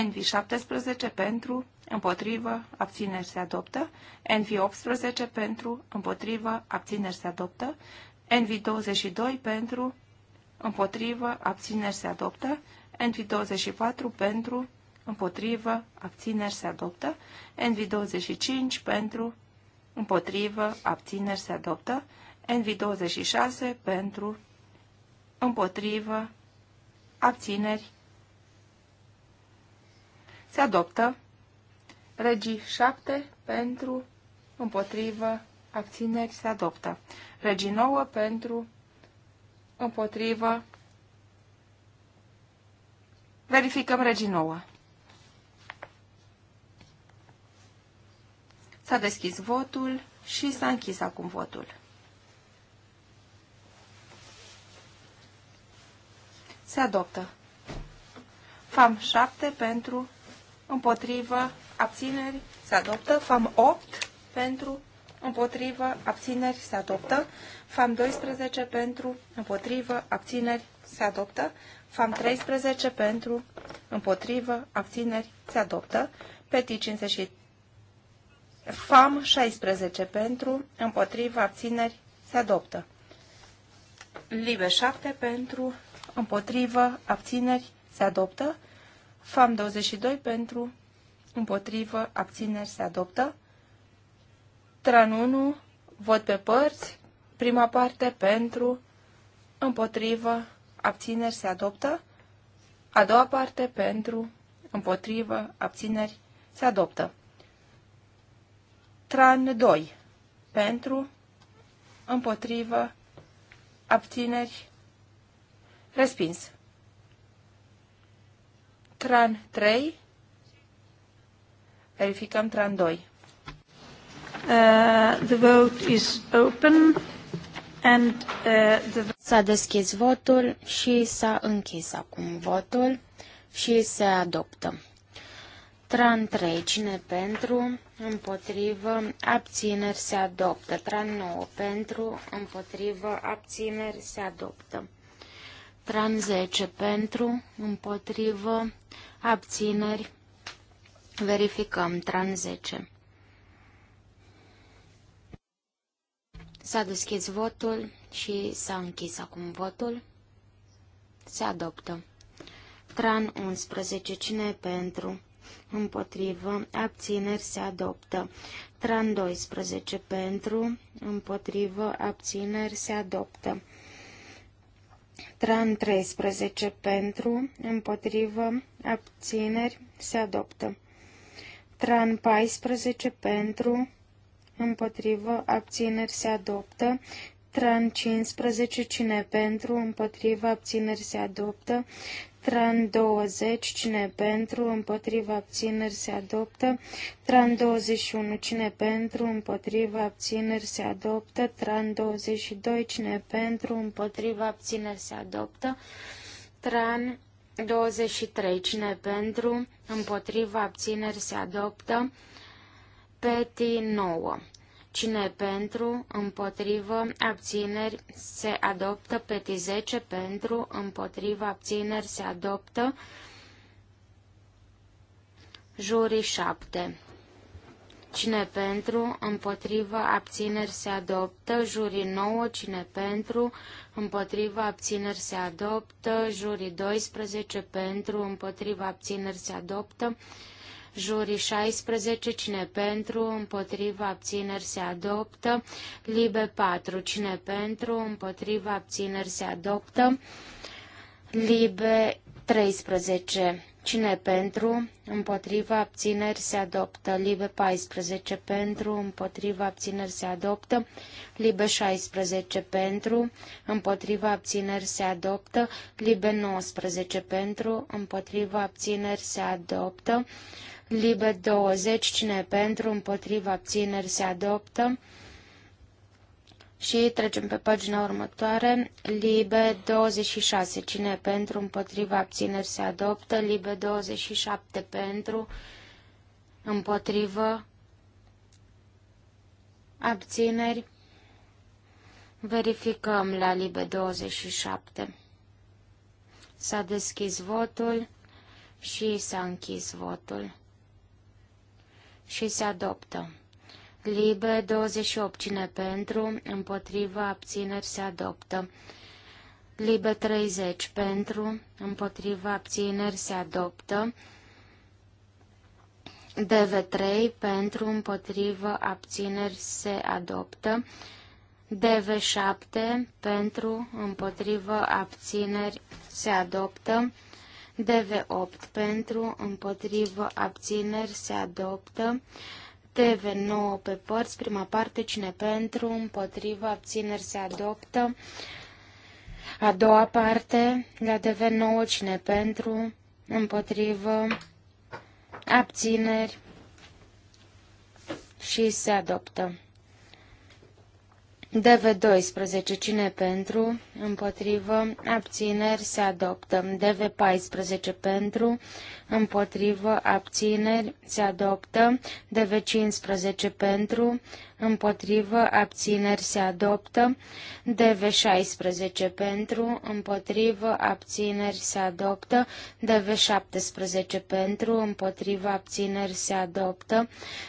NV17 pentru, împotrivă, abțineri se adoptă, NV18 pentru, împotrivă, abțineri se adoptă, NV22 pentru, împotrivă, abțineri se adoptă. NV24 pentru, împotrivă, abțineri se adoptă. NV25 pentru, împotrivă, abțineri se adoptă. NV26 pentru, împotrivă, abțineri se adoptă. Regii 7 pentru, împotrivă, abțineri se adoptă. Regii 9 pentru, împotrivă. Verificăm regii 9. S-a deschis votul și s-a închis acum votul. Se adoptă. FAM 7 pentru, împotrivă, abțineri, se adoptă. FAM 8 pentru, împotrivă, abțineri, se adoptă. FAM 12 pentru, împotrivă, abțineri, se adoptă. FAM 13 pentru, împotrivă, abțineri, se adoptă. PETI 53. FAM 16 pentru, împotrivă, abțineri, se adoptă. LIBE 7 pentru, împotrivă, abțineri, se adoptă. FAM 22 pentru, împotrivă, abțineri, se adoptă. Tran 1, vot pe părți, prima parte pentru, împotrivă, abțineri se adoptă, a doua parte pentru, împotrivă, abțineri se adoptă. Tran 2, pentru, împotrivă, abțineri, respins. Tran 3, verificăm Tran 2. Uh, the vote is open and uh, the... S-a deschis votul și s-a închis acum votul și se adoptă. Tran 3, cine pentru, împotrivă, abțineri se adoptă. Tran 9, pentru, împotrivă, abțineri se adoptă. Tran 10, pentru, împotrivă, abțineri. Verificăm, tran 10. S-a deschis votul și s-a închis acum votul. Se adoptă. Tran 11. Cine e pentru? Împotrivă. Abțineri se adoptă. Tran 12. Pentru. Împotrivă. Abțineri se adoptă. Tran 13. Pentru. Împotrivă. Abțineri se adoptă. Tran 14. Pentru împotrivă, abțineri se adoptă. Tran 15, cine pentru, împotrivă, abțineri se adoptă. Tran 20, cine pentru, împotriva abțineri se adoptă. Tran 21, cine pentru, împotriva abțineri se adoptă. Tran 22, cine pentru, împotriva abțineri se adoptă. Tran 23, cine pentru, împotriva abțineri se adoptă. Peti 9. Cine pentru, împotrivă, abțineri, se adoptă. Peti 10 pentru, împotrivă, abțineri, se adoptă. Juri 7. Cine pentru, împotrivă, abțineri se adoptă, Juri 9, cine pentru, împotrivă, abțineri se adoptă, Juri 12, pentru, împotrivă, abțineri se adoptă, Jurii 16, cine pentru, împotriva, abțineri se adoptă. Libe 4, cine pentru, împotriva, abțineri se adoptă. Libe 13, Cine pentru, împotriva abțineri se adoptă. Libe 14 pentru, împotriva abțineri se adoptă. Libe 16 pentru, împotriva abțineri se adoptă. Libe 19 pentru, împotriva abțineri se adoptă. Libe 20, cine pentru, împotriva, abțineri, se adoptă. Și trecem pe pagina următoare. Libe 26, cine pentru, împotriva, abțineri, se adoptă. Libe 27, pentru, împotrivă, abțineri. Verificăm la Libe 27. S-a deschis votul și s-a închis votul și se adoptă. Libe 28. Cine pentru, împotriva, abțineri, se adoptă. Libe 30. Pentru, împotriva, abțineri, se adoptă. DV3. Pentru, împotriva, abțineri, se adoptă. DV7. Pentru, împotriva, abțineri, se adoptă. DV8 pentru, împotrivă, abțineri se adoptă. tv 9 pe părți, prima parte, cine pentru, împotrivă, abțineri se adoptă. A doua parte, la DV9, cine pentru, împotrivă, abțineri și se adoptă. DV12, cine pentru, împotrivă, abțineri, se adoptă. DV14, pentru, împotrivă, abțineri, se adoptă, DV15 pentru, împotrivă, abțineri, se adoptă, DV16 pentru, împotrivă, abțineri, se adoptă, DV17 pentru, împotrivă, abțineri, se adoptă,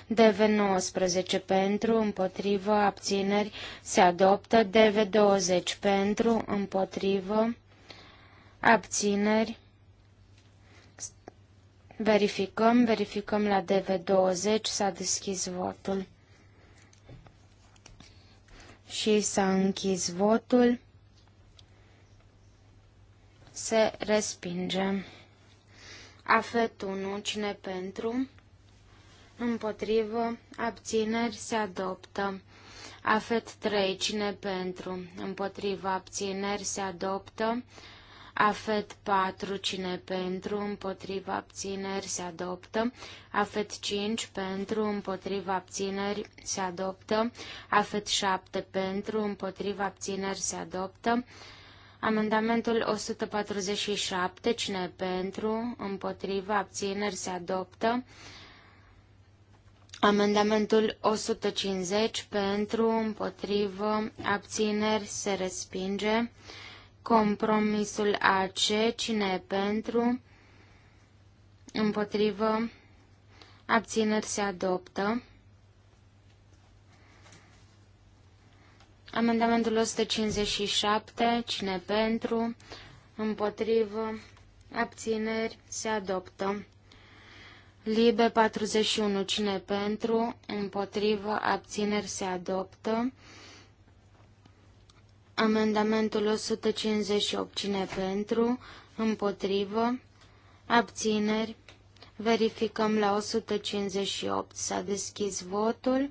DV19 pentru, împotrivă, abțineri, se adoptă, DV20 pentru, împotrivă, abțineri, Verificăm, verificăm la DV20, s-a deschis votul. Și s-a închis votul. Se respinge. Afet 1, cine pentru? Împotrivă, abțineri, se adoptă. Afet 3, cine pentru? Împotrivă, abțineri, se adoptă. AFET 4, cine pentru, împotriva abțineri, se adoptă. AFET 5, pentru, împotriva abțineri, se adoptă. AFET 7, pentru, împotriva abțineri, se adoptă. Amendamentul 147, cine pentru, împotriva abțineri, se adoptă. Amendamentul 150 pentru, împotrivă, abțineri, se respinge. Compromisul AC, cine e pentru? Împotrivă. Abțineri se adoptă. Amendamentul 157, cine pentru, împotrivă, abțineri, se adoptă. Libe 41, cine pentru, împotrivă, abțineri, se adoptă. Amendamentul 158. Cine pentru? Împotrivă? Abțineri? Verificăm la 158. S-a deschis votul.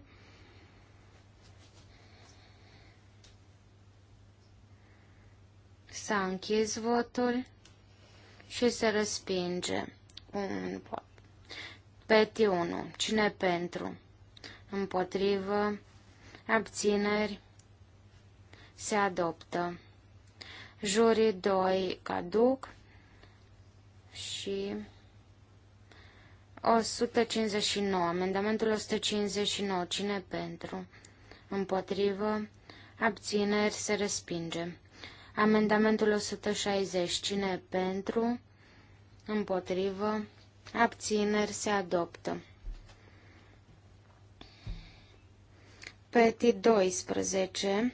S-a închis votul și se respinge. Un vot. Peti 1. Cine pentru? Împotrivă? Abțineri? se adoptă. Jurii 2 caduc și 159. Amendamentul 159. Cine pentru? Împotrivă? Abțineri se respinge. Amendamentul 160. Cine pentru? Împotrivă? Abțineri se adoptă. Petit 12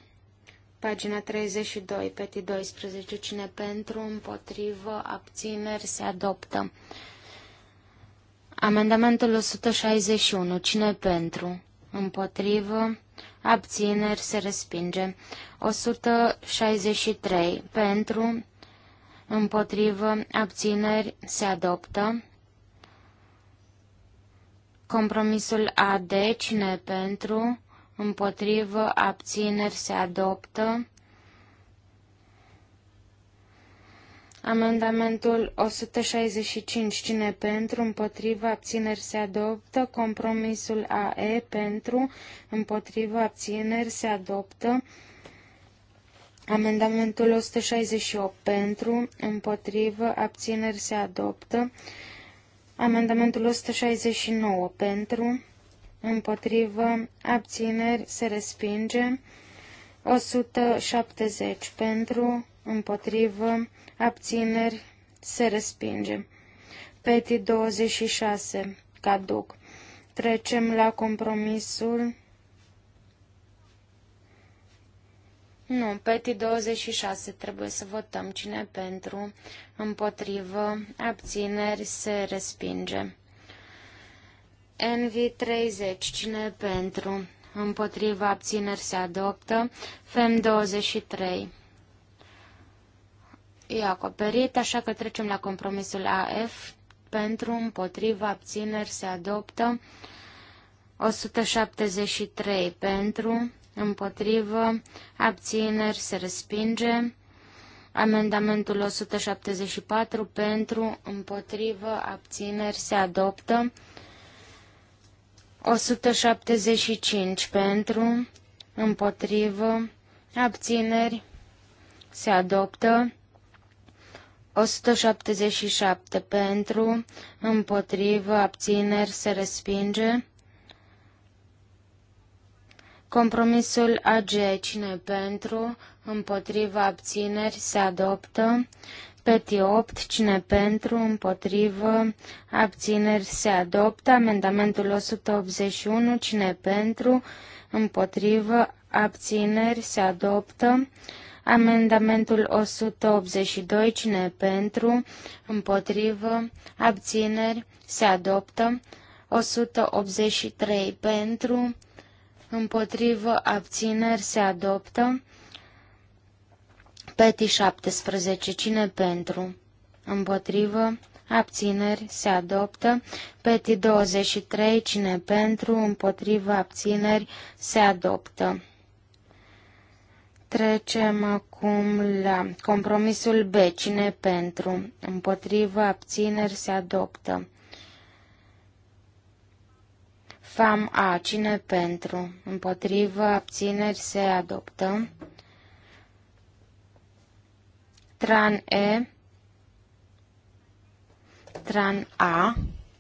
Pagina 32, peti 12. Cine pentru, împotrivă, abțineri, se adoptă. Amendamentul 161. Cine pentru? Împotrivă. Abțineri se respinge. 163. Pentru. Împotrivă. Abțineri se adoptă. Compromisul AD. Cine pentru? împotrivă, abțineri se adoptă. Amendamentul 165, cine pentru, împotrivă, abțineri se adoptă. Compromisul AE pentru, împotrivă, abțineri se adoptă. Amendamentul 168 pentru, împotrivă, abțineri se adoptă. Amendamentul 169 pentru, împotrivă, abțineri, se respinge. 170 pentru, împotrivă, abțineri, se respinge. Peti 26, caduc. Trecem la compromisul... Nu, Peti 26 trebuie să votăm cine pentru, împotrivă, abțineri, se respinge. NV30, cine pentru? Împotriva abțineri se adoptă. FEM 23 e acoperit, așa că trecem la compromisul AF. Pentru, împotriva, abțineri se adoptă. 173 pentru, împotrivă, abțineri se respinge. Amendamentul 174 pentru, împotrivă, abțineri se adoptă. 175 pentru, împotrivă, abțineri, se adoptă. 177 pentru, împotrivă, abțineri, se respinge. Compromisul AG, cine pentru, împotrivă abțineri, se adoptă. Peti 8, cine pentru, împotrivă, abțineri se adoptă. Amendamentul 181, cine pentru, împotrivă, abțineri se adoptă. Amendamentul 182, cine pentru, împotrivă, abțineri se adoptă. 183 pentru, împotrivă, abțineri se adoptă. Peti 17. Cine pentru? Împotrivă. Abțineri se adoptă. Peti 23. Cine pentru? Împotrivă. Abțineri se adoptă. Trecem acum la compromisul B. Cine pentru? Împotrivă. Abțineri se adoptă. FAM A. Cine pentru? Împotrivă. Abțineri se adoptă. Tran E, Tran A,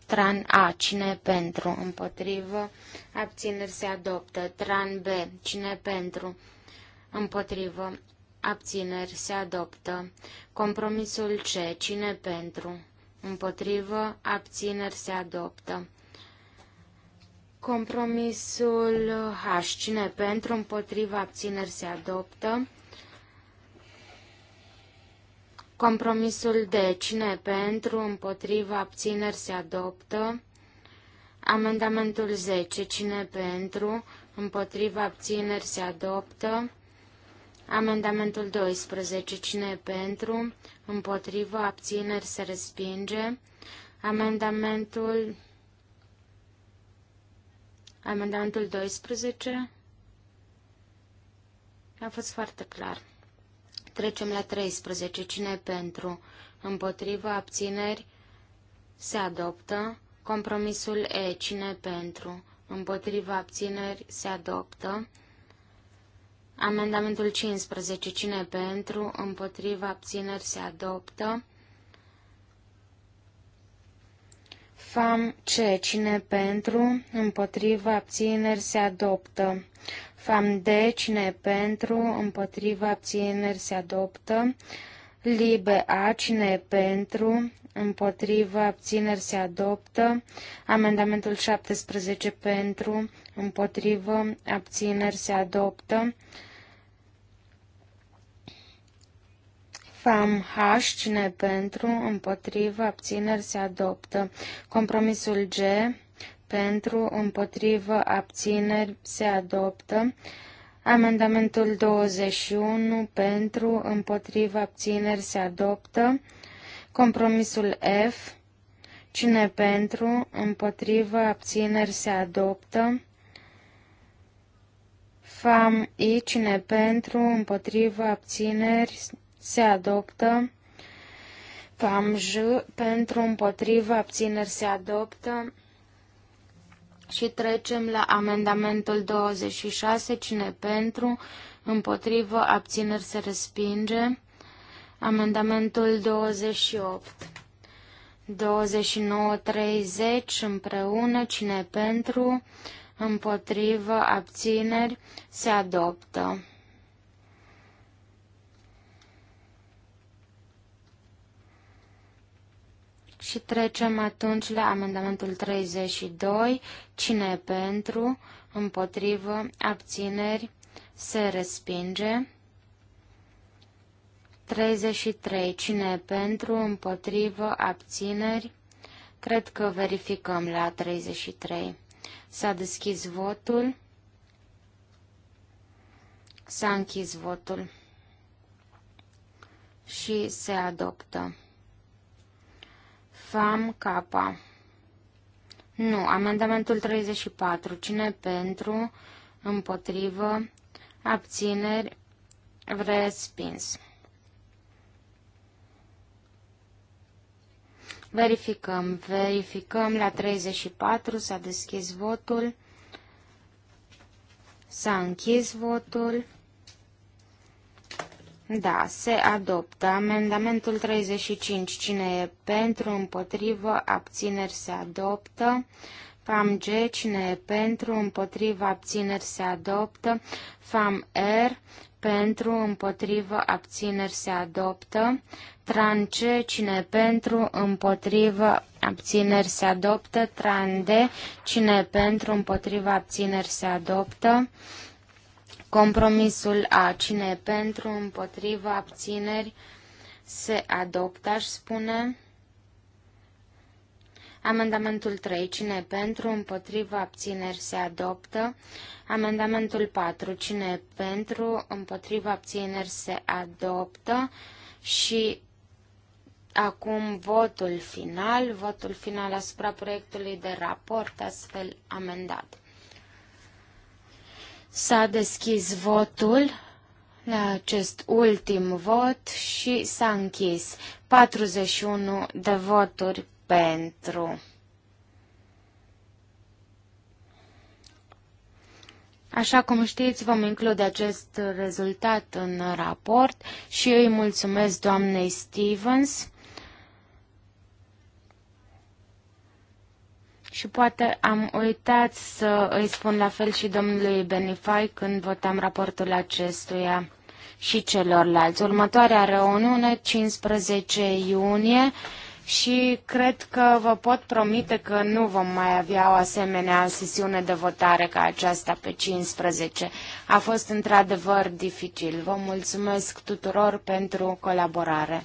Tran A, cine pentru, împotrivă, abțineri se adoptă. Tran B, cine pentru, împotrivă, abțineri se adoptă. Compromisul C, cine pentru, împotrivă, abțineri se adoptă. Compromisul H, cine pentru, împotriva, abțineri se adoptă. Compromisul de cine pentru, împotriva, abțineri se adoptă. Amendamentul 10. Cine pentru, împotriva, abțineri se adoptă. Amendamentul 12. Cine pentru, împotriva, abțineri se respinge. Amendamentul Amendamentul 12 a fost foarte clar. Trecem la 13. Cine pentru? Împotriva abțineri se adoptă. Compromisul E. Cine pentru? Împotriva abțineri se adoptă. Amendamentul 15. Cine pentru? Împotriva abțineri se adoptă. FAM C. Cine pentru? Împotriva abțineri se adoptă. Fam de cine pentru, împotriva abțineri se adoptă. Libe A, cine pentru, împotriva abțineri se adoptă. Amendamentul 17 pentru, împotriva abțineri se adoptă. Fam H, cine pentru, împotriva abțineri se adoptă. Compromisul G, pentru, împotrivă, abțineri, se adoptă. Amendamentul 21 pentru, împotrivă, abțineri, se adoptă. Compromisul F, cine pentru, împotrivă, abțineri, se adoptă. FAM I, cine pentru, împotrivă, abțineri, se adoptă. FAM J, pentru, împotrivă, abțineri, se adoptă. Și trecem la amendamentul 26, cine pentru, împotrivă, abțineri se respinge. Amendamentul 28. 29-30 împreună, cine pentru, împotrivă, abțineri, se adoptă. Și trecem atunci la amendamentul 32. Cine e pentru? Împotrivă? Abțineri? Se respinge. 33. Cine e pentru? Împotrivă? Abțineri? Cred că verificăm la 33. S-a deschis votul. S-a închis votul. Și se adoptă. Vam capa. Nu, amendamentul 34. Cine pentru, împotrivă, abțineri, respins. Verificăm, verificăm. La 34 s-a deschis votul. S-a închis votul. Da, se adoptă. Amendamentul 35. Cine e pentru, împotrivă, abțineri se adoptă. FAM G. Cine e pentru, împotrivă, abțineri se adoptă. FAM R. Pentru, împotrivă, abțineri se adoptă. Tran C. Cine e pentru, împotrivă, abțineri se adoptă. Tran D. Cine e pentru, împotrivă, abțineri se adoptă. Compromisul A. Cine pentru, împotriva abțineri, se adoptă, aș spune. Amendamentul 3. Cine pentru, împotriva abțineri, se adoptă. Amendamentul 4. Cine pentru, împotriva abțineri, se adoptă. Și acum votul final, votul final asupra proiectului de raport, astfel amendat. S-a deschis votul la acest ultim vot și s-a închis 41 de voturi pentru. Așa cum știți, vom include acest rezultat în raport și eu îi mulțumesc doamnei Stevens Și poate am uitat să îi spun la fel și domnului Benifai când votam raportul acestuia și celorlalți. Următoarea reuniune, 15 iunie, și cred că vă pot promite că nu vom mai avea o asemenea sesiune de votare ca aceasta pe 15. A fost într-adevăr dificil. Vă mulțumesc tuturor pentru colaborare.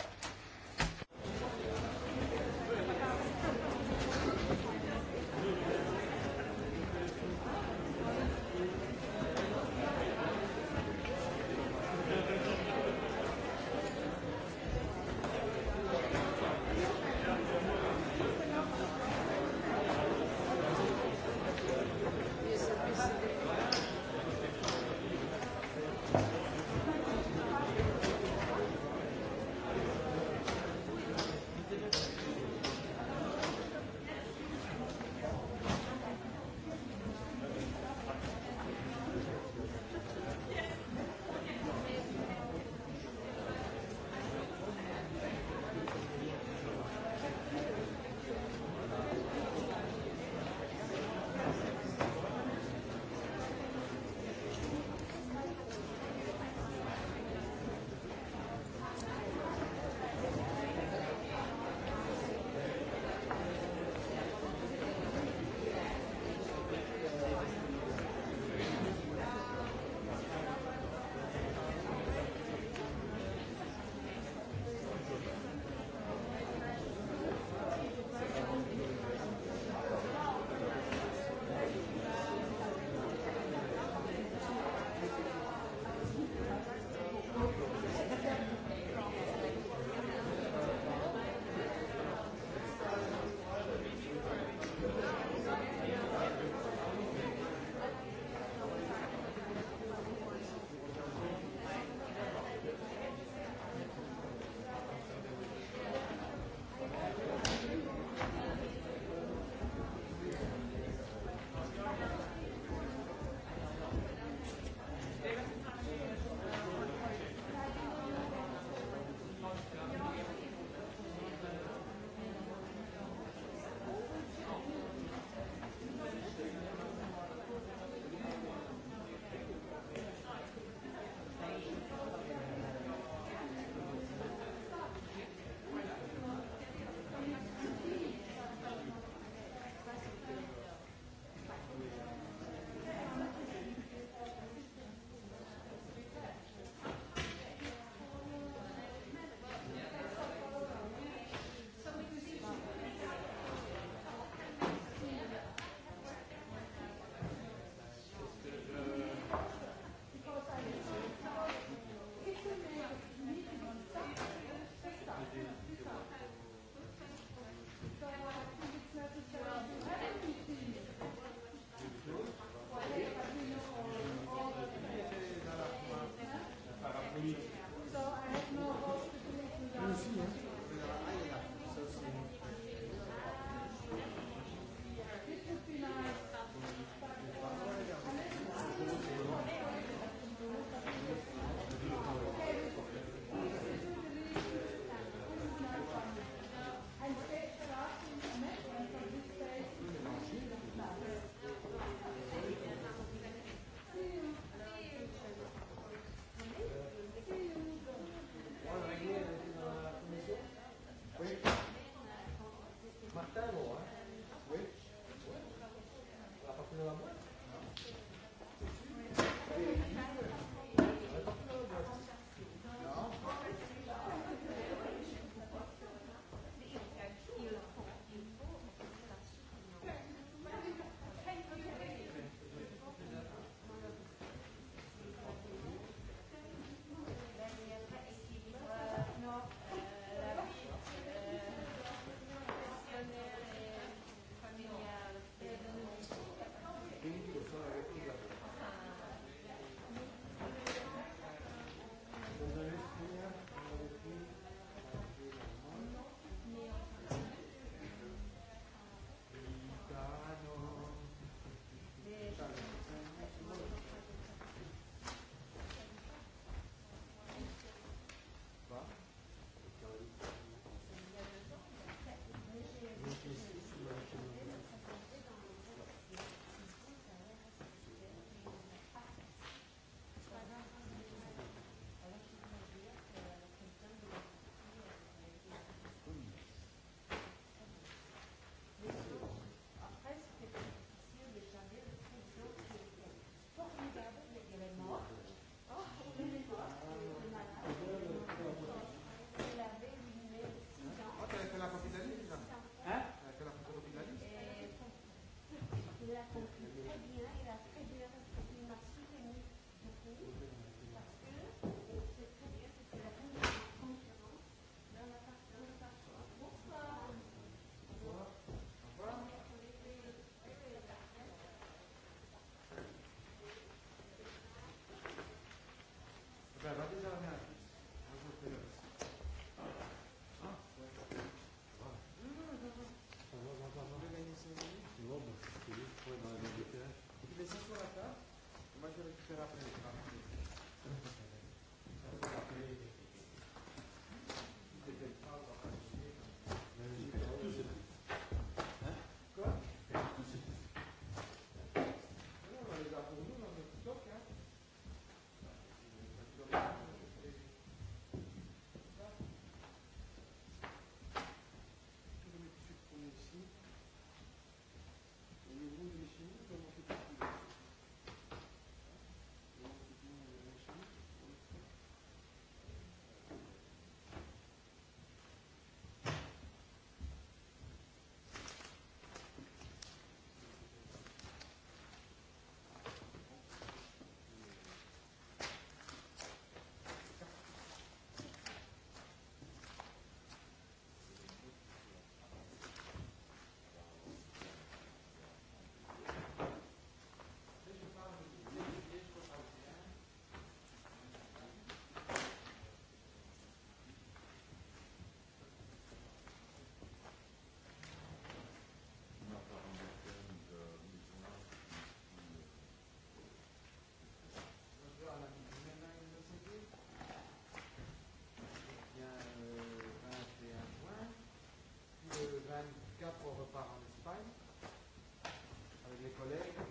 on repart en Espagne avec les collègues.